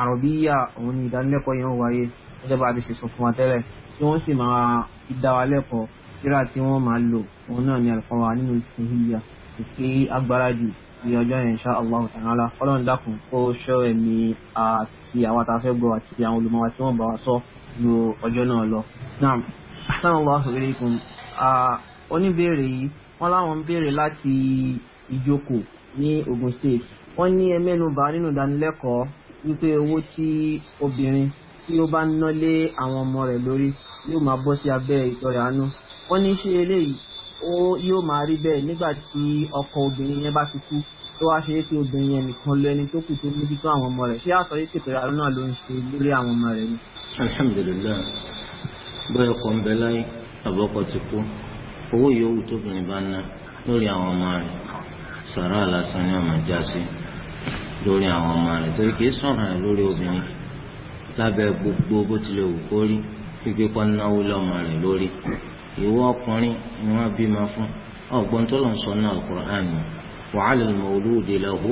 àrọ̀bíyà òun ni ìdánilẹ́kọ̀ọ́ yẹn ó wáyé gẹ́gẹ́ bá a ti ṣe sọ fún wa tẹ́lẹ̀ tí wọ́n sì máa fi dá wa lẹ́kọ̀ọ́ síra tí wọ́n máa lò òun náà ni àlùfáà wa nínú ìsinyìíyà kí agbáradì ní ọjọ́ yẹn insha Allah ta'ala ọlọ́run dákun kó ṣọ́ ẹ̀mí àti àwọn àtàfẹ́ gbọ́ àti àwọn olùmọ̀ tí wọ́n bá wa sọ ju ọjọ́ náà lọ. naam assalamu alaykum oníbèrè yìí wọ́n láwọn ń béèrè láti ìjókòó ní Ogun State wọ́n ní ẹ mẹ́nubà nínú ìdánilẹ́kọ̀ọ́ wípé owó tí obìnrin tí ó bá ń ná lé àwọn ọmọ rẹ̀ lórí yóò máa bọ́ sí abẹ́ ìtọrẹ àánú wọ́n ní ṣe eléyìí ó yóò máa rí bẹ́ẹ̀ nígbà tí ọkọ obìnrin yẹn bá ti kú tó wá ṣe é pé obìnrin yẹn nìkan lọ ẹni tó kù tó mójútó àwọn ọmọ rẹ̀ ṣé àtọ̀ yìí tètè náà ló ń ṣe lórí àwọn ọmọ rẹ̀ ni. alhamdulilayi bóyá ọkọ ń bẹ láyé ti kú owó yòówù tóbìnrin bá ná lórí àwọn ọmọ rẹ̀ sàrà lásán ni ọmọ já sí lórí àwọn ọmọ rẹ̀ torí kìí sọ̀rọ̀ rẹ̀ lórí obìnrin lábẹ́ gbogbo bó tilẹ̀ wù kó rí pípé kọ́ náwó lọ́mọ rẹ̀ lórí ìwọ ọkùnrin ni wọ́n bímọ fún ọgbọ́n tó lọ́n sọ náà Al-Qur'an wa 'ala al-mawludi lahu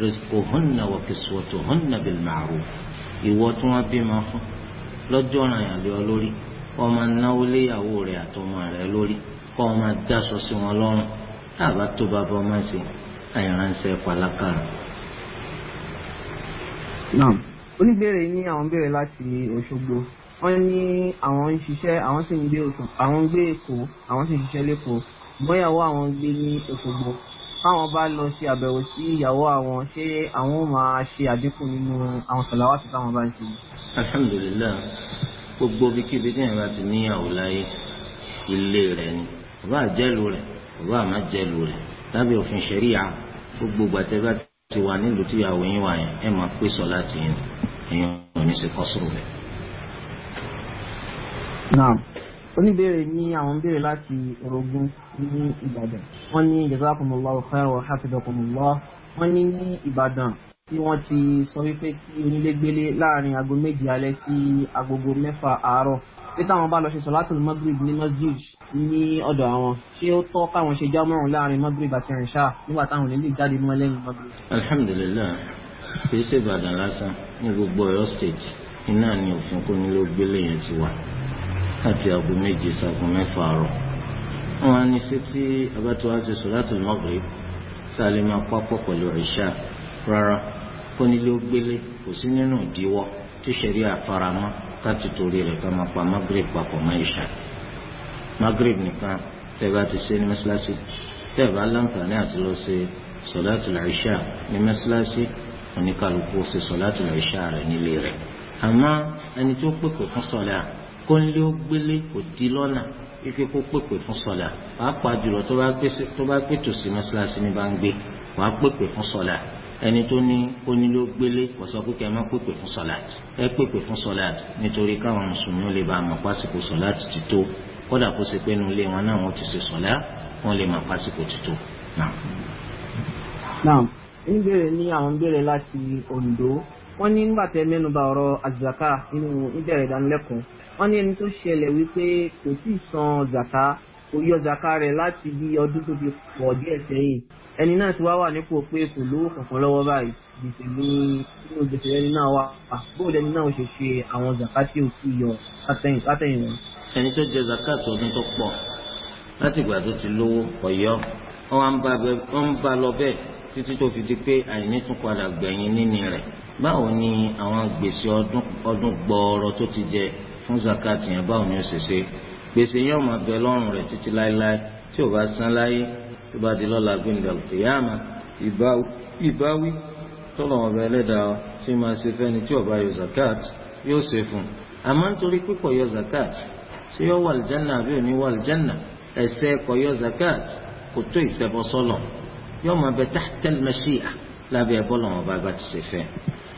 rizquhunna wa kiswatuhunna bil ma'ruf ìwọ tí wọ́n bímọ fún lọ́jọ́ ràn yàn àbá tó bàbá ọmọ sí àìránṣẹ́ pàlákàrà. naam oníbèrè ní àwọn béèrè láti Òṣogbo wọ́n ní àwọn ń ṣiṣẹ́ àwọn sì ń gbé Òṣogbo àwọn ń gbé Èkó àwọn sì ń ṣiṣẹ́ lÉkòó bóyáwó àwọn gbé ní Òṣogbo káwọn bá lọ ṣe àbẹ̀wò sí ìyàwó àwọn ṣé àwọn ò máa ṣe àdínkù nínú àwọn sọ̀làwátì táwọn bá ń ṣe. alhamdulilayi gbogbo bíkíbi tí èèyàn bá ti níyàwó láyé ilé rẹ̀ ni bàbá àjẹlù rẹ̀ ìwà àmájẹlù rẹ̀ lábẹ́ òfin ṣẹ̀ríà gbogbo gbàtẹ́ bá ti wà nílùú tíyàwó yín wà yẹn ẹ máa pè sọ láti yín èèyàn ò ní ṣe kọ́sùrù rẹ̀. naam oníbèrè ní àwọn béèrè láti orogún ní Ìbàdàn wọ́n ní jazakumullahu khairan wa hafidhakumullah wọ́n ní ní Ìbàdàn tí wọ́n ti sọ wípé kí onílégbélé láàrin aago méje alẹ́ sí agogo mẹ́fà àárọ̀ pé táwọn bá lọ ṣe sọ̀látùl magrib ní masjid ní ọ̀dọ̀ àwọn ṣé ó tọ́ káwọn ṣe jámọ́rùn láàrin magrib àti ìṣà nígbà táwọn nílé jáde mọ́ lẹ́yìn magrib. alhamdulillah kì í ṣe ìbàdàn lásán ní gbogbo ọ̀yọ́ stage iná ni òfin kò ní ló gbélé yẹn ti wà láti aago méje sago mẹ́fà rọ̀ wọn á ní sí tí abatuwa ṣe sọ̀látùl magrib sálẹ̀ máa pápọ̀ pẹ̀lú ìṣà rárá kò ní ló gbélé kò sí nínú ìdíwọ́ tí àfaramọ́ láti torí rẹ̀ ká máa pa magrib papọ̀ mọ́ ìṣá magrib nìkan tẹ́ bá ti ṣe ní mọ́ṣáláṣí tẹ́ bá láǹfààní àti lọ ṣe sọ̀láàtì làìṣá ní mọ́ṣáláṣí oníkàlùkù ṣe sọ̀láàtì làìṣá rẹ̀ nílé rẹ̀ àmọ́ ẹni tó pèpè fún sọ̀lá kó ń lé ó gbélé kò di lọ́nà ike kó pèpè fún sọ̀lá pàápàá jùlọ tó bá pètò sí mọ́ṣáláṣí ní bá ń gbé wàá pèpè fún sọ̀lá ẹni tó ní onílé ó gbélé kò sọ pé kẹ́ ẹ má pèpè fún sọláàtì ẹ pèpè fún sọláàtì nítorí káwọn mùsùlùmí lè bá àmọ̀ pásìkò sọláàtì ti tó kódà kó ṣe pé nulẹ̀ wọn náà wọ́n ti ṣe sọlá wọ́n lè má pásìkò ti tó. naam níbẹ̀rẹ̀ ní àwọn bẹ̀rẹ̀ láti Ondo wọ́n ní nígbà tẹ mẹ́nuba ọ̀rọ̀ azaka nínú níbẹ̀rẹ̀ ìdánilẹ́kọ̀ọ́ wọ́n ní ẹni tó ṣẹlẹ̀ wípé kò tí ì san zaka kò yọ zaka rẹ̀ láti bí ọdún tó fi pọ̀ díẹ̀ sẹ́yìn ẹni náà ti wá wà nípò pé kò lówó kankan lọ́wọ́ báyìí gbèsè ní inú gbèsè ẹni náà wà bóòlù ẹni náà ṣe ṣe àwọn zaka tí ò kú yọ látẹ̀yìn látẹ̀yìn wọn. ẹni tó jẹ zaka tó ọdún tó pọ̀ láti ìgbà tó ti lówó kò wọn bá lọ bẹ́ẹ̀ títí tó fi di pé àìní tún padà gbẹ̀yìn níní rẹ̀ báwo ni àwọn gbèsè ọdún gbọọrọ tó ti jẹ fún zakat yẹn báwo ni ó ṣe ṣe gbèsè yẹn ọmọ abẹ lọ́rùn rẹ̀ títí láéláé tí ò bá san láyé tó bá di lọ́la gbẹ̀ndẹ̀ òkèèyàmà ìbáwí tọ́lọ̀ ọba ẹlẹ́dàá tí máa ṣe fẹ́ni tí ọba yọ zakat yóò ṣe fún un àmọ́ nítorí pípọ̀ yọ zakat ṣé yọ wà lìjánà àbí òní wà lìjánà ẹ̀ṣẹ̀ ẹ̀kọ́ yọ zakat kò tó ìṣẹbọ sọlọ yọ máa bẹ tahtal mashia lábẹ́ ẹ̀bọ́ lọ́wọ́ ọba bá ti ṣe fẹ́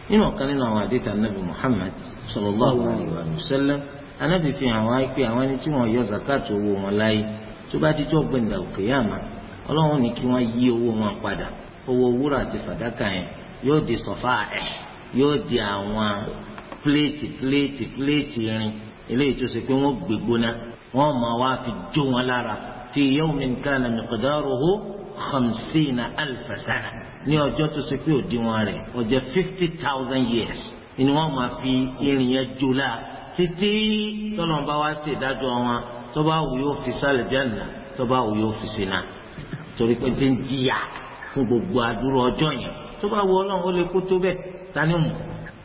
nínú ọ̀kan nínú àwọn àdìtà nàbì Muhammad sallallahu alayhi wa sallam anábì fi hàn wá pé àwọn ẹni tí wọ́n yọ zakat owó wọn láyé tó bá dijọ́ gbẹ̀ndà òkè yá ma ọlọ́run ní kí wọ́n yí owó wọn padà owó wúrà àti fàdákà yẹn yóò di sọ̀fà ẹ̀ yóò di àwọn pléètì pléètì pléètì irin eléyìí tó ṣe pé wọ́n gbégbóná wọ́n máa wá fi jó wọn lára fi yawmin kana miqdaruhu khamsina alfa sana ní ọjọ́ tó ṣe pé òdiwọ̀n rẹ̀ ó fifty thousand years ni wọ́n máa fi irin yẹn jó lára títí tọ́nà bá wá sí ìdájọ́ wọn tó bá wù yóò fi sálẹ̀ jẹ́nà tó bá wù yóò fi sínà torí pé ti ń jìyà fún gbogbo àdúrà ọjọ́ yẹn tó bá wù ọlọ́run ó lè kó tó bẹ́ẹ̀ tani mu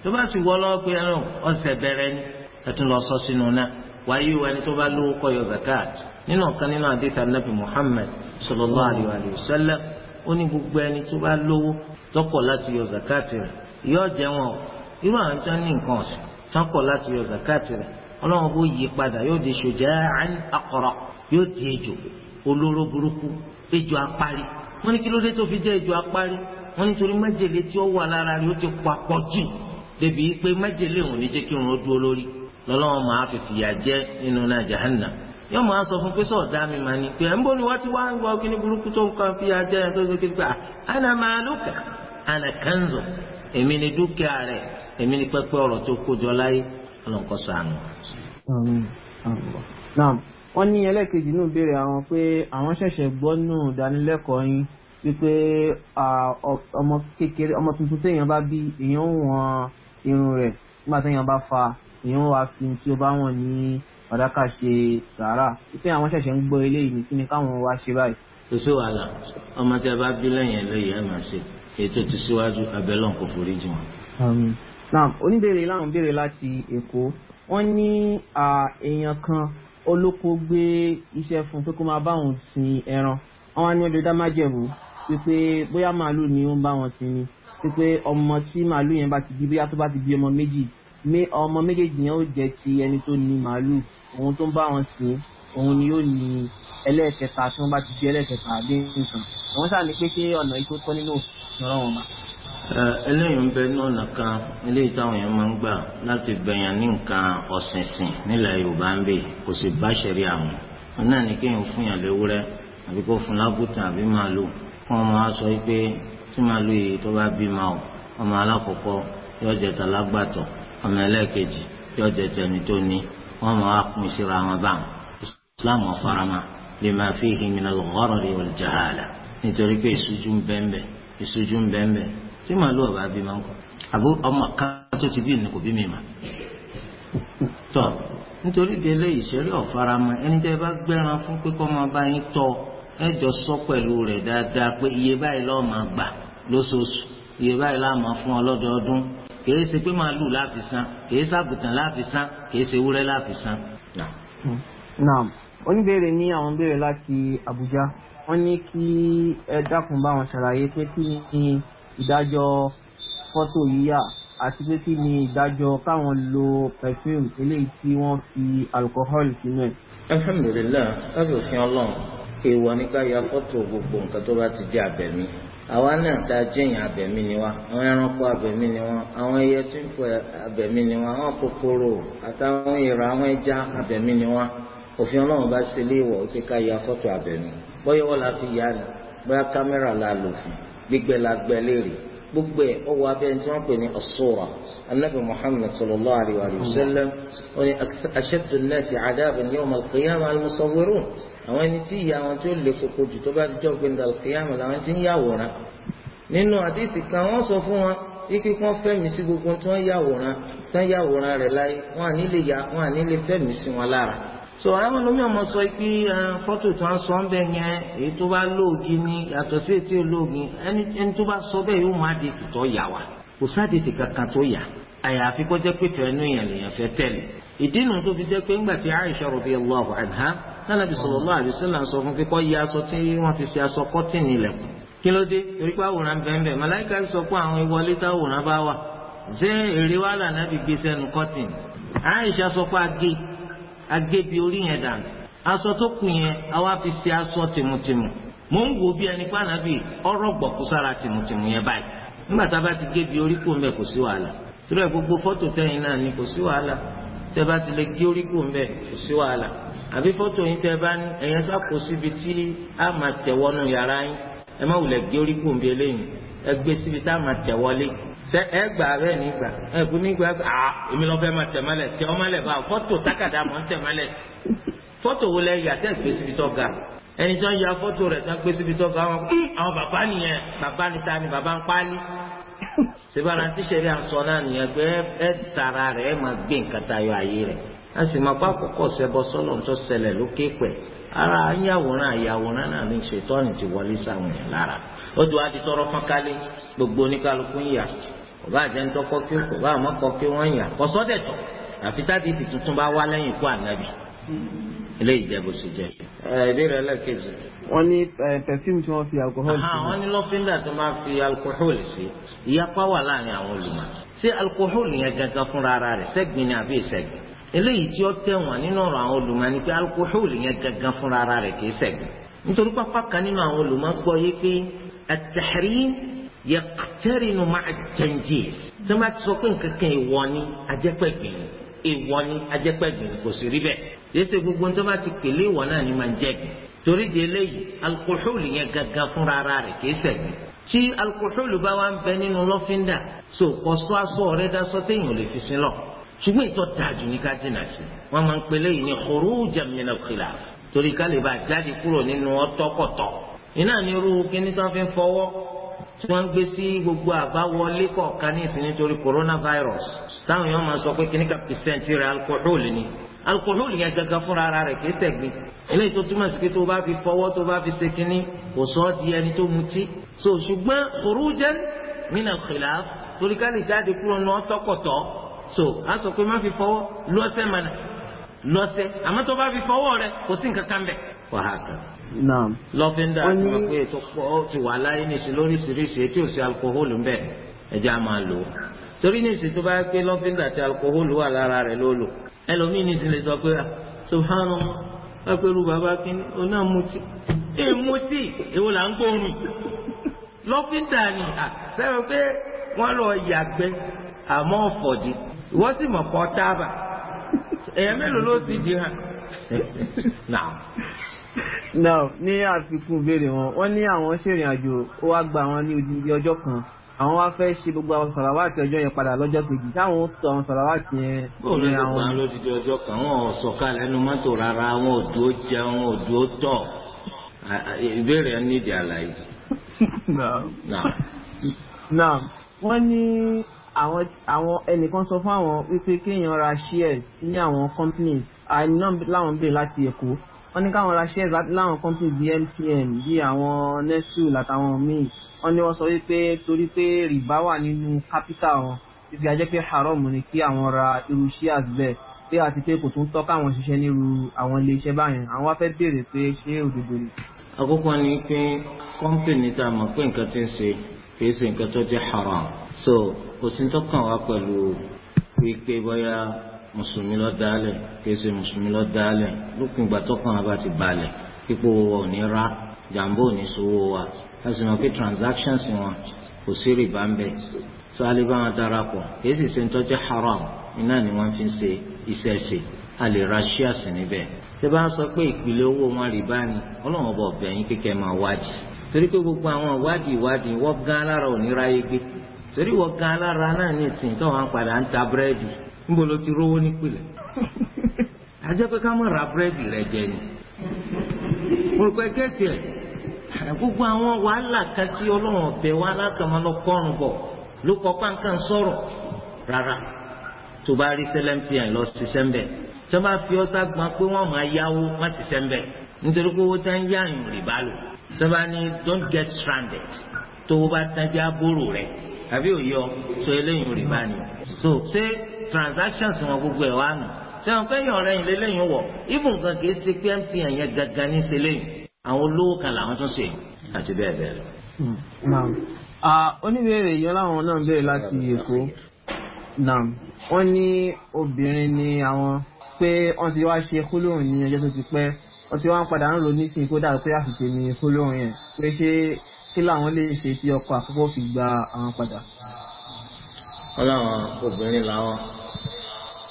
tó bá sì wù ọlọ́run pé ẹran ọ̀sẹ̀ bẹ̀rẹ̀ ni ẹtún lọ sọ sínú náà wáyé wa ẹni tó bá lówó kọ́ yọ zakat nínú ọ̀kan nínú àdéhùn anábì Muhammad sallallahu alayhi wa sallam ó ní gbogbo ẹni tó bá lówó tọkọ̀ láti yọ zakat rẹ̀ yọ jẹ́ wọn irú àwọn tó ní nǹkan ọ̀sìn tankola láti yọ zakati rẹ̀ ọlọ́run bó yí padà yóò di shuja'an aqra yóò di ejò olóró burúkú ejò apari wọn ní kí ló dé tó fi jẹ́ ejò apárí wọ́n nítorí májèlé tí ó wà lára rẹ̀ ó ti pa pọ̀ jù débi pé májèlé òun ní kí òun ó dúró lórí lọ́lọ́run máa fi fìyà jẹ nínú náà yóò máa sọ fún mi máa ní pé ẹ̀ ni ti wá ń gbọ́ kí burúkú jẹ kí èmi ni dúkìá rẹ̀ èmi ni pẹ́pẹ́ ọ̀rọ̀ tó kójọ láyé ọlọ́nkọ́ sànù. naam wọ́n ní ẹlẹ́kejì náà béèrè àwọn pé àwọn ṣẹ̀ṣẹ̀ gbọ́ nù ìdánilẹ́kọ̀ọ́ yín wípé ọmọ kékeré ọmọ tuntun téèyàn bá bí èèyàn ń wọn irun rẹ̀ nígbà téèyàn bá fa èèyàn wà fi tí ó bá wọn ní ọ̀dáka ṣe sàárà wípé àwọn ṣẹ̀ṣẹ̀ ń gbọ́ eléyìí ní kí ni káwọn wá ṣe báyìí. kò sí wàhálà ọmọ tí a bá bí lẹ́yìn eléyìí ẹ̀ máa ṣe ètò ti síwájú abẹ́lọ́n kò forí jì wọ́n. Um, naam oníbèrè láwọn béèrè láti èkó wọ́n ní èèyàn kan olóko gbé iṣẹ́ fún pé kó máa bá òun sin ẹran wọ́n wá ní ọdún dá májẹ̀mú wípé bóyá màálù ni ó ń bá wọn sin ni wípé ọmọ tí màálù yẹn bá ti di bóyá tó bá ti di ọmọ méjì ọmọ méjèèjì yẹn ó jẹ́ ti ẹni tó ni màálù òun tó ń bá wọn sin òun ni yóò ní ẹlẹ́ẹ̀kẹta tí wọ́n bá ti di ẹlẹ́ẹ̀kẹta dé nǹkan àwọn sáà ní pé ṣé ọ̀nà ikú tọ́ nínú òfin ọlọ́run ma. eléyìí ń bẹ ní ọ̀nà kan eléyìí táwọn èèyàn máa ń gbà láti bẹ̀yàn ní nǹkan ọ̀sìnsìn nílẹ̀ yorùbá ń bè kò sì bá ṣẹ̀rí àwọn wọn náà ní kéèyàn fún yàn léwúrẹ́ àbí kó fún lágùtàn àbí màálù fún ọmọ wa sọ pé tí màálù yìí tó bá bí ma o ọmọ alákọ̀ọ́kọ́ yóò jẹ tàlágbàtọ̀ ọmọ ẹlẹ́ẹ̀kejì yóò jẹ tẹni tó ní wọn máa pín ìṣojú ń bẹ́ẹ̀ bẹ́ẹ̀ tí màálù ọ̀bá bí máa ń kọ́ ọmọ kan tó ti bí ìnìkò bí mi mà tọ́ nítorí di eléyìí ìṣẹ́rí ọ̀faramọ́ ẹni tẹ́ bá gbẹ́ran fún pé máa bá yín sọ pẹ̀lú rẹ̀ dáadáa pé iye báyìí lọ́ọ́ máa gbà lóṣooṣù iye báyìí máa fún kìí ṣe Abuja wọ́n ní kí ẹ dákun bá wọn ṣàlàyé pé kí ni ìdájọ́ fọ́tò yíyà àti pé kí ni ìdájọ́ káwọn lo perfume eléyìí tí wọ́n fi alcohol sínú ẹ̀. alhamdulilayi lábẹ́ òfin ọlọ́run èèwọ̀ ní ká ya fọ́tò gbogbo nǹkan tó bá ti jẹ́ abẹ̀mí àwa náà tá a jẹ́yìn abẹ̀mí ni wa àwọn ẹranko abẹ̀mí ni wọn àwọn ẹyẹ tí ń fọ abẹ̀mí ni wọn àwọn kòkòrò àtàwọn èèrà àwọn ẹja abẹ̀mí ni wọn òfin ọlọ́run bá ṣe léèwọ̀ ó ti ká ya fọ́tò abẹ̀mí bóyá wọn la fi yá ni bóyá kámẹ́rà la lò fún gbígbẹ́ la gbẹ́ léèrè gbogbo ẹ ọwọ abẹ tí wọn pè ní ọsùwà anabi muhammed sallallahu alayhi wa sallam wọn ni aṣẹtù nẹẹsì àdáàbò ní ọmọ alqiyama almusawwirun àwọn ẹni tí ìyá wọn tí ó lè koko jù tó bá ti jọ gbẹndà alqiyama làwọn ti ń yàwòrán nínú àdìsí kan wọn sọ fún wọn ikú kan fẹmi sí gbogbo tí wọn yàwòrán tí wọn yàwòrán rẹ láyé wọn à nílé fẹmi sí wọn lára so àwọn olómi ọmọ sọ pé fọ́tò tó ń sọ ń bẹ yẹn èyí tó bá lóògì ni yàtọ̀ sí èyí tí ò lóògì ẹni tó bá sọ bẹ́ẹ̀ yóò mú àdìsí tó yà wá kò sádìsí kankan tó yà àyàfi kó jẹ́ pé fẹ́ẹ́nu yẹn lèèyàn fẹ́ tẹ̀lé ìdí nu tó fi jẹ́ pé ńgbà tí Aisha radiyallahu anha Nabi sallallahu alaihi wasallam sọ fún kíkọ́ yí aṣọ tí wọ́n fi ṣe aṣọ kọ́tìnì ilẹ̀kùn kí ló dé torí Aisha sọ pé a agébi orí yẹn dànù aṣọ tó kù yẹn àwa fi ṣe aṣọ tìmùtìmù mò ń wò bí ẹni pé ànábì ọ̀rọ̀ gbọ̀kú sára tìmùtìmù yẹn báyìí nígbà tá a bá ti gébi orí kù mbẹ kò sí wàhálà torí gbogbo fọ́tò tẹ́yìn náà ni kò sí wàhálà tẹ́ bá ti lè gé orí kù mbẹ kò sí wàhálà àbí fọ́tò yín tẹ́ bá ní ẹ̀yẹn sáko síbi tí a máa tẹ̀wọ́nú yàrá yín ẹ má wulẹ̀ gé orí kù mbẹ lẹ́yìn ẹ síbi tá a máa tẹ̀wọ́lé sẹ ẹ gbà abẹ nígbà ẹ kú nígbà à èmi lọ fẹ́ máa tẹ̀mọ́lẹ̀ tẹ ọmọ lẹ̀ bá fọ́tò tákàdá mọ́ ń tẹ̀mọ́lẹ̀ ga ẹni ya fọ́tò rẹ̀ tó hmm, ń ga wọn ni baba sebara ti sẹ́rí àǹsọ náà nìyẹn ẹ tara rẹ̀ ẹ ma gbé nǹkan tayọ ayé rẹ̀ a sì máa pa àkọ́kọ́ sẹ́bọ sọ́lọ̀ tó ṣẹlẹ̀ lókè pẹ̀ ara ayáwòrán ayáwòrán náà ní ṣètọ́ni ti wọlé sáwọn yẹn lára ó ti wá di gbogbo bàbá àjẹntọ́ kọ́ kí ó kò bá àmọ́ kọ́ kí wọ́n yàn kọ́ sọ́dẹ̀tọ̀ àfi táàdì ti tuntun bá wá lẹ́yìn ikú ànábì ilé ìjẹ́bù sì jẹ́. ìbéèrè ẹlẹ́kejì. wọ́n ní pẹ̀fíìmù tí wọ́n fi alkohol sí. wọ́n ní lọ́fíńdà tó máa fi alkohol sí ìyapa wà láàrin àwọn olùmọ̀. ṣé alkohol yẹn gangan fúnra ara rẹ̀ sẹ́gbìn ni àbí ìsẹ̀gbìn? eléyìí tí ó tẹ̀wọ̀n nínú ọ̀rọ̀ àwọn olùmọ̀ ni pé alkohol yẹn gangan fúnra ara rẹ̀ kì í sẹ̀gbìn. nítorí pápá kan nínú àwọn olùmọ̀ gbọ́ yé pé yaqtarinu ma'a at-tanjis tó máa ti sọ pé nǹkan kan ìwọ ni ajẹ́pẹ̀gbìn ìwọ ni ajẹ́pẹ̀gbìn kò sì rí bẹ́ẹ̀ yéésì gbogbo tó ti pèlè ìwọ náà ni máa ń jẹ́gbìn torí di eléyìí alkohol yẹn gangan fúnra ara rẹ̀ kìí ṣẹ̀gbìn tí alkohol bá wà ń bẹ nínú lọ́fíńdà so kò sọ aṣọ rẹ daṣọ téèyàn lè fi sin lọ ṣùgbọ́n ìtọ́ dájú ní ká dínà sí wọ́n máa ń pèlè yìí ní khurujan min al-khilaf torí ká lè bá jáde kúrò nínú ọtọ́kọ̀tọ̀ ìnáà tí wọ́n ń gbé sí gbogbo àbáwọlé kọ̀ọ̀kan ní ìsìn nítorí coronavirus táwọn èèyàn máa sọ pé kìnnìkà percent rẹ alcohol ni alcohol yẹn gangan fúnra ara rẹ̀ kìí tẹ̀gbin eléyìí tó túmọ̀ sí pé tó bá fi fọwọ́ tó bá fi ṣe kínní kò sọ ọ́ di ẹni tó mutí so ṣùgbọ́n khurujan min al-khilaf torí ká lè jáde kúrò ní ọ́tọ́kọ̀tọ̀ so a sọ pé má fi fọwọ́ lọ́sẹ̀ mọ̀nà lọ́sẹ̀ àmọ́ tó bá fi fọwọ́ rẹ kò sí nǹkan kan bẹ̀ wàhálà lọ́fíńdà àti ọ̀pẹ́ tó pọ̀ ti wà láyé nìṣẹ́ lóríṣiríṣi etí òsì alkohólù ń bẹ ẹ̀jẹ̀ máa lò ó torí nìṣẹ́ tó bá pé lọ́fíńdà àti alkohólù wà lára rẹ̀ ló lò ẹlòmíì nìṣẹ́ lè sọ pé ah, subhanu ẹgbẹ́rú bàbá kínní oná mutí mutí là ń lọ́fíńdà ni sẹ́wọ̀n pé wọ́n lọ yàgbẹ́ àmọ́ ọ̀fọ̀dì wọ́n sì mọ̀ mélòó ló now ní àfikún béèrè wọn wọ́n ní àwọn ṣèrìn àjò ó wá gba àwọn ní odidi ọjọ́ kan àwọn wá fẹ́ ṣe gbogbo àwọn sọ̀làwátì ọjọ́ yẹn padà lọ́jọ́ kejì táwọn tó àwọn sọ̀làwátì yẹn. bóòlù ló gbà ń lódìdí ọjọ́ kan wọn ò sọ̀kalẹ̀ ẹnu mọ́tò rárá wọn ò dúró jẹun wọn ò dúró tọ̀ ìbéèrè ẹ nídìí àlàyé. náà wọ́n ní àwọn àwọn ẹnìkan sọ fún àwọn wípé kéèyàn ra shares ní àwọn companies àìní náà láwọn bèèrè láti Èkó wọ́n ní káwọn ra shares láwọn company bíi MTN bíi àwọn nestle àtàwọn míì wọ́n ní wọ́n sọ wípé torí pé rìbá wà nínú capital wọn ibi ajẹ́ pé haram ni kí àwọn ra irú shares bẹ́ẹ̀ pé àti pé kò tún tọ́ káwọn ṣiṣẹ́ nírú àwọn iléeṣẹ́ báyẹn àwọn wá fẹ́ béèrè pé ṣé òdodo ni. àkọ́kọ́ ni pé company tá a mọ̀ pé nǹkan ti ń ṣe kìí ṣe nǹkan tó jẹ́ haram so kò sí tó kàn wá pẹ̀lú wípé bóyá mùsùlùmí lọ dálẹ̀ kéésì mùsùlùmí lọ dálẹ̀ lókun ìgbà tọkàn wa bá ti balẹ̀ kíkó wa ò ní ra jàǹbó ò ní sówó wa a sì mọ̀ pé transactions wọn kò sí rìbá ń bẹ̀ tó a lè kéésì ṣe ń tọ́jú haram iná ni wọ́n fi ń ṣe iṣẹ́ ṣe a lè ra shares níbẹ̀ tí bá sọ pé ìpìlẹ̀ owó wọn rìbá ni ọlọ́run ọba ọ̀bẹ yín kíkẹ́ máa wádìí torí pé gbogbo àwọn ìwádìí ìwádìí wọ́n gán alára ò ní ráyé gbé torí wọ́n gán alára náà ní ìsìn tó wọn padà ń ta búrẹ́dì níbo ló ti rówó nípìnlẹ̀ àjẹ́ pé ká má ra búrẹ́dì rẹ jẹ ni olùkọ́ ẹgbẹ́ tiẹ̀ gbogbo àwọn wàhálà kàtí ọlọ́run ọ̀bẹ wàhálà kàmá lọ kọ́rùn bọ̀ ló kọ́ pàǹkà sọ̀rọ̀ rárá tó bá rí sẹlẹ̀mpìyàn lọ sí sẹ́ńbẹ̀ tó bá fi ọ́sà gbọ́n pé wọ́n máa yáwó wọ́n ti sẹ́ńbẹ̀ nítorí pé owó tá ń yá àyùn rìbá lò tó bá ní don't get stranded tó bá tán já bóró rẹ̀ àbí òye ọ sọ eléyìí rìbá ni so ṣé transactions wọn gbogbo ẹ̀ wá nù sẹ́wọ̀n kẹ́yìn ọ̀rẹ́ yìí lélẹ́yìn wọ̀ ibùn kan kìí ṣe pé MTN yẹn gangan ní ṣe lẹ́yìn àwọn olówó kan làwọn tún ṣe àti bẹ́ẹ̀ bẹ́ẹ̀ lọ. Hmm, oníbèrè yẹn láwọn náà bẹ̀rẹ̀ láti Èkó nam wọ́n ní obìnrin ni àwọn pé wọ́n ti wá ṣe kúlóhùn ní ọjọ́ tó ti pẹ́ wọ́n ti wá ń padà ń ronú sí kó dà pé àṣìṣe ni kúlóhùn yẹn pé ṣé kí làwọn lè ṣe tí ọkọ àkọ́kọ́ fi gba àwọn padà wọn láwọn obìnrin làwọn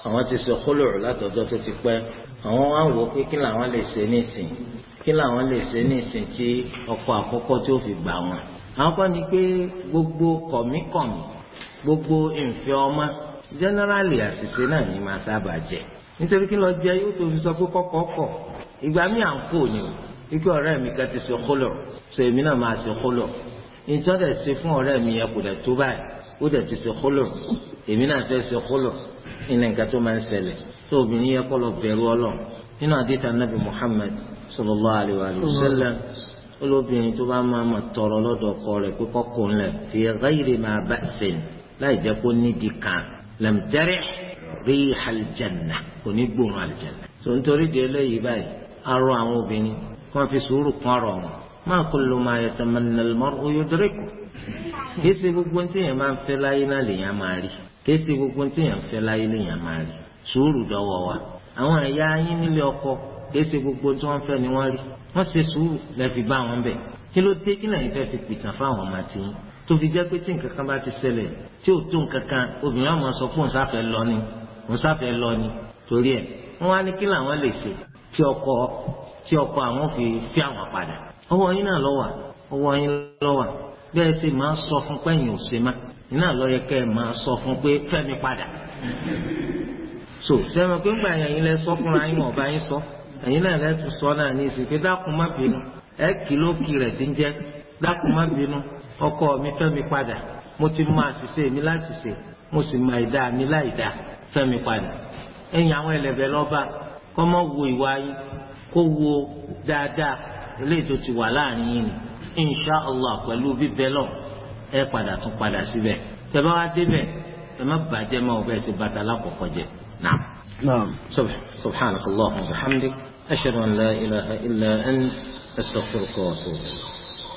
àwọn ti sọ kólòrò látọjọ́ tó ti pẹ́ àwọn wá wò pé kí làwọn lè ṣe nísìn kí làwọn lè ṣe nísìn tí ọkọ àkọ́kọ́ tí ó fi gbà wọn. àwọn kan ní pé gbogbo kọ̀míkọ̀mí gbogbo ìfẹ́ ọmọ jẹ́nẹ́rálì àṣìṣe náà ni màá sábà jẹ nítorí kí lọ jẹ yóò tó fi sọ pé kọ́kọ́ kọ̀ ìgbà mi à ń kó ni o ikú ọ̀rẹ́ mi kan ti ṣe kólòrò so èmi náà máa ṣe kólòrò ìtọ́jà ṣe fún ọ̀rẹ́ mi yẹn kò dẹ̀ tó báyìí ó dẹ̀ ti ṣe kólò èmi náà fẹ́ ṣe kólò ìnà nǹkan tó máa ń ṣẹlẹ̀ tó obìnrin yẹ kó lọ bẹ̀rù ọlọ́ nínú àdìtà nàbì Muhammad sallallahu alaihi wa sallam olóbìnrin tó bá máa ma tọrọ lọ́dọ̀ ọkọ rẹ̀ pé kọ́kọ́ ńlẹ̀ fi ghayri ma ba'sin láì jẹ́ kó nídìí kan lam tari' rih al-janna kò ní gbóòórùn al-janna. tó di eléyìí báyìí arọ àwọn obìnrin kí wọ́n fi sùúrù kún ọ̀rọ̀ wọn ma kullu ma yatamanna kìí ṣe gbogbo tí èèyàn máa ń fẹ́ láyé náà lèèyàn máa rí kìí ṣe gbogbo tí èèyàn ń fẹ́ láyé lèèyàn máa rí sùúrù dọ́wọ́ wa àwọn ẹ̀yà ayé nílé ọkọ kìí ṣe gbogbo tí wọ́n fẹ́ ni wọ́n rí wọ́n ṣe sùúrù lẹ́fi bá wọn bẹ̀ kí ló dé kí lẹ́yìn fẹ́ fi pìtàn fáwọn ọmọ àti yín tó fi jẹ́ pé tí nǹkan kan bá ti ṣẹlẹ̀ tí ò tó nǹkan kan obìnrin ọmọ sọ fún òǹsàfẹ́ lọ ni òǹsàfẹ́ lọ ni torí ẹ̀ wọ́n bẹ́ẹ̀ sì máa sọ fún pé ẹ̀yin ò ṣe má iná lọ yẹ kẹ́ ẹ máa sọ fún pé fẹ́mi padà so sẹ́wọ̀n pé ńgbà yẹn lẹ sọ anyị yín ọ̀bá yín sọ ẹ̀yin náà lẹ tún sọ náà ní ìsìnkú dákun má bínú ẹ kìlókì rẹ̀ ti ń jẹ́ ọkọ mi fẹ́mi padà mo ti mọ àṣìṣe mi láti ṣe mo sì mọ ìdá mi láì dá fẹ́mi padà ẹ̀yin àwọn ẹlẹ́bẹ̀ lọ́ba wo ìwà yín kó wo dáadáa eléyìí insha allah pẹ̀lú bíbẹ lọ ẹ padà tún padà síbẹ̀ tẹ́ bá wá débẹ̀ ẹ má bàjẹ́ máa bẹ ti bàtà lakọkọ jẹ naam. naam subhanakallah wa bihamdik ashhadu an la ilaha illa ant astaghfiruka wa atubu ilayk.